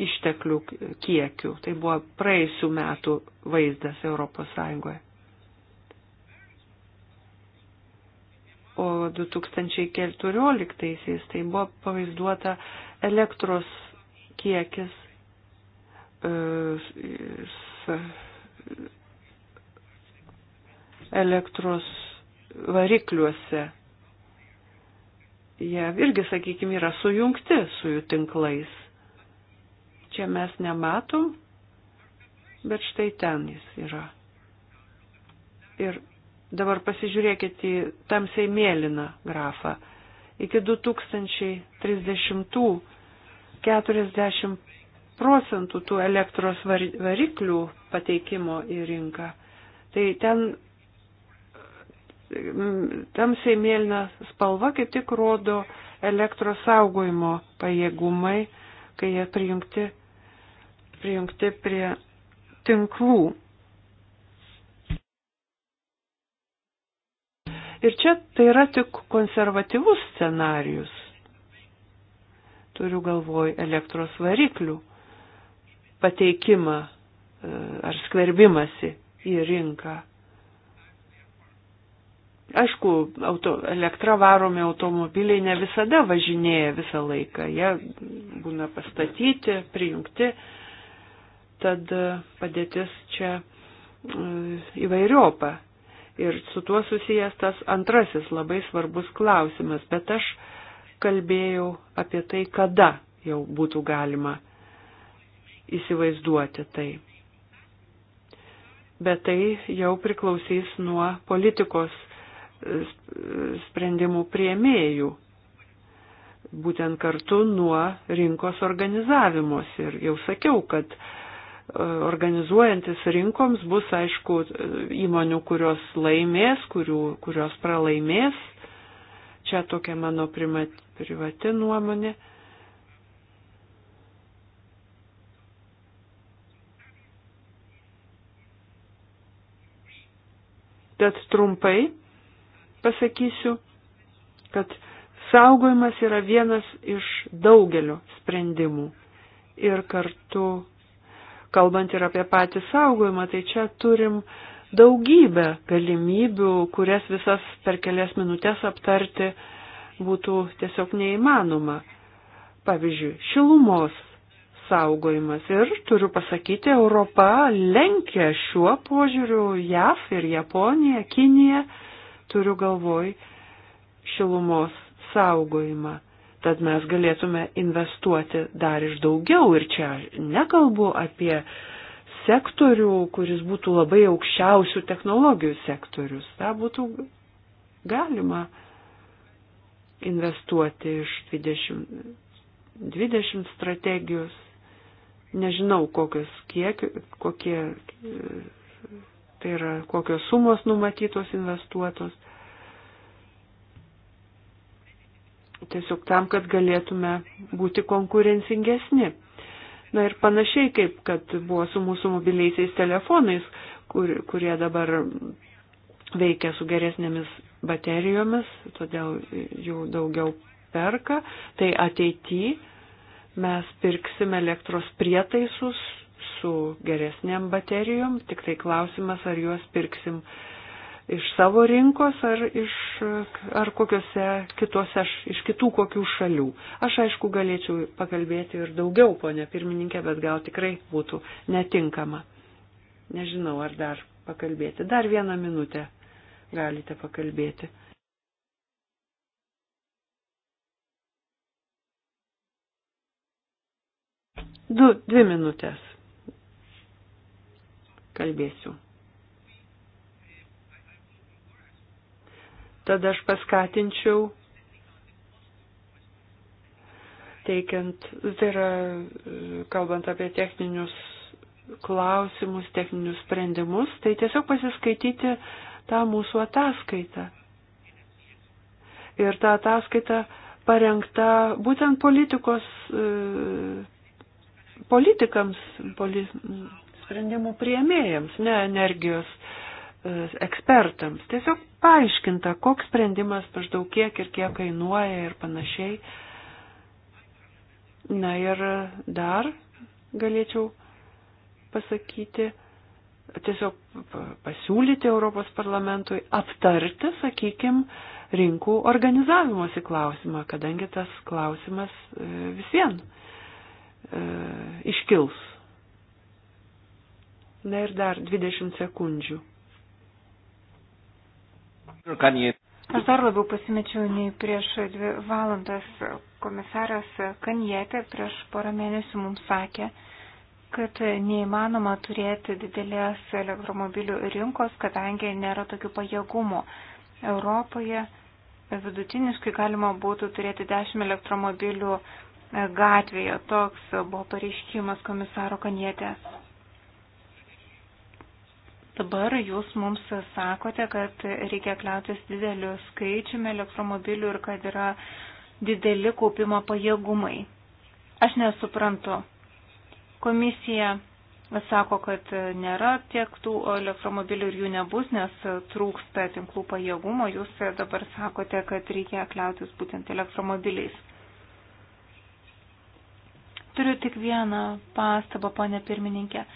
A: išteklių kiekių. Tai buvo praeisių metų vaizdas Europos Sąjungoje. O 2014-aisiais tai buvo pavaizduota elektros kiekis elektros varikliuose jie irgi, sakykime, yra sujungti su jų tinklais. Čia mes nematom, bet štai ten jis yra. Ir dabar pasižiūrėkit į tamsiai mėlyną grafą. Iki 2030 40 procentų tų elektros variklių pateikimo į rinką. Tai ten tamsiai mėlyna spalva kaip tik rodo elektros saugojimo pajėgumai, kai jie prijungti, prijungti prie tinklų. Ir čia tai yra tik konservatyvus scenarius. Turiu galvoj elektros variklių pateikimą e, ar skverbimasi į rinką. Aišku, auto, elektra varomi automobiliai ne visada važinėja visą laiką, jie būna pastatyti, prijungti, tad e, padėtis čia e, įvairiopa. Ir su tuo susijęs tas antrasis labai svarbus klausimas, bet aš kalbėjau apie tai, kada jau būtų galima įsivaizduoti tai bet tai jau priklausys nuo politikos sprendimų prieimėjų, būtent kartu nuo rinkos organizavimos. Ir jau sakiau, kad e, organizuojantis rinkoms bus, aišku, įmonių, kurios laimės, kurių, kurios pralaimės. Čia tokia mano privati nuomonė. Tad trumpai pasakysiu, kad saugojimas yra vienas iš daugelio sprendimų. Ir kartu, kalbant ir apie patį saugojimą, tai čia turim daugybę galimybių, kurias visas per kelias minutės aptarti būtų tiesiog neįmanoma. Pavyzdžiui, šilumos saugojimas. Ir turiu pasakyti, Europa lenkia šiuo požiūriu JAF ir Japonija, Kinija turiu galvoj šilumos saugojimą. Tad mes galėtume investuoti dar iš daugiau ir čia nekalbu apie sektorių, kuris būtų labai aukščiausių technologijų sektorius. Ta būtų galima investuoti iš 20, 20 strategijos. Nežinau, kokios, kiek, kokie tai yra kokios sumos numatytos investuotos. Tiesiog tam, kad galėtume būti konkurencingesni. Na ir panašiai kaip kad buvo su mūsų mobiliaisiais telefonais, kur, kurie dabar veikia su geresnėmis baterijomis, todėl jų daugiau perka, tai ateityje mes pirksim elektros prietaisus su geresniam baterijom, tik tai klausimas, ar juos pirksim iš savo rinkos ar, iš, ar kokiuose kitose, iš kitų kokių šalių. Aš aišku galėčiau pakalbėti ir daugiau, ponė pirmininkė, bet gal tikrai būtų netinkama. Nežinau, ar dar pakalbėti. Dar vieną minutę galite pakalbėti. Du, dvi minutės kalbėsiu. Tada aš paskatinčiau, teikiant, tai yra, kalbant apie techninius klausimus, techninius sprendimus, tai tiesiog pasiskaityti tą mūsų ataskaitą. Ir ta ataskaita parengta būtent politikos, e, politikams, poli, sprendimų prieimėjams, ne energijos e, ekspertams. Tiesiog paaiškinta, koks sprendimas maždaug kiek ir kiek kainuoja ir panašiai. Na ir dar galėčiau pasakyti, tiesiog pasiūlyti Europos parlamentui aptarti, sakykime, rinkų organizavimosi klausimą, kadangi tas klausimas e, vis vien e, iškils Na ir dar 20 sekundžių. Aš
B: dar labiau pasimečiau nei prieš dvi valandas. Komisaras Kanjėtė prieš porą mėnesių mums sakė, kad neįmanoma turėti didelės elektromobilių rinkos, kadangi nėra tokių pajėgumų. Europoje vidutiniškai galima būtų turėti 10 elektromobilių gatvėje. Toks buvo pareiškimas komisaro Kanjėtės. Dabar jūs mums sakote, kad reikia kliautis dideliu skaičiumi elektromobilių ir kad yra dideli kaupimo pajėgumai. Aš nesuprantu. Komisija sako, kad nėra tiek tų elektromobilių ir jų nebus, nes trūksta tinklų pajėgumo. Jūs dabar sakote, kad reikia kliautis būtent elektromobiliais. Turiu tik vieną pastabą, ponė pirmininkė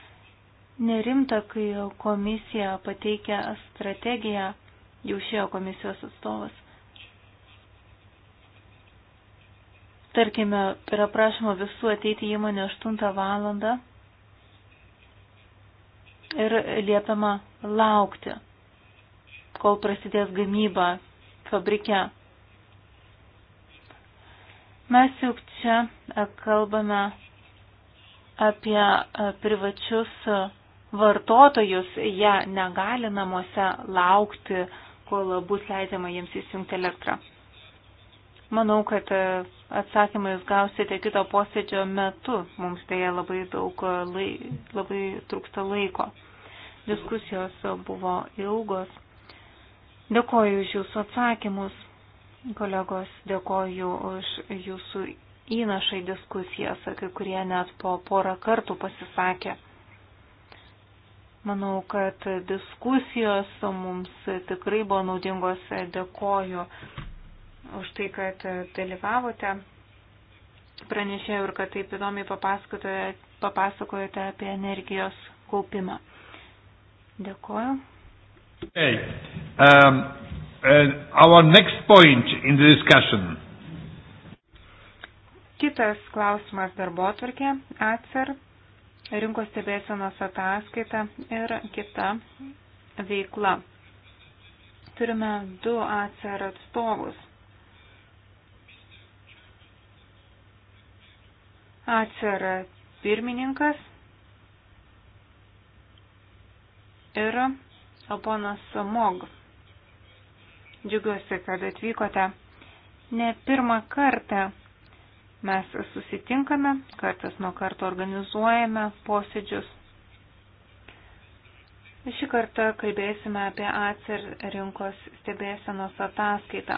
B: nerimta, kai komisija pateikia strategiją, jau šėjo komisijos atstovas. Tarkime, yra prašoma visų ateiti į įmonę 8 valandą ir liepiama laukti, kol prasidės gamyba fabrike. Mes juk čia kalbame apie privačius vartotojus, jie negali namuose laukti, kol bus leidžiama jiems įsijungti elektrą. Manau, kad atsakymą jūs gausite kito posėdžio metu. Mums dėja labai daug, lai, labai trūksta laiko. Diskusijos buvo ilgos. Dėkoju už jūsų atsakymus, kolegos, dėkoju už jūsų įnašai diskusijas, kai kurie net po porą kartų pasisakė. Manau, kad diskusijos mums tikrai buvo naudingos. Dėkoju už tai, kad dalyvavote pranešėjau ir kad taip įdomiai papasakojate apie energijos kaupimą. Dėkuoju.
A: Okay. Um,
C: uh, our next point in the discussion.
B: Kitas klausimas darbo atvarkė. Atsar rinkos stebėsenos ataskaita ir kita veikla. Turime du ACR atstovus. ACR pirmininkas ir ponas Mog. Džiugiuosi, kad atvykote ne pirmą kartą Mes susitinkame, kartas nuo karto organizuojame posėdžius. Šį kartą kalbėsime apie ACER rinkos stebėsenos ataskaitą.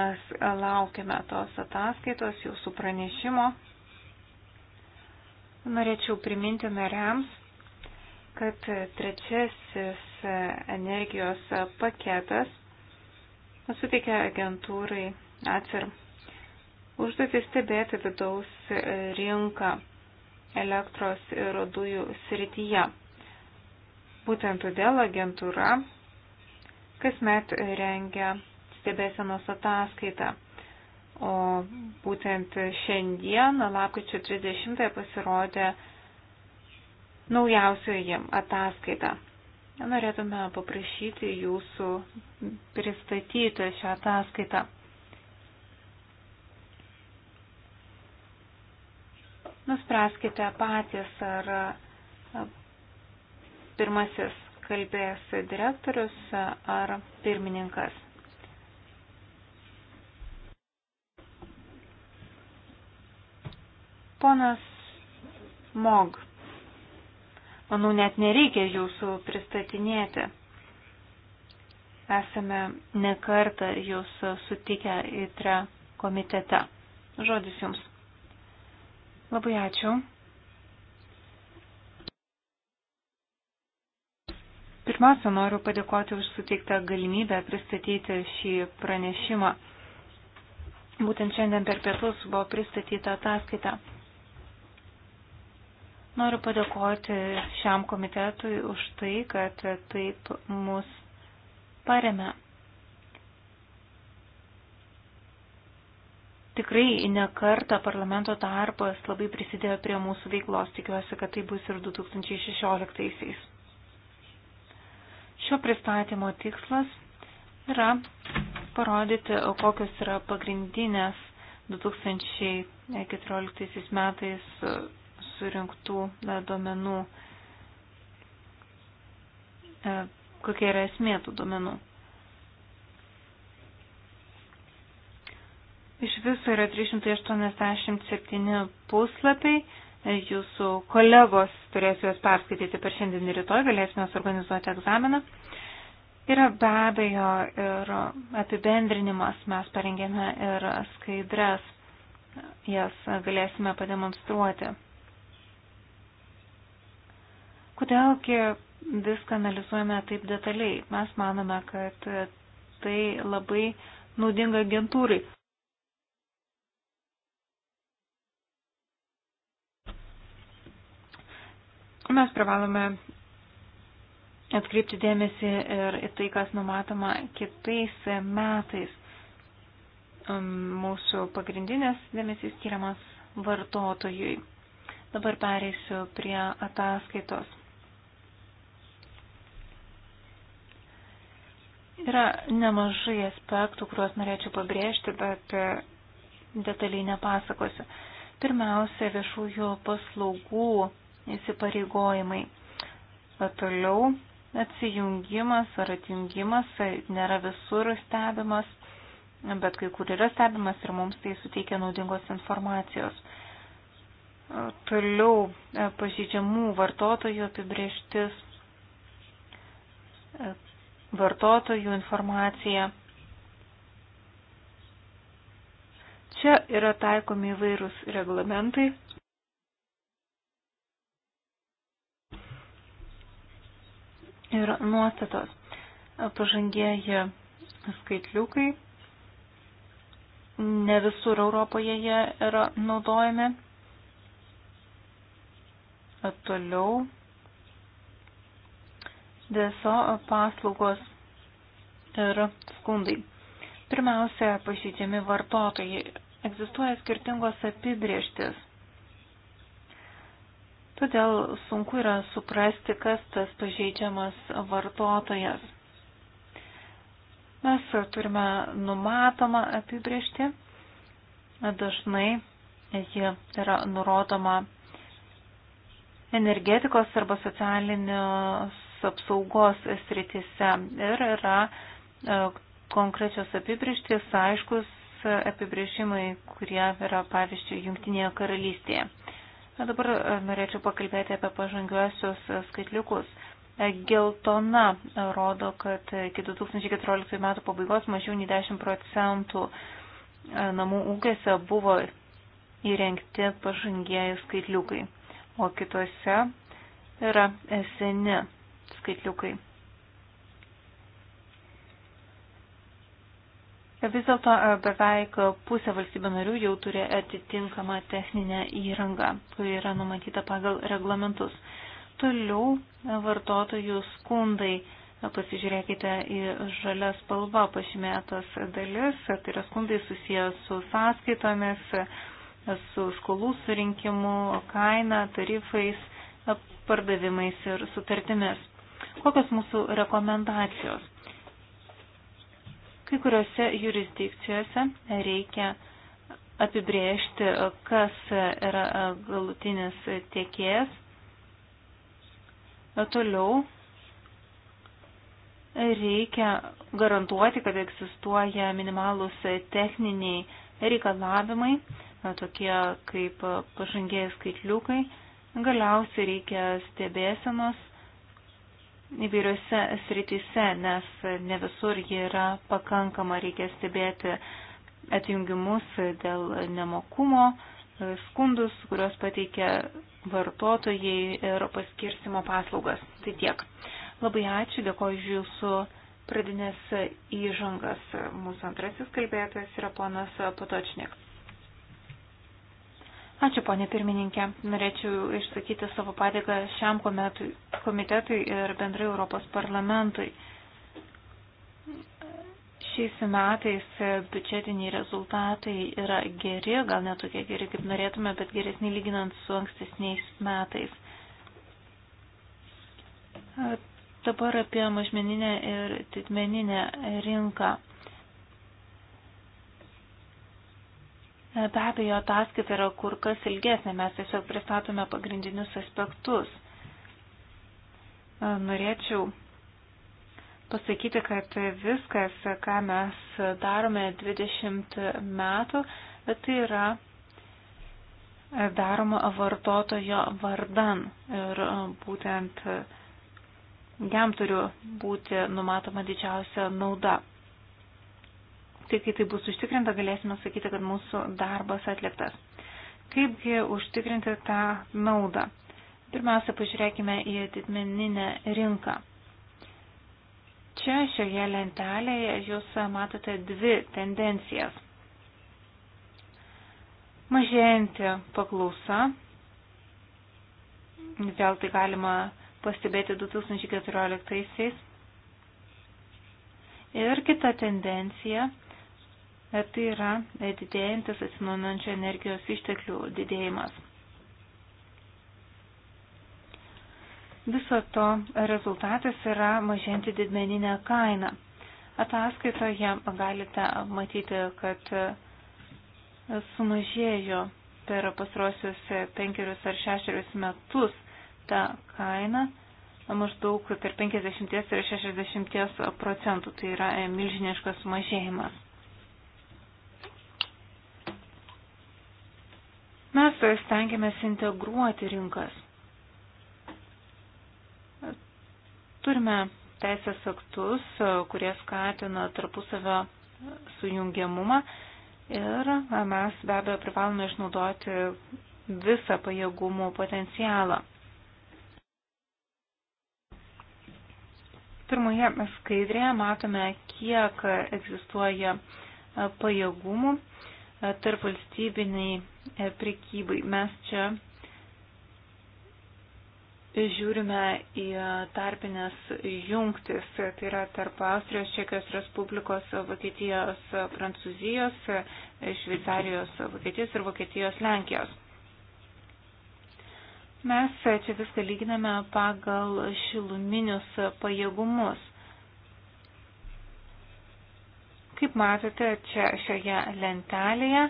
B: Mes laukiame tos ataskaitos, jūsų pranešimo. Norėčiau priminti nariams, kad trečiasis energijos paketas suteikia agentūrai ACER užduotį stebėti vidaus rinką elektros ir dujų srityje. Būtent todėl agentūra kasmet rengia stebėsenos ataskaitą. O būtent šiandien, lapkričio 30, pasirodė naujausioji ataskaita. Norėtume paprašyti jūsų pristatyti šią ataskaitą. Nuspręskite patys, ar pirmasis kalbės direktorius ar pirmininkas. Ponas Mog, manau, net nereikia jūsų pristatinėti. Esame nekartą jūs sutikę įtre komitete. Žodis jums. Labai ačiū. Pirmiausia, noriu padėkoti už suteiktą galimybę pristatyti šį pranešimą. Būtent šiandien per pietus buvo pristatyta ataskaita. Noriu padėkoti šiam komitetui už tai, kad taip mus paremė. Tikrai nekarta parlamento darbas labai prisidėjo prie mūsų veiklos, tikiuosi, kad tai bus ir 2016-aisiais. Šio pristatymo tikslas yra parodyti, kokios yra pagrindinės 2014 metais surinktų duomenų, e, kokia yra esmė tų duomenų. Iš viso yra 387 puslapiai. Jūsų kolegos turės juos perskaityti per šiandien ir rytoj, galėsime suorganizuoti egzaminą. Yra be abejo ir apibendrinimas, mes parengėme ir skaidres, jas galėsime pademonstruoti. Kodėlgi viską analizuojame taip detaliai? Mes manome, kad tai labai naudinga agentūrai. Mes privalome atkreipti dėmesį ir į tai, kas numatoma kitais metais. Um, mūsų pagrindinės dėmesys skiriamas vartotojui. Dabar pereisiu prie ataskaitos. Yra nemažai aspektų, kuriuos norėčiau pabrėžti, bet e, detaliai nepasakosiu. Pirmiausia, viešųjų paslaugų įsipareigojimai. Toliau atsijungimas ar atjungimas nėra visur stebimas, bet kai kur yra stebimas ir mums tai suteikia naudingos informacijos. Toliau e, pažydžiamų vartotojų apibrieštis, e, vartotojų informacija. Čia yra taikomi įvairūs reglamentai, ir nuostatos. Pažangieji skaitliukai ne visur Europoje jie yra naudojami. Toliau DSO paslaugos ir skundai. Pirmiausia, pažydžiami vartotojai. Egzistuoja skirtingos apibrieštis Todėl sunku yra suprasti, kas tas pažeidžiamas vartotojas. Mes turime numatomą apibriežtį, dažnai ji yra nurodoma energetikos arba socialinės apsaugos sritise ir yra e, konkrečios apibrieštys, aiškus apibrėžimai, kurie yra pavyzdžiui Junktinėje karalystėje. Dabar e, norėčiau pakalbėti apie pažangiuosius e, skaitliukus. E, geltona rodo, kad iki 2014 metų pabaigos mažiau nei 10 procentų namų ūkėse buvo įrengti pažangieji skaitliukai, o kitose yra seni skaitliukai. Vis dėlto e, beveik pusė valstybių narių jau turi atitinkamą techninę įrangą, kuri yra numatyta pagal reglamentus. Toliau e, vartotojų skundai. E, pasižiūrėkite į žalią spalvą pažymėtas dalis, tai yra skundai susiję su sąskaitomis, su skolų surinkimu, kaina, tarifais, pardavimais ir sutartimis. Kokios mūsų rekomendacijos? Kai kuriuose jurisdikcijose reikia apibriežti, kas yra galutinis tiekėjas. Toliau reikia garantuoti, kad egzistuoja minimalus techniniai reikalavimai, tokie kaip pažangėjai skaitliukai. Galiausiai reikia stebėsenos įvairiose srityse, nes ne visur ji yra pakankama, reikia stebėti atjungimus dėl nemokumo, skundus, kuriuos pateikia vartotojai ir paskirstimo paslaugas. Tai tiek. Labai ačiū, dėkoju už jūsų pradinės įžangas. Mūsų antrasis kalbėtojas yra ponas Patočnikas. Ačiū, ponė pirmininkė. Norėčiau išsakyti savo padėką šiam komitetui, komitetui ir bendrai Europos parlamentui. Šiais metais biudžetiniai rezultatai yra geri, gal netokie geri, kaip norėtume, bet geresni lyginant su ankstesniais metais. Dabar apie mažmeninę ir didmeninę rinką. E, be abejo, ataskaita yra kur kas ilgesnė, mes tiesiog pristatome pagrindinius aspektus. E, norėčiau pasakyti, kad viskas, ką mes darome 20 metų, tai yra daroma vartotojo vardan. Ir būtent jam turi būti numatoma didžiausia nauda. Tai kai tai bus užtikrinta, galėsime sakyti, kad mūsų darbas atliktas. Kaipgi užtikrinti tą naudą? Pirmiausia, pažiūrėkime į didmeninę rinką. Čia šioje lentelėje jūs matote dvi tendencijas. Mažėjanti paklausa, vėl tai galima pastebėti 2014-aisiais. Ir kita tendencija tai yra didėjantis atsinaujinančio energijos išteklių didėjimas. Viso to rezultatas yra mažinti didmeninę kainą. Ataskaitoje galite matyti, kad sumažėjo per pasruosius penkerius ar šešerius metus ta kaina maždaug per 50 ir 60 procentų. Tai yra milžiniškas sumažėjimas. Mes stengiamės integruoti rinkas. Turime teisės aktus, kurie skatina tarpusavio sujungiamumą ir mes be abejo privalome išnaudoti visą pajėgumų potencialą. Pirmoje skaidrėje matome, kiek egzistuoja pajėgumų tarp valstybiniai E, prekybai. Mes čia žiūrime į tarpinės jungtis, tai yra tarp Austrijos, Čekijos Respublikos, Vokietijos, Prancūzijos, Šveicarijos, Vokietijos ir Vokietijos, Lenkijos. Mes čia viską lyginame pagal šiluminius pajėgumus. Kaip matote, čia šioje lentelėje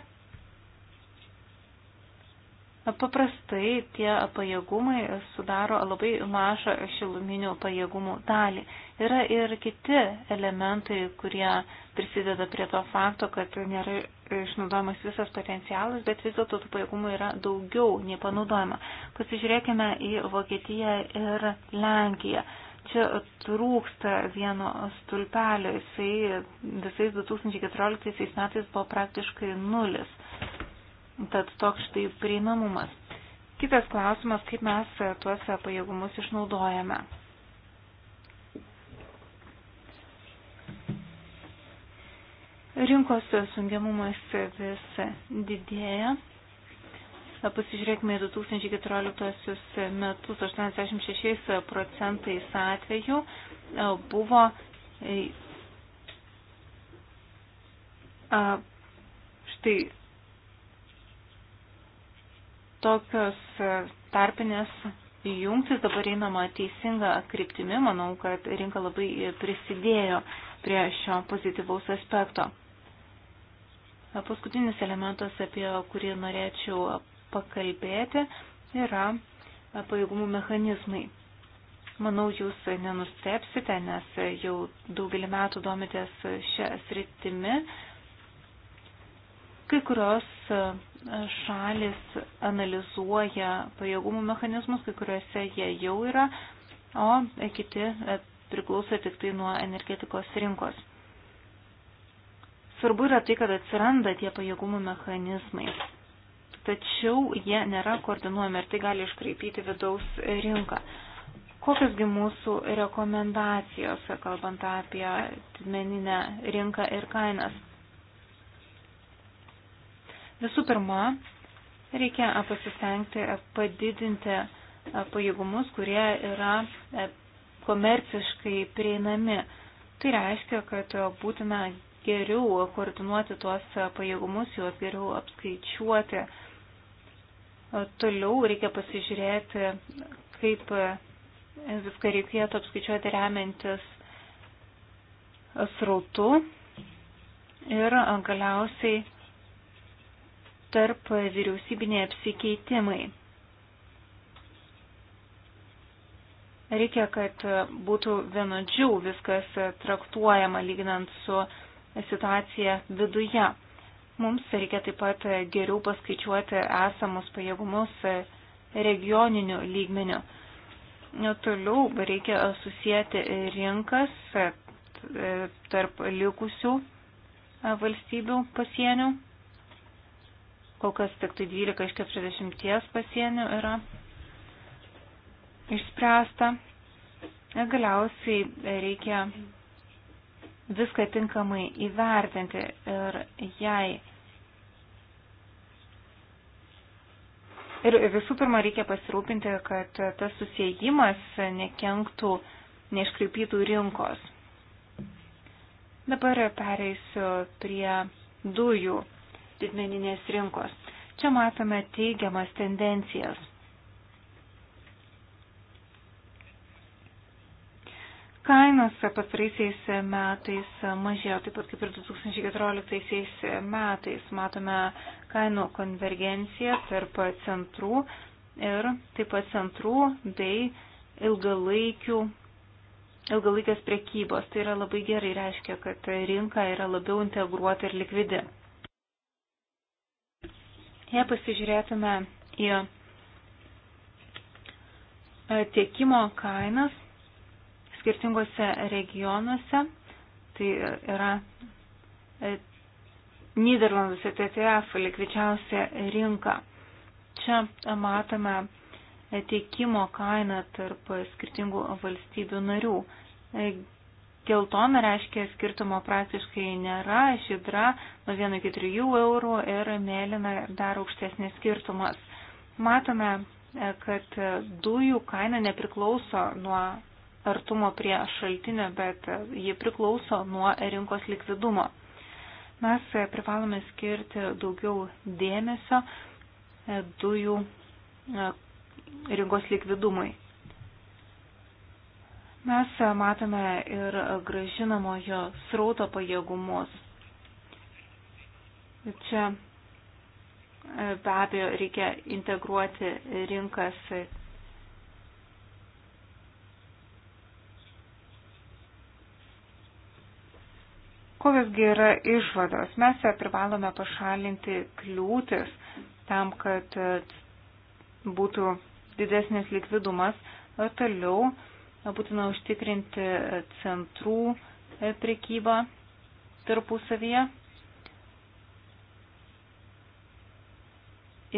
B: Paprastai tie pajėgumai sudaro labai mažą šiluminių pajėgumų dalį. Yra ir kiti elementai, kurie prisideda prie to fakto, kad nėra išnaudojamas visas potencialas, bet vis dėlto tų pajėgumų yra daugiau nei panaudojama. Pasižiūrėkime į Vokietiją ir Lenkiją čia trūksta vieno stulpelio, jisai visais 2014 metais buvo praktiškai nulis. Tad toks štai prieinamumas. Kitas klausimas, kaip mes tuos pajėgumus išnaudojame. Rinkos sungiamumas vis didėja. Pasižiūrėkime į 2014 metus 86 procentais atvejų buvo štai tokios e, tarpinės jungtis dabar einama teisinga kryptimi. Manau, kad rinka labai prisidėjo prie šio pozityvaus aspekto. E, paskutinis elementas, apie kurį norėčiau pakalbėti, yra e, pajėgumų mechanizmai. Manau, jūs nenustepsite, nes jau daugelį metų domitės šią sritimi. Kai kurios šalis analizuoja pajėgumų mechanizmus, kai kuriuose jie jau yra, o kiti e, priklauso tik tai nuo energetikos rinkos. Svarbu yra tai, kad atsiranda tie pajėgumų mechanizmai, tačiau jie nėra koordinuojami ir tai gali iškraipyti vidaus rinką. Kokiosgi mūsų rekomendacijos, kalbant apie didmeninę rinką ir kainas? Visų pirma, reikia pasistengti padidinti pajėgumus, kurie yra e, komerciškai prieinami. Tai reiškia, kad būtina geriau koordinuoti tuos pajėgumus, juos geriau apskaičiuoti. Toliau reikia pasižiūrėti, kaip viską reikėtų apskaičiuoti remiantis srautu ir galiausiai tarp vyriausybiniai apsikeitimai. Reikia, kad būtų vienodžiau viskas traktuojama lyginant su situacija viduje. Mums reikia taip pat geriau paskaičiuoti esamus pajėgumus regioniniu lygmeniu. Nu, toliau reikia susijęti rinkas tarp likusių valstybių pasienių Kol kas tik tai 12 iš 40 pasienių yra išspręsta. Galiausiai reikia viską tinkamai įvertinti ir jai. Ir visų pirma, reikia pasirūpinti, kad tas susijimas nekenktų, neiškreipytų rinkos. Dabar pereisiu prie dujų didmeninės rinkos. Čia matome teigiamas tendencijas. Kainos pasraisiais metais mažėjo, taip pat kaip ir 2014 metais. Matome kainų konvergenciją tarp centrų ir taip pat centrų bei ilgalaikių ilgalaikės prekybos. Tai yra labai gerai reiškia, kad rinka yra labiau integruota ir likvidi. Jei pasižiūrėtume į e, tiekimo kainas skirtingose regionuose, tai yra e, Niderlanduose TTF tai likvičiausia rinka. Čia matome e, tiekimo kainą tarp skirtingų valstybių narių. Kiltona reiškia skirtumo praktiškai nėra, šidra nuo 1 iki 3 eurų ir mėlyna dar aukštesnis skirtumas. Matome, e, kad dujų kaina nepriklauso nuo artumo prie šaltinio, bet e, ji priklauso nuo rinkos likvidumo. Mes e, privalome skirti daugiau dėmesio dujų rinkos likvidumui. Mes matome ir gražinamojo srauto pajėgumus. Čia e, be abejo reikia integruoti rinkas. Kokiasgi yra išvados? Mes privalome pašalinti kliūtis tam, kad e, būtų didesnis likvidumas, o toliau būtina užtikrinti centrų e, prekybą tarpusavyje.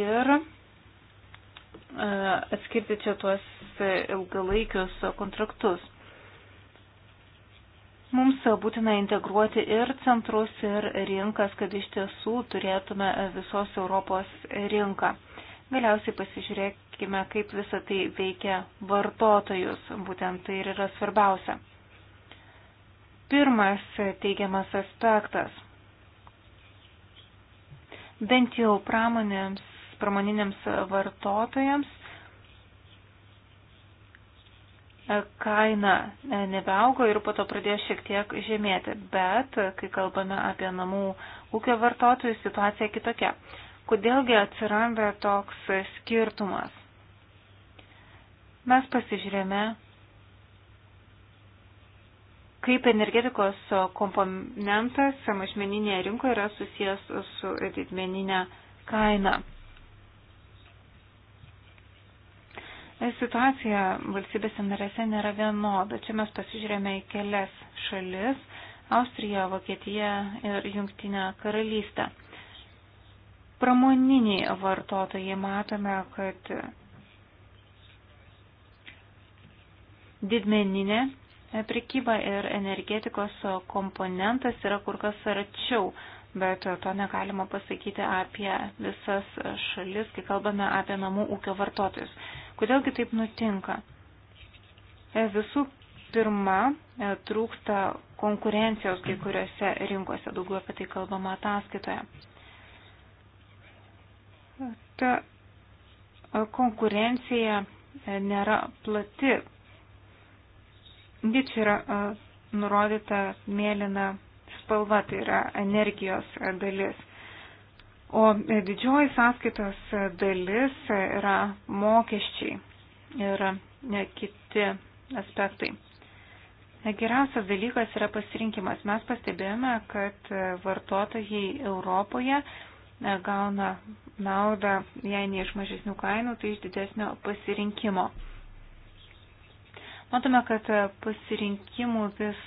B: Ir e, atskirti čia tuos ilgalaikius kontraktus. Mums būtina integruoti ir centrus, ir rinkas, kad iš tiesų turėtume visos Europos rinką. Galiausiai pasižiūrėkime pamatykime, kaip visą tai veikia vartotojus. Būtent tai ir yra svarbiausia. Pirmas teigiamas aspektas. Bent jau pramonėms, pramoniniams vartotojams kaina nebeaugo ir po to pradėjo šiek tiek žemėti. Bet, kai kalbame apie namų ūkio vartotojų, situacija kitokia. Kodėlgi atsiranda toks skirtumas? Mes pasižiūrėjome, kaip energetikos komponentas mažmeninėje rinkoje yra susijęs su didmeninė kaina. Situacija valstybėse narėse nėra vienoda. Čia mes pasižiūrėjome į kelias šalis - Austriją, Vokietiją ir Junktinę karalystę. Pramoniniai vartotojai matome, kad didmeninė e, prekyba ir energetikos komponentas yra kur kas arčiau, bet to negalima pasakyti apie visas šalis, kai kalbame apie namų ūkio vartotojus. Kodėlgi taip nutinka? E, visų pirma, e, trūksta konkurencijos kai kuriuose rinkose, daugiau apie tai kalbama ataskaitoje. Ta konkurencija nėra plati, Ji čia yra nurodyta mėlyna spalva, tai yra energijos dalis. O didžioji sąskaitos dalis yra mokesčiai ir kiti aspektai. Geriausias dalykas yra pasirinkimas. Mes pastebėjome, kad vartotojai Europoje gauna naudą, jei ne iš mažesnių kainų, tai iš didesnio pasirinkimo. Matome, kad pasirinkimų vis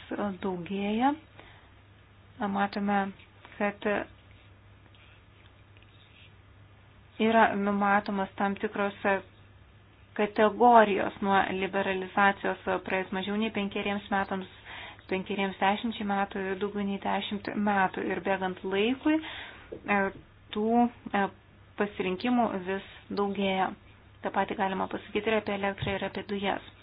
B: daugėja. Matome, kad yra numatomas tam tikros kategorijos nuo liberalizacijos praeis mažiau nei penkeriems metams, penkeriems dešimčiai metų ir daugiau nei dešimt metų. Ir bėgant laikui e, tų e, pasirinkimų vis daugėja. Ta pati galima pasakyti ir apie elektrą, ir apie dujas.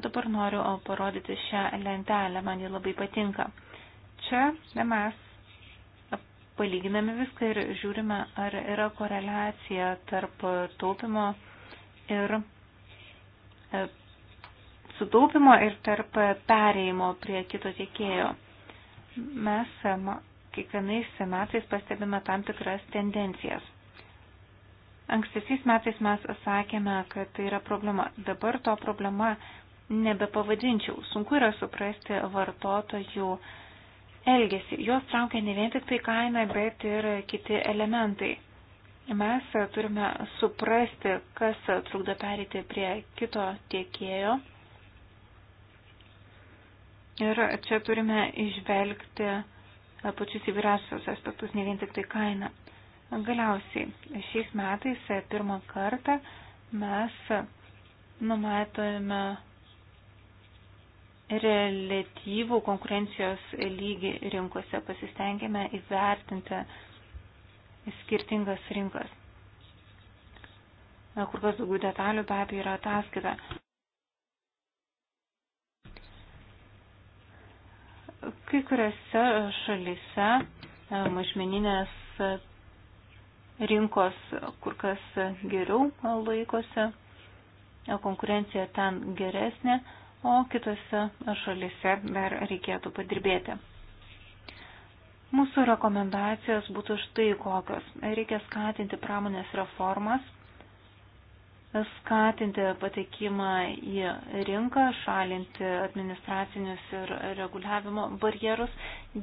B: Dabar noriu parodyti šią lentelę, man ji labai patinka. Čia mes palyginame viską ir žiūrime, ar yra koreliacija tarp taupimo ir e, sutaupimo ir tarp pereimo prie kito tiekėjo. Mes e, kiekvienais metais pastebime tam tikras tendencijas. Ankstesiais metais mes sakėme, kad tai yra problema. Dabar to problema nebepavadinčiau. Sunku yra suprasti vartotojų elgesį. Juos traukia ne vien tik tai kaina, bet ir kiti elementai. Mes turime suprasti, kas trukdo perėti prie kito tiekėjo. Ir čia turime išvelgti pačius įvairiausius aspektus, ne vien tik tai kainą. Galiausiai, šiais metais pirmą kartą mes numatome relatyvų konkurencijos lygį rinkose, pasistengėme įvertinti skirtingas rinkas. Kur kas daugiau detalių be abejo yra ataskaita. Kai kuriuose šalise e, mažmeninės rinkos kur kas geriau laikosi, e, konkurencija ten geresnė o kitose šalise dar reikėtų padirbėti. Mūsų rekomendacijos būtų štai kokios. Reikia skatinti pramonės reformas, skatinti patekimą į rinką, šalinti administracinius ir reguliavimo barjerus,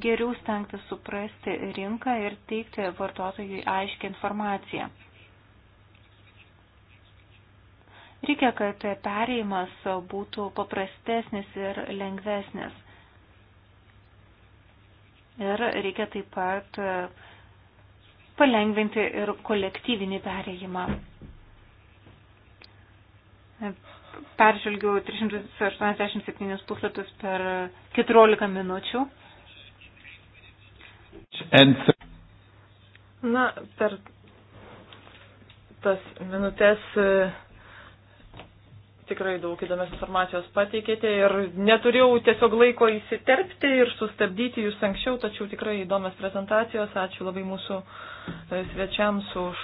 B: geriau stengti suprasti rinką ir teikti vartotojui aiškę informaciją. Reikia, kad pereimas būtų paprastesnis ir lengvesnis. Ir reikia taip pat palengvinti ir kolektyvinį pereimą. Peržvelgiau 387 puslapius per 14 minučių. Na, per
C: tas minutės. Uh tikrai daug įdomios informacijos pateikėte ir neturėjau tiesiog laiko įsiterpti ir sustabdyti jūs anksčiau, tačiau tikrai įdomios prezentacijos. Ačiū labai mūsų e, svečiams už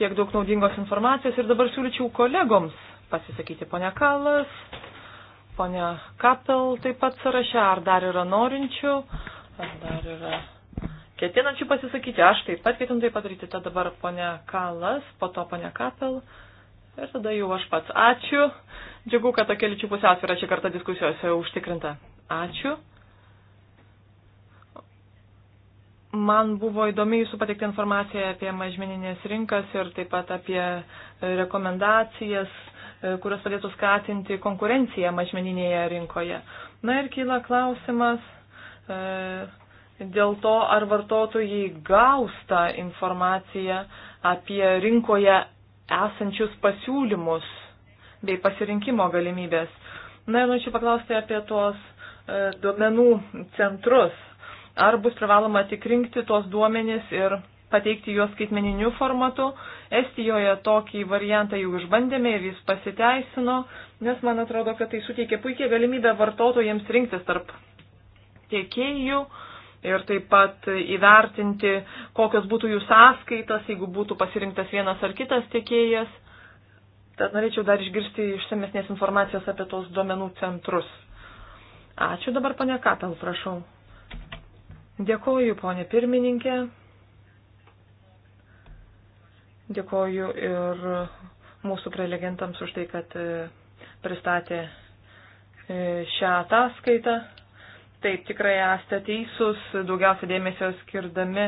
C: tiek daug naudingos informacijos ir dabar siūlyčiau kolegoms pasisakyti. Pone Kalas, pone Kapel taip pat sąraše, ar dar yra norinčių, ar dar yra ketinančių pasisakyti. Aš taip pat ketinu tai padaryti. Tad dabar pone Kalas, po to pone Kapel, Ir tada jau aš pats. Ačiū. Džiugu, kad tokia lyčių pusiausvėra šį kartą diskusijose užtikrinta. Ačiū. Man buvo įdomi jūsų pateikti informaciją apie mažmeninės rinkas ir taip pat apie e, rekomendacijas, e, kurios padėtų skatinti konkurenciją mažmeninėje rinkoje. Na ir kyla klausimas e, dėl to, ar vartotojai gaus tą informaciją apie rinkoje esančius pasiūlymus bei pasirinkimo galimybės. Na ir norėčiau paklausti apie tuos e, duomenų centrus. Ar bus privaloma tik rinkti tuos duomenis ir pateikti juos skaitmeniniu formatu. Estijoje tokį variantą jau išbandėme ir jis pasiteisino, nes man atrodo, kad tai suteikė puikiai galimybę vartotojams rinktis tarp tiekėjų. E, ir taip pat įvertinti, kokios būtų jų sąskaitos, jeigu būtų pasirinktas vienas ar kitas tiekėjas. Tad norėčiau dar išgirsti išsamesnės informacijos apie tos duomenų centrus. Ačiū dabar, ponė Katal, prašau. Dėkoju, ponė pirmininkė. Dėkoju ir mūsų prelegentams už tai, kad e, pristatė e, šią ataskaitą. Taip, tikrai esate teisūs, daugiausia dėmesio skirdami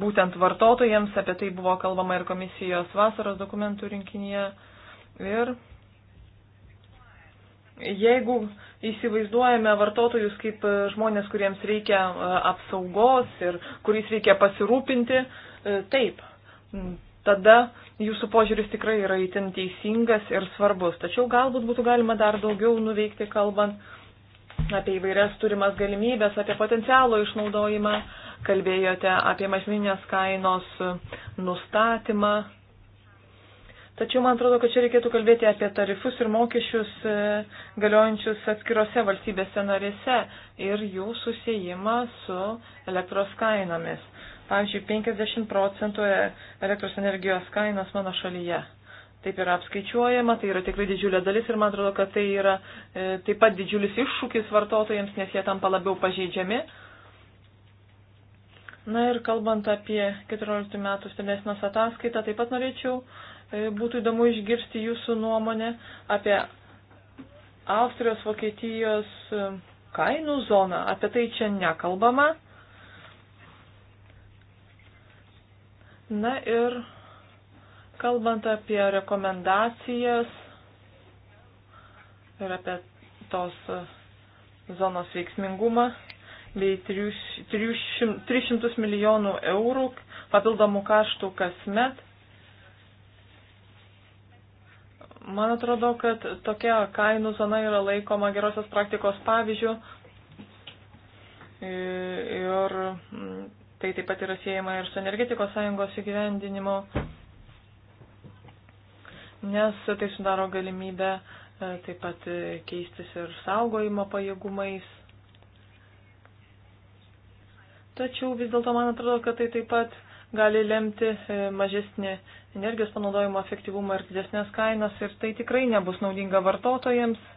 C: būtent vartotojams, apie tai buvo kalbama ir komisijos vasaros dokumentų rinkinyje. Ir jeigu įsivaizduojame vartotojus kaip žmonės, kuriems reikia e, apsaugos ir kuriais reikia pasirūpinti, e, taip, tada jūsų požiūris tikrai yra įtin teisingas ir svarbus. Tačiau galbūt būtų galima dar daugiau nuveikti, kalbant apie įvairias turimas galimybės, apie potencialo išnaudojimą, kalbėjote apie mažminės kainos nustatymą. Tačiau man atrodo, kad čia reikėtų kalbėti apie tarifus ir mokesčius e, galiojančius atskirose valstybėse narėse ir jų susijimą su elektros kainomis. Pavyzdžiui, 50 procentų e, elektros energijos kainos mano šalyje taip yra apskaičiuojama, tai yra tikrai didžiulė dalis ir man atrodo, kad tai yra e, taip pat didžiulis iššūkis vartotojams, nes jie tampa labiau pažeidžiami. Na ir kalbant apie 14 metų stebėsinos ataskaitą, taip pat norėčiau, e, būtų įdomu išgirsti jūsų nuomonę apie Austrijos, Vokietijos e, kainų zoną. Apie tai čia nekalbama. Na ir Kalbant apie rekomendacijas ir apie tos zonos veiksmingumą bei 300 milijonų eurų papildomų kaštų kasmet, man atrodo, kad tokia kainų zona yra laikoma gerosios praktikos pavyzdžių ir tai taip pat yra siejama ir su energetikos sąjungos įgyvendinimo nes tai sudaro galimybę e, taip pat e, keistis ir saugojimo pajėgumais. Tačiau vis dėlto man atrodo, kad tai taip pat gali lemti e, mažesnį energijos panaudojimo efektyvumą ir didesnės kainas ir tai tikrai nebus naudinga vartotojams.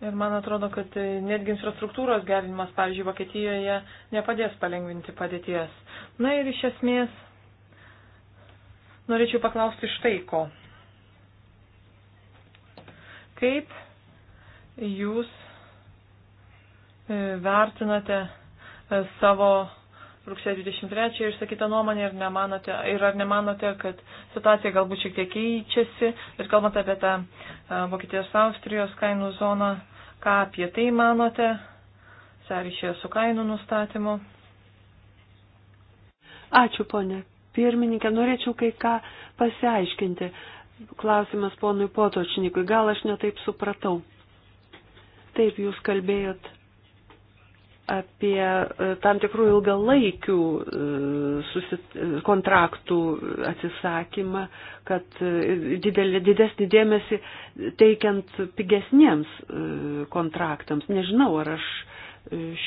C: Ir man atrodo, kad netgi infrastruktūros gerinimas, pavyzdžiui, Vokietijoje nepadės palengvinti padėties. Na ir iš esmės norėčiau paklausti štai ko. Kaip jūs e, vertinate e, savo rugsėjo 23 išsakytą nuomonę ir, nemanote, ir ar nemanote, kad situacija galbūt šiek tiek keičiasi ir kalbant apie tą e, Vokietijos Austrijos kainų zoną, ką apie tai manote, sąryšėje su kainų
A: nustatymu? Ačiū, ponė. Pirmininkė, norėčiau kai ką pasiaiškinti. Klausimas ponui Potočnikui, gal aš netaip supratau. Taip, jūs kalbėjot apie e, tam tikrų ilgalaikių e, susit, kontraktų atsisakymą, kad e, didelį, didesnį dėmesį teikiant pigesniems kontraktams. Nežinau, ar aš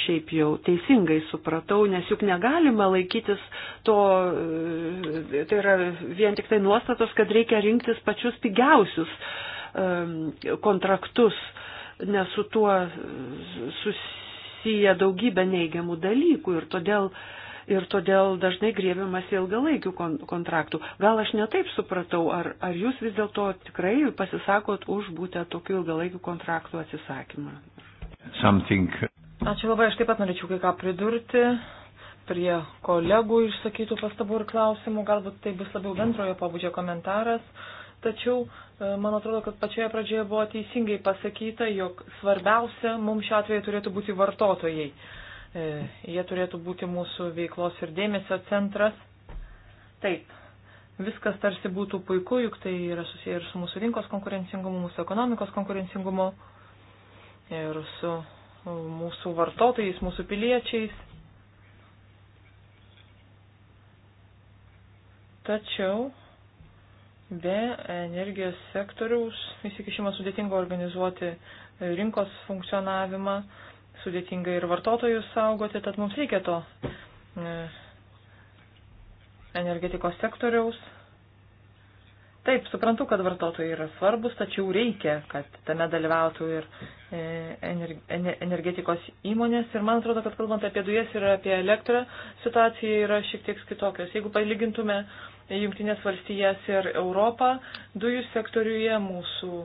A: šiaip jau teisingai supratau, nes juk negalima laikytis to, tai yra vien tik tai nuostatos, kad reikia rinktis pačius pigiausius kontraktus nes su tuo sus, susiję daugybę neigiamų dalykų ir todėl ir todėl dažnai grėbiamas ilgalaikių kon kontraktų. Gal aš netaip supratau, ar, ar jūs vis dėlto tikrai pasisakot už būtent tokių ilgalaikių kontraktų atsisakymą? Something. Ačiū labai, aš taip pat norėčiau kai ką
C: pridurti prie kolegų išsakytų pastabų ir klausimų, galbūt tai bus labiau bendrojo pabudžio komentaras. Uh, Tačiau e, man atrodo, kad pačioje pradžioje buvo teisingai pasakyta, jog svarbiausia mums šiuo atveju turėtų būti vartotojai. E, jie turėtų būti mūsų veiklos ir dėmesio centras. Taip, viskas tarsi būtų puiku, juk tai yra susiję ir su mūsų rinkos konkurencingumu, mūsų ekonomikos konkurencingumu ir su e, mūsų vartotojais, mūsų piliečiais. Tačiau Be energijos sektoriaus įsikišimo sudėtinga organizuoti rinkos funkcionavimą, sudėtinga ir vartotojus saugoti, tad mums reikia to e, energetikos sektoriaus. Taip, suprantu, kad vartotojai yra svarbus, tačiau reikia, kad tame dalyvautų ir e, energetikos įmonės. Ir man atrodo, kad kalbant apie dujas ir apie elektrą, situacija yra šiek tiek kitokios. Jeigu palygintume Junktinės valstijas ir Europą dujų sektoriuje mūsų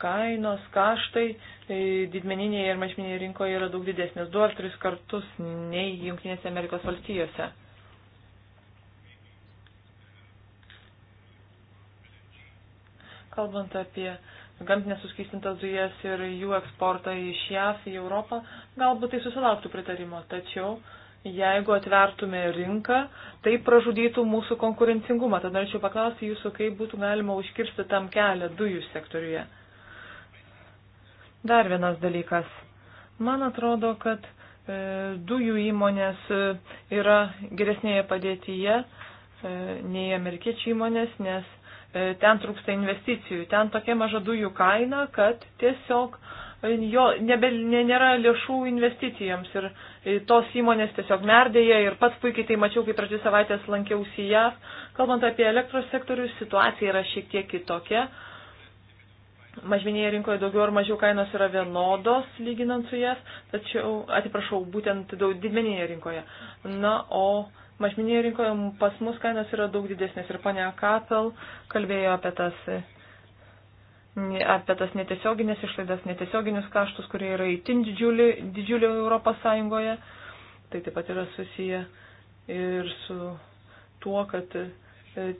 C: kainos, kaštai e, didmeninėje ir mažmeninėje rinkoje yra daug didesnės, du ar tris kartus nei Junktinėse Amerikos valstijose. Kalbant apie gamtinės suskystintas dujas ir jų eksportą iš JAF į Europą, galbūt tai susilauktų pritarimo, tačiau uh, jeigu atvertume rinką, tai pražudytų mūsų konkurencingumą. Tad norėčiau paklausti jūsų, kaip būtų galima užkirsti tam kelią dujų sektoriuje. Dar vienas dalykas. Man atrodo, kad e, dujų įmonės e, yra geresnėje padėtyje e, nei amerikiečių įmonės, nes ten trūksta investicijų. Ten tokia maža dujų kaina, kad tiesiog jo nebe, nėra lėšų investicijoms ir e, tos įmonės tiesiog merdėja ir pats puikiai tai mačiau, kai pradžių savaitės lankiausi JAV. Kalbant apie elektros sektorių, situacija yra šiek tiek kitokia. Mažmenėje rinkoje daugiau ar mažiau kainos yra vienodos lyginant su jas, tačiau, atsiprašau, būtent didmeninėje rinkoje. Na, o mažmenėje rinkoje pas mus kainos yra daug didesnės ir ponia Kapel kalbėjo apie tas e, apie tas netiesioginės išlaidas, netiesioginius kaštus, kurie yra įtin didžiulį, didžiulį Europos Sąjungoje. Tai taip pat yra susiję ir su tuo, kad e,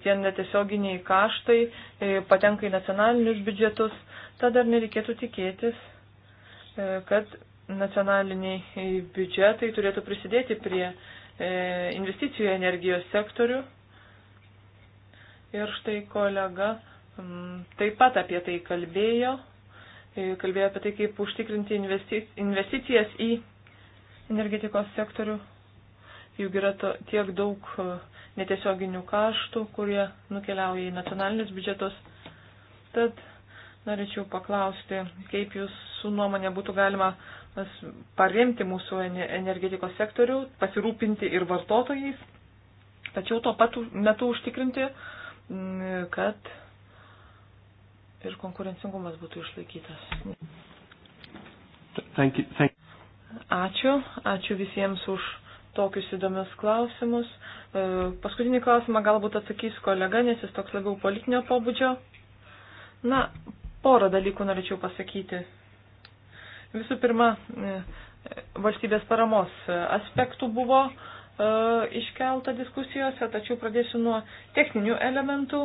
C: tie netiesioginiai kaštai e, patenka į nacionalinius biudžetus. Tad dar nereikėtų tikėtis, e, kad nacionaliniai biudžetai turėtų prisidėti prie investicijų energijos sektorių. Ir štai kolega Mm, taip pat apie tai kalbėjo, e, kalbėjo apie tai, kaip užtikrinti investicijas į energetikos sektorių. Juk yra to, tiek daug e, netiesioginių kaštų, kurie nukeliauja į nacionalinius biudžetus. Tad norėčiau paklausti, kaip jūsų nuomonė būtų galima e, paremti mūsų energetikos sektorių, pasirūpinti ir vartotojais, tačiau tuo pat metu užtikrinti, mm, kad ir konkurencingumas būtų išlaikytas.
B: Thank you, thank you.
C: Ačiū, ačiū visiems už tokius įdomius klausimus. E, paskutinį klausimą galbūt atsakys kolega, nes jis toks labiau politinio pobūdžio. Na, porą dalykų norėčiau pasakyti. Visų pirma, e, valstybės paramos aspektų buvo e, iškelta diskusijose, tačiau pradėsiu nuo techninių elementų.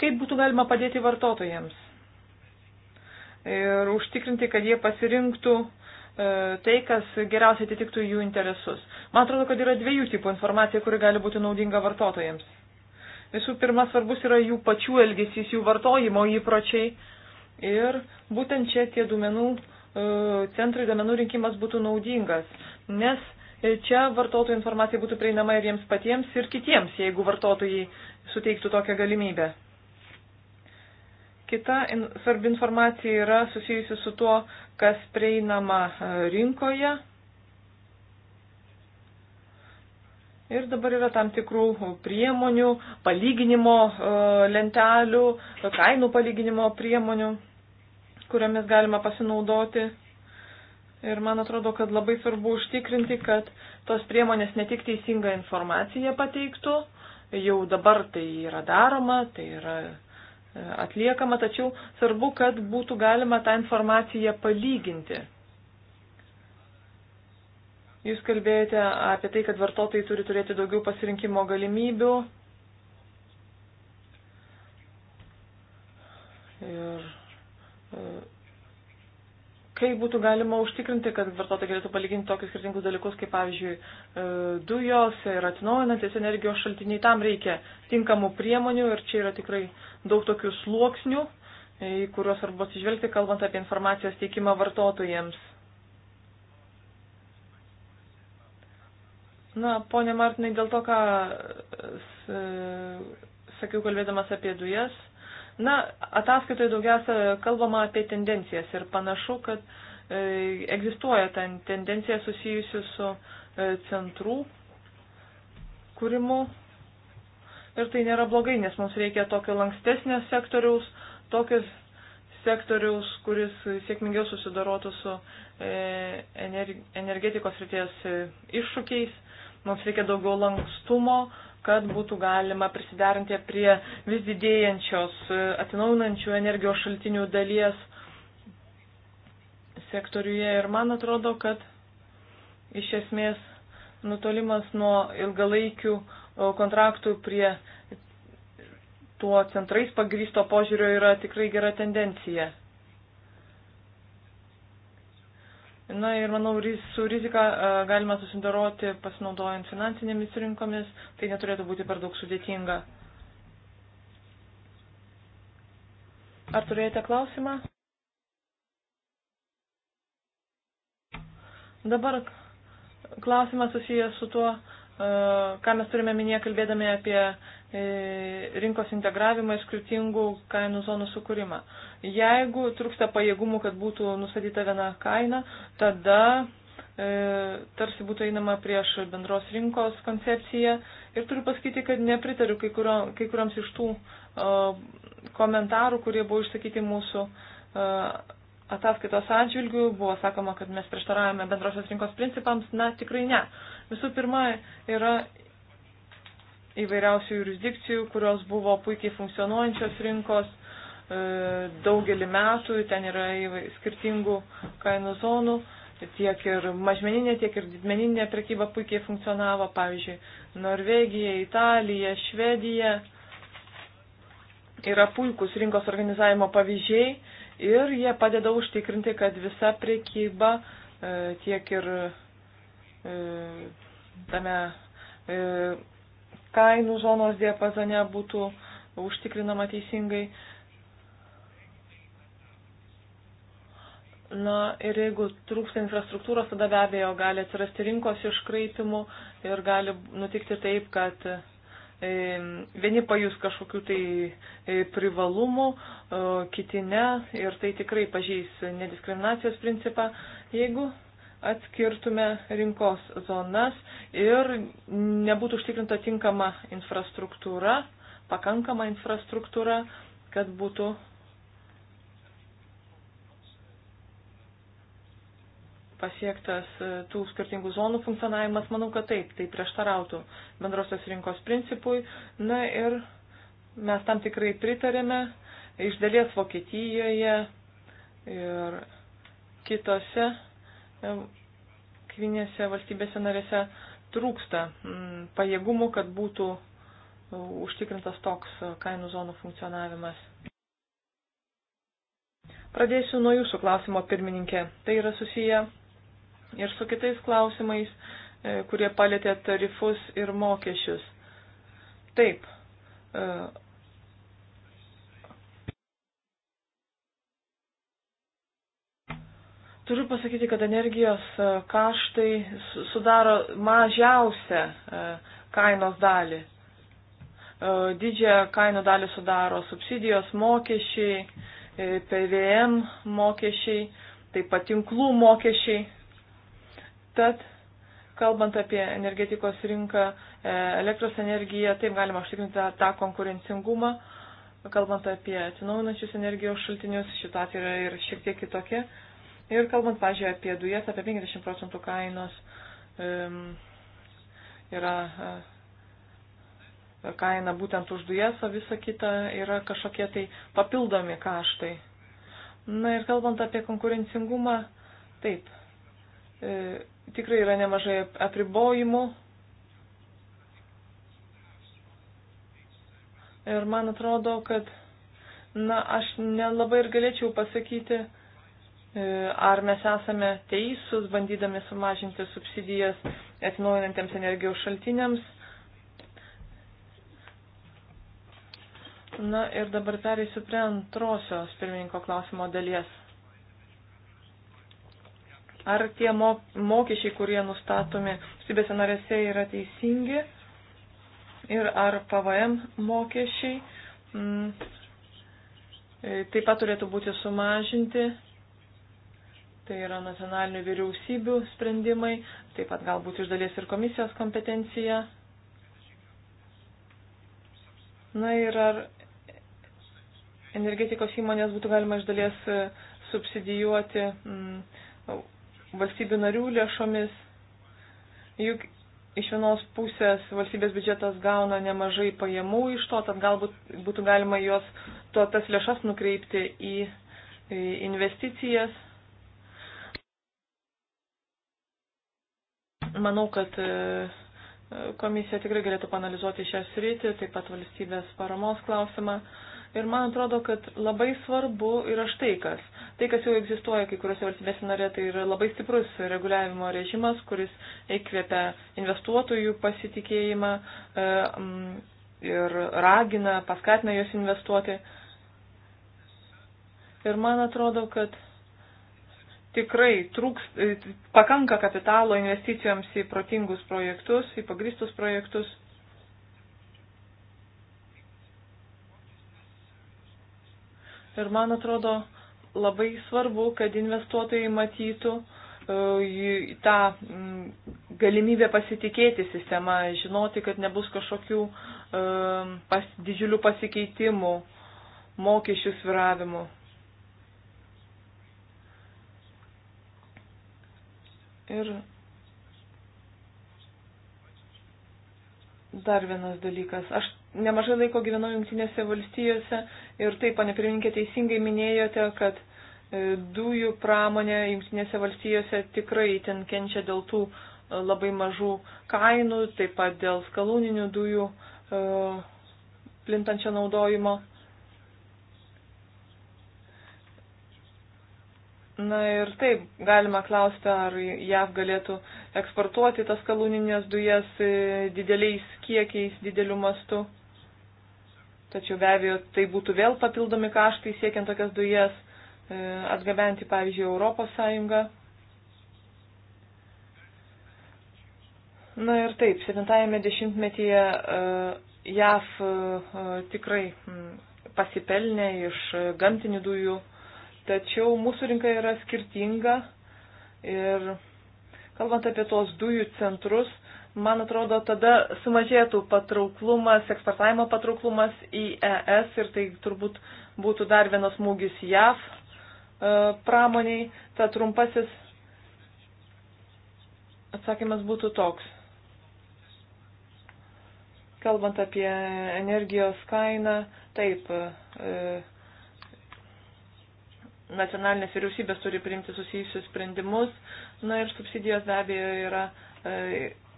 C: Kaip būtų galima padėti vartotojams ir užtikrinti, kad jie pasirinktų e, tai, kas geriausiai atitiktų jų interesus. Man atrodo, kad yra dviejų tipų informacija, kuri gali būti naudinga vartotojams. Visų pirma, svarbus yra jų pačių elgesys, jų vartojimo įpročiai. Ir būtent čia tie duomenų e, centrui duomenų rinkimas būtų naudingas, nes e, čia vartotojų informacija būtų prieinama ir jiems patiems, ir kitiems, jeigu vartotojai suteiktų tokią galimybę. Kita in, svarbi informacija yra susijusi su tuo, kas prieinama e, rinkoje. Ir dabar yra tam tikrų priemonių, palyginimo e, lentelių, kainų palyginimo priemonių, kuriamis galima pasinaudoti. Ir man atrodo, kad labai svarbu užtikrinti, kad tos priemonės ne tik teisingą informaciją pateiktų, jau dabar tai yra daroma, tai yra atliekama, tačiau svarbu, kad būtų galima tą informaciją palyginti. Jūs kalbėjote apie tai, kad vartotojai turi turėti daugiau pasirinkimo galimybių. Ir e, kaip būtų galima užtikrinti, kad vartotojai galėtų palyginti tokius skirtingus dalykus, kaip pavyzdžiui e, dujos ir atnaujinantis energijos šaltiniai, tam reikia tinkamų priemonių ir čia yra tikrai daug tokių sluoksnių, į kuriuos svarbu atsižvelgti, kalbant apie informacijos teikimą vartotojams. Na, ponė Martinai, dėl to, ką e, sakiau kalbėdamas apie dujas, Na, ataskaitoje daugiausia kalbama apie tendencijas ir panašu, kad e, egzistuoja ten tendencija susijusi su e, centrų kūrimu. Ir tai nėra blogai, nes mums reikia tokio lankstesnio sektoriaus, tokios sektoriaus, kuris sėkmingiau susidorotų su e, energetikos ryties e, iššūkiais. Mums reikia daugiau lankstumo, kad būtų galima prisiderinti prie vis didėjančios e, atsinaujinančių energijos šaltinių dalies sektoriuje. Ir man atrodo, kad iš esmės nutolimas nuo ilgalaikių kontraktų prie tuo centrais pagrysto požiūrio yra tikrai gera tendencija. Na ir manau, su rizika galima susidaroti pasinaudojant finansinėmis rinkomis, tai neturėtų būti per daug sudėtinga. Ar turėjote klausimą? Dabar klausimas susijęs su tuo, ką mes turime minėję, kalbėdami apie e, rinkos integravimą ir skirtingų kainų zonų sukūrimą. Jeigu trūksta pajėgumų, kad būtų nustatyta viena kaina, tada e, tarsi būtų einama prieš bendros rinkos koncepciją. Ir turiu pasakyti, kad nepritariu kai, kurio, kai kuriams iš tų komentarų, kurie buvo išsakyti mūsų ataskaitos atžvilgių buvo sakoma, kad mes prieštaravome bendrosios rinkos principams. Na, tikrai ne. Visų pirma, yra įvairiausių jurisdikcijų, kurios buvo puikiai funkcionuojančios rinkos e, daugelį metų, ten yra skirtingų kainų zonų, tiek ir mažmeninė, tiek ir didmeninė prekyba puikiai funkcionavo, pavyzdžiui, Norvegija, Italija, Švedija yra puikūs rinkos organizavimo pavyzdžiai ir jie padeda užtikrinti, kad visa priekyba e, tiek ir e, tame e, kainų zonos diapazone būtų užtikrinama teisingai. Na ir jeigu trūksta infrastruktūros, tada be abejo gali atsirasti rinkos iškraipimų ir gali nutikti taip, kad E, vieni pajus kažkokių tai e, privalumų, kiti ne ir tai tikrai pažeis nediskriminacijos principą, jeigu atskirtume rinkos zonas ir nebūtų užtikrinta tinkama infrastruktūra, pakankama infrastruktūra, kad būtų pasiektas e, tų skirtingų zonų funkcionavimas, manau, kad taip, tai prieštarautų bendrosios rinkos principui. Na ir mes tam tikrai pritarėme iš dalies Vokietijoje ir kitose e, kvinėse valstybėse narėse trūksta mm, pajėgumų, kad būtų e, užtikrintas toks kainų zonų funkcionavimas. Pradėsiu nuo jūsų klausimo, pirmininkė. Tai yra susiję ir su kitais klausimais, e, kurie palėtė tarifus ir mokesčius. Taip. E, turiu pasakyti, kad energijos e, kaštai sudaro mažiausią kainos dalį. Didžiąją kainų dalį sudaro subsidijos mokesčiai, PVM mokesčiai, taip pat tinklų mokesčiai Tad, kalbant apie energetikos rinką, e, elektros energiją, taip galima užtikrinti tą, tą konkurencingumą. Kalbant apie atsinaujinančius energijos šaltinius, situacija yra ir šiek tiek kitokia. Ir kalbant, pažiūrėjau, apie dujas, apie 50 procentų kainos um, yra uh, kaina būtent už dujas, o visa kita yra kažkokie tai papildomi kaštai. Na ir kalbant apie konkurencingumą, taip. Uh, tikrai yra nemažai apribojimų. Ir man atrodo, kad, na, aš nelabai ir galėčiau pasakyti, e, ar mes esame teisūs, bandydami sumažinti subsidijas atsinaujinantiems energijos šaltiniams. Na ir dabar pereisiu prie antrosios pirmininko klausimo dalies ar tie mo mokesčiai, kurie nustatomi valstybėse narėse, yra teisingi ir ar PVM mokesčiai mm, e, taip pat turėtų būti sumažinti. Tai yra nacionalinių vyriausybių sprendimai, taip pat galbūt iš dalies ir komisijos kompetencija. Na ir ar energetikos įmonės būtų galima iš dalies e, subsidijuoti mm, valstybių narių lėšomis. Juk iš vienos pusės valstybės biudžetas gauna nemažai pajamų iš to, tad galbūt būtų galima juos, to, tas lėšas nukreipti į, į investicijas. Manau, kad e, komisija tikrai galėtų panalizuoti šią sritį, taip pat valstybės paramos klausimą. Ir man atrodo, kad labai svarbu yra štai kas. Tai, kas jau egzistuoja kai kuriuose valstybėse narė, tai yra labai stiprus reguliavimo režimas, kuris įkvėpia investuotojų pasitikėjimą e, ir ragina, paskatina juos investuoti. Ir man atrodo, kad tikrai trūks, e, pakanka kapitalo investicijoms į protingus projektus, į pagristus projektus. Ir man atrodo labai svarbu, kad investuotojai matytų e, tą mm, galimybę pasitikėti sistema, žinoti, kad nebus kažkokių e, pas, didžiulių pasikeitimų, mokesčių sviravimų. Ir dar vienas dalykas. Aš nemažai laiko gyvenau Junktinėse valstijose Ir taip, pane pirmininkė, teisingai minėjote, kad e, dujų pramonė Junktinėse valstijose tikrai ten kenčia dėl tų e, labai mažų kainų, taip pat dėl skalūninių dujų e, plintančio naudojimo. Na ir taip, galima klausti, ar JAV galėtų eksportuoti tas kalūninės dujas dideliais kiekiais, dideliu mastu tačiau be abejo tai būtų vėl papildomi kaštai siekiant tokias dujas e, atgabenti, pavyzdžiui, Europos Sąjungą. Na ir taip, 70-ame dešimtmetyje e, JAF e, e, tikrai m, pasipelnė iš e, gamtinių dujų, tačiau mūsų rinka yra skirtinga ir kalbant apie tos dujų centrus, man atrodo, tada sumažėtų patrauklumas, eksportavimo patrauklumas į ES ir tai turbūt būtų dar vienas smūgis JAV e, pramoniai. Ta trumpasis atsakymas būtų toks. Kalbant apie energijos kainą, taip, e, nacionalinės vyriausybės turi priimti susijusius sprendimus, na ir subsidijos be abejo yra e,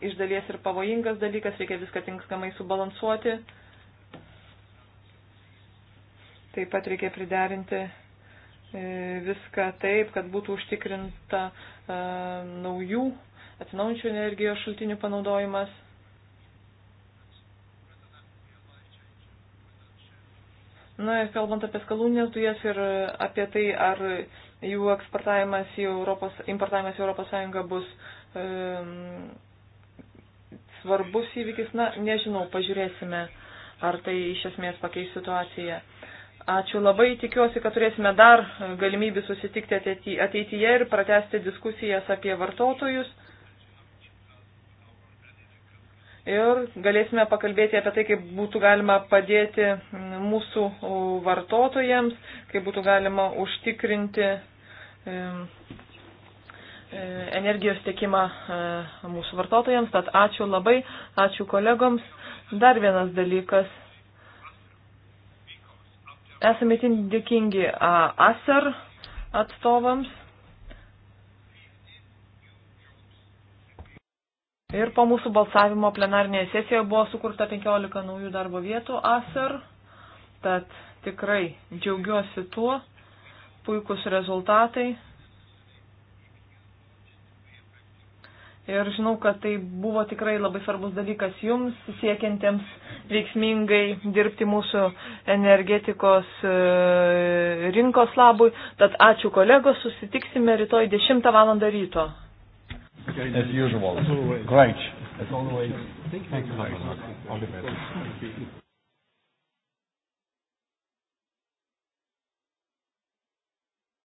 C: iš dalies ir pavojingas dalykas, reikia viską tinkamai subalansuoti. Taip pat reikia priderinti e, viską taip, kad būtų užtikrinta e, naujų atsinaujančių energijos šaltinių panaudojimas. Na ir kalbant apie skalūnės dujas ir apie tai, ar jų eksportavimas į Europos, importavimas į Europos Sąjungą bus um, e, svarbus įvykis. Na, nežinau, pažiūrėsime, ar tai iš esmės pakeis situaciją. Ačiū labai, tikiuosi, kad turėsime dar galimybę susitikti ateityje ir pratesti diskusijas apie vartotojus. Ir galėsime pakalbėti apie tai, kaip būtų galima padėti mūsų vartotojams, kaip būtų galima užtikrinti E, energijos tiekimą e, mūsų vartotojams. Tad ačiū labai, ačiū kolegoms. Dar vienas dalykas. Esame itin dėkingi ASER atstovams. Ir po mūsų balsavimo plenarnėje sesijoje buvo sukurta 15 naujų darbo vietų ASER. Tad tikrai džiaugiuosi tuo. Puikus rezultatai. Ir žinau, kad tai buvo tikrai labai svarbus dalykas jums, siekiantiems veiksmingai dirbti mūsų energetikos e, rinkos labui. Tad ačiū kolegos, susitiksime rytoj 10 val. ryto.
A: As usual. As always. Great. As
B: always. Thank you. Thank you. Thank you.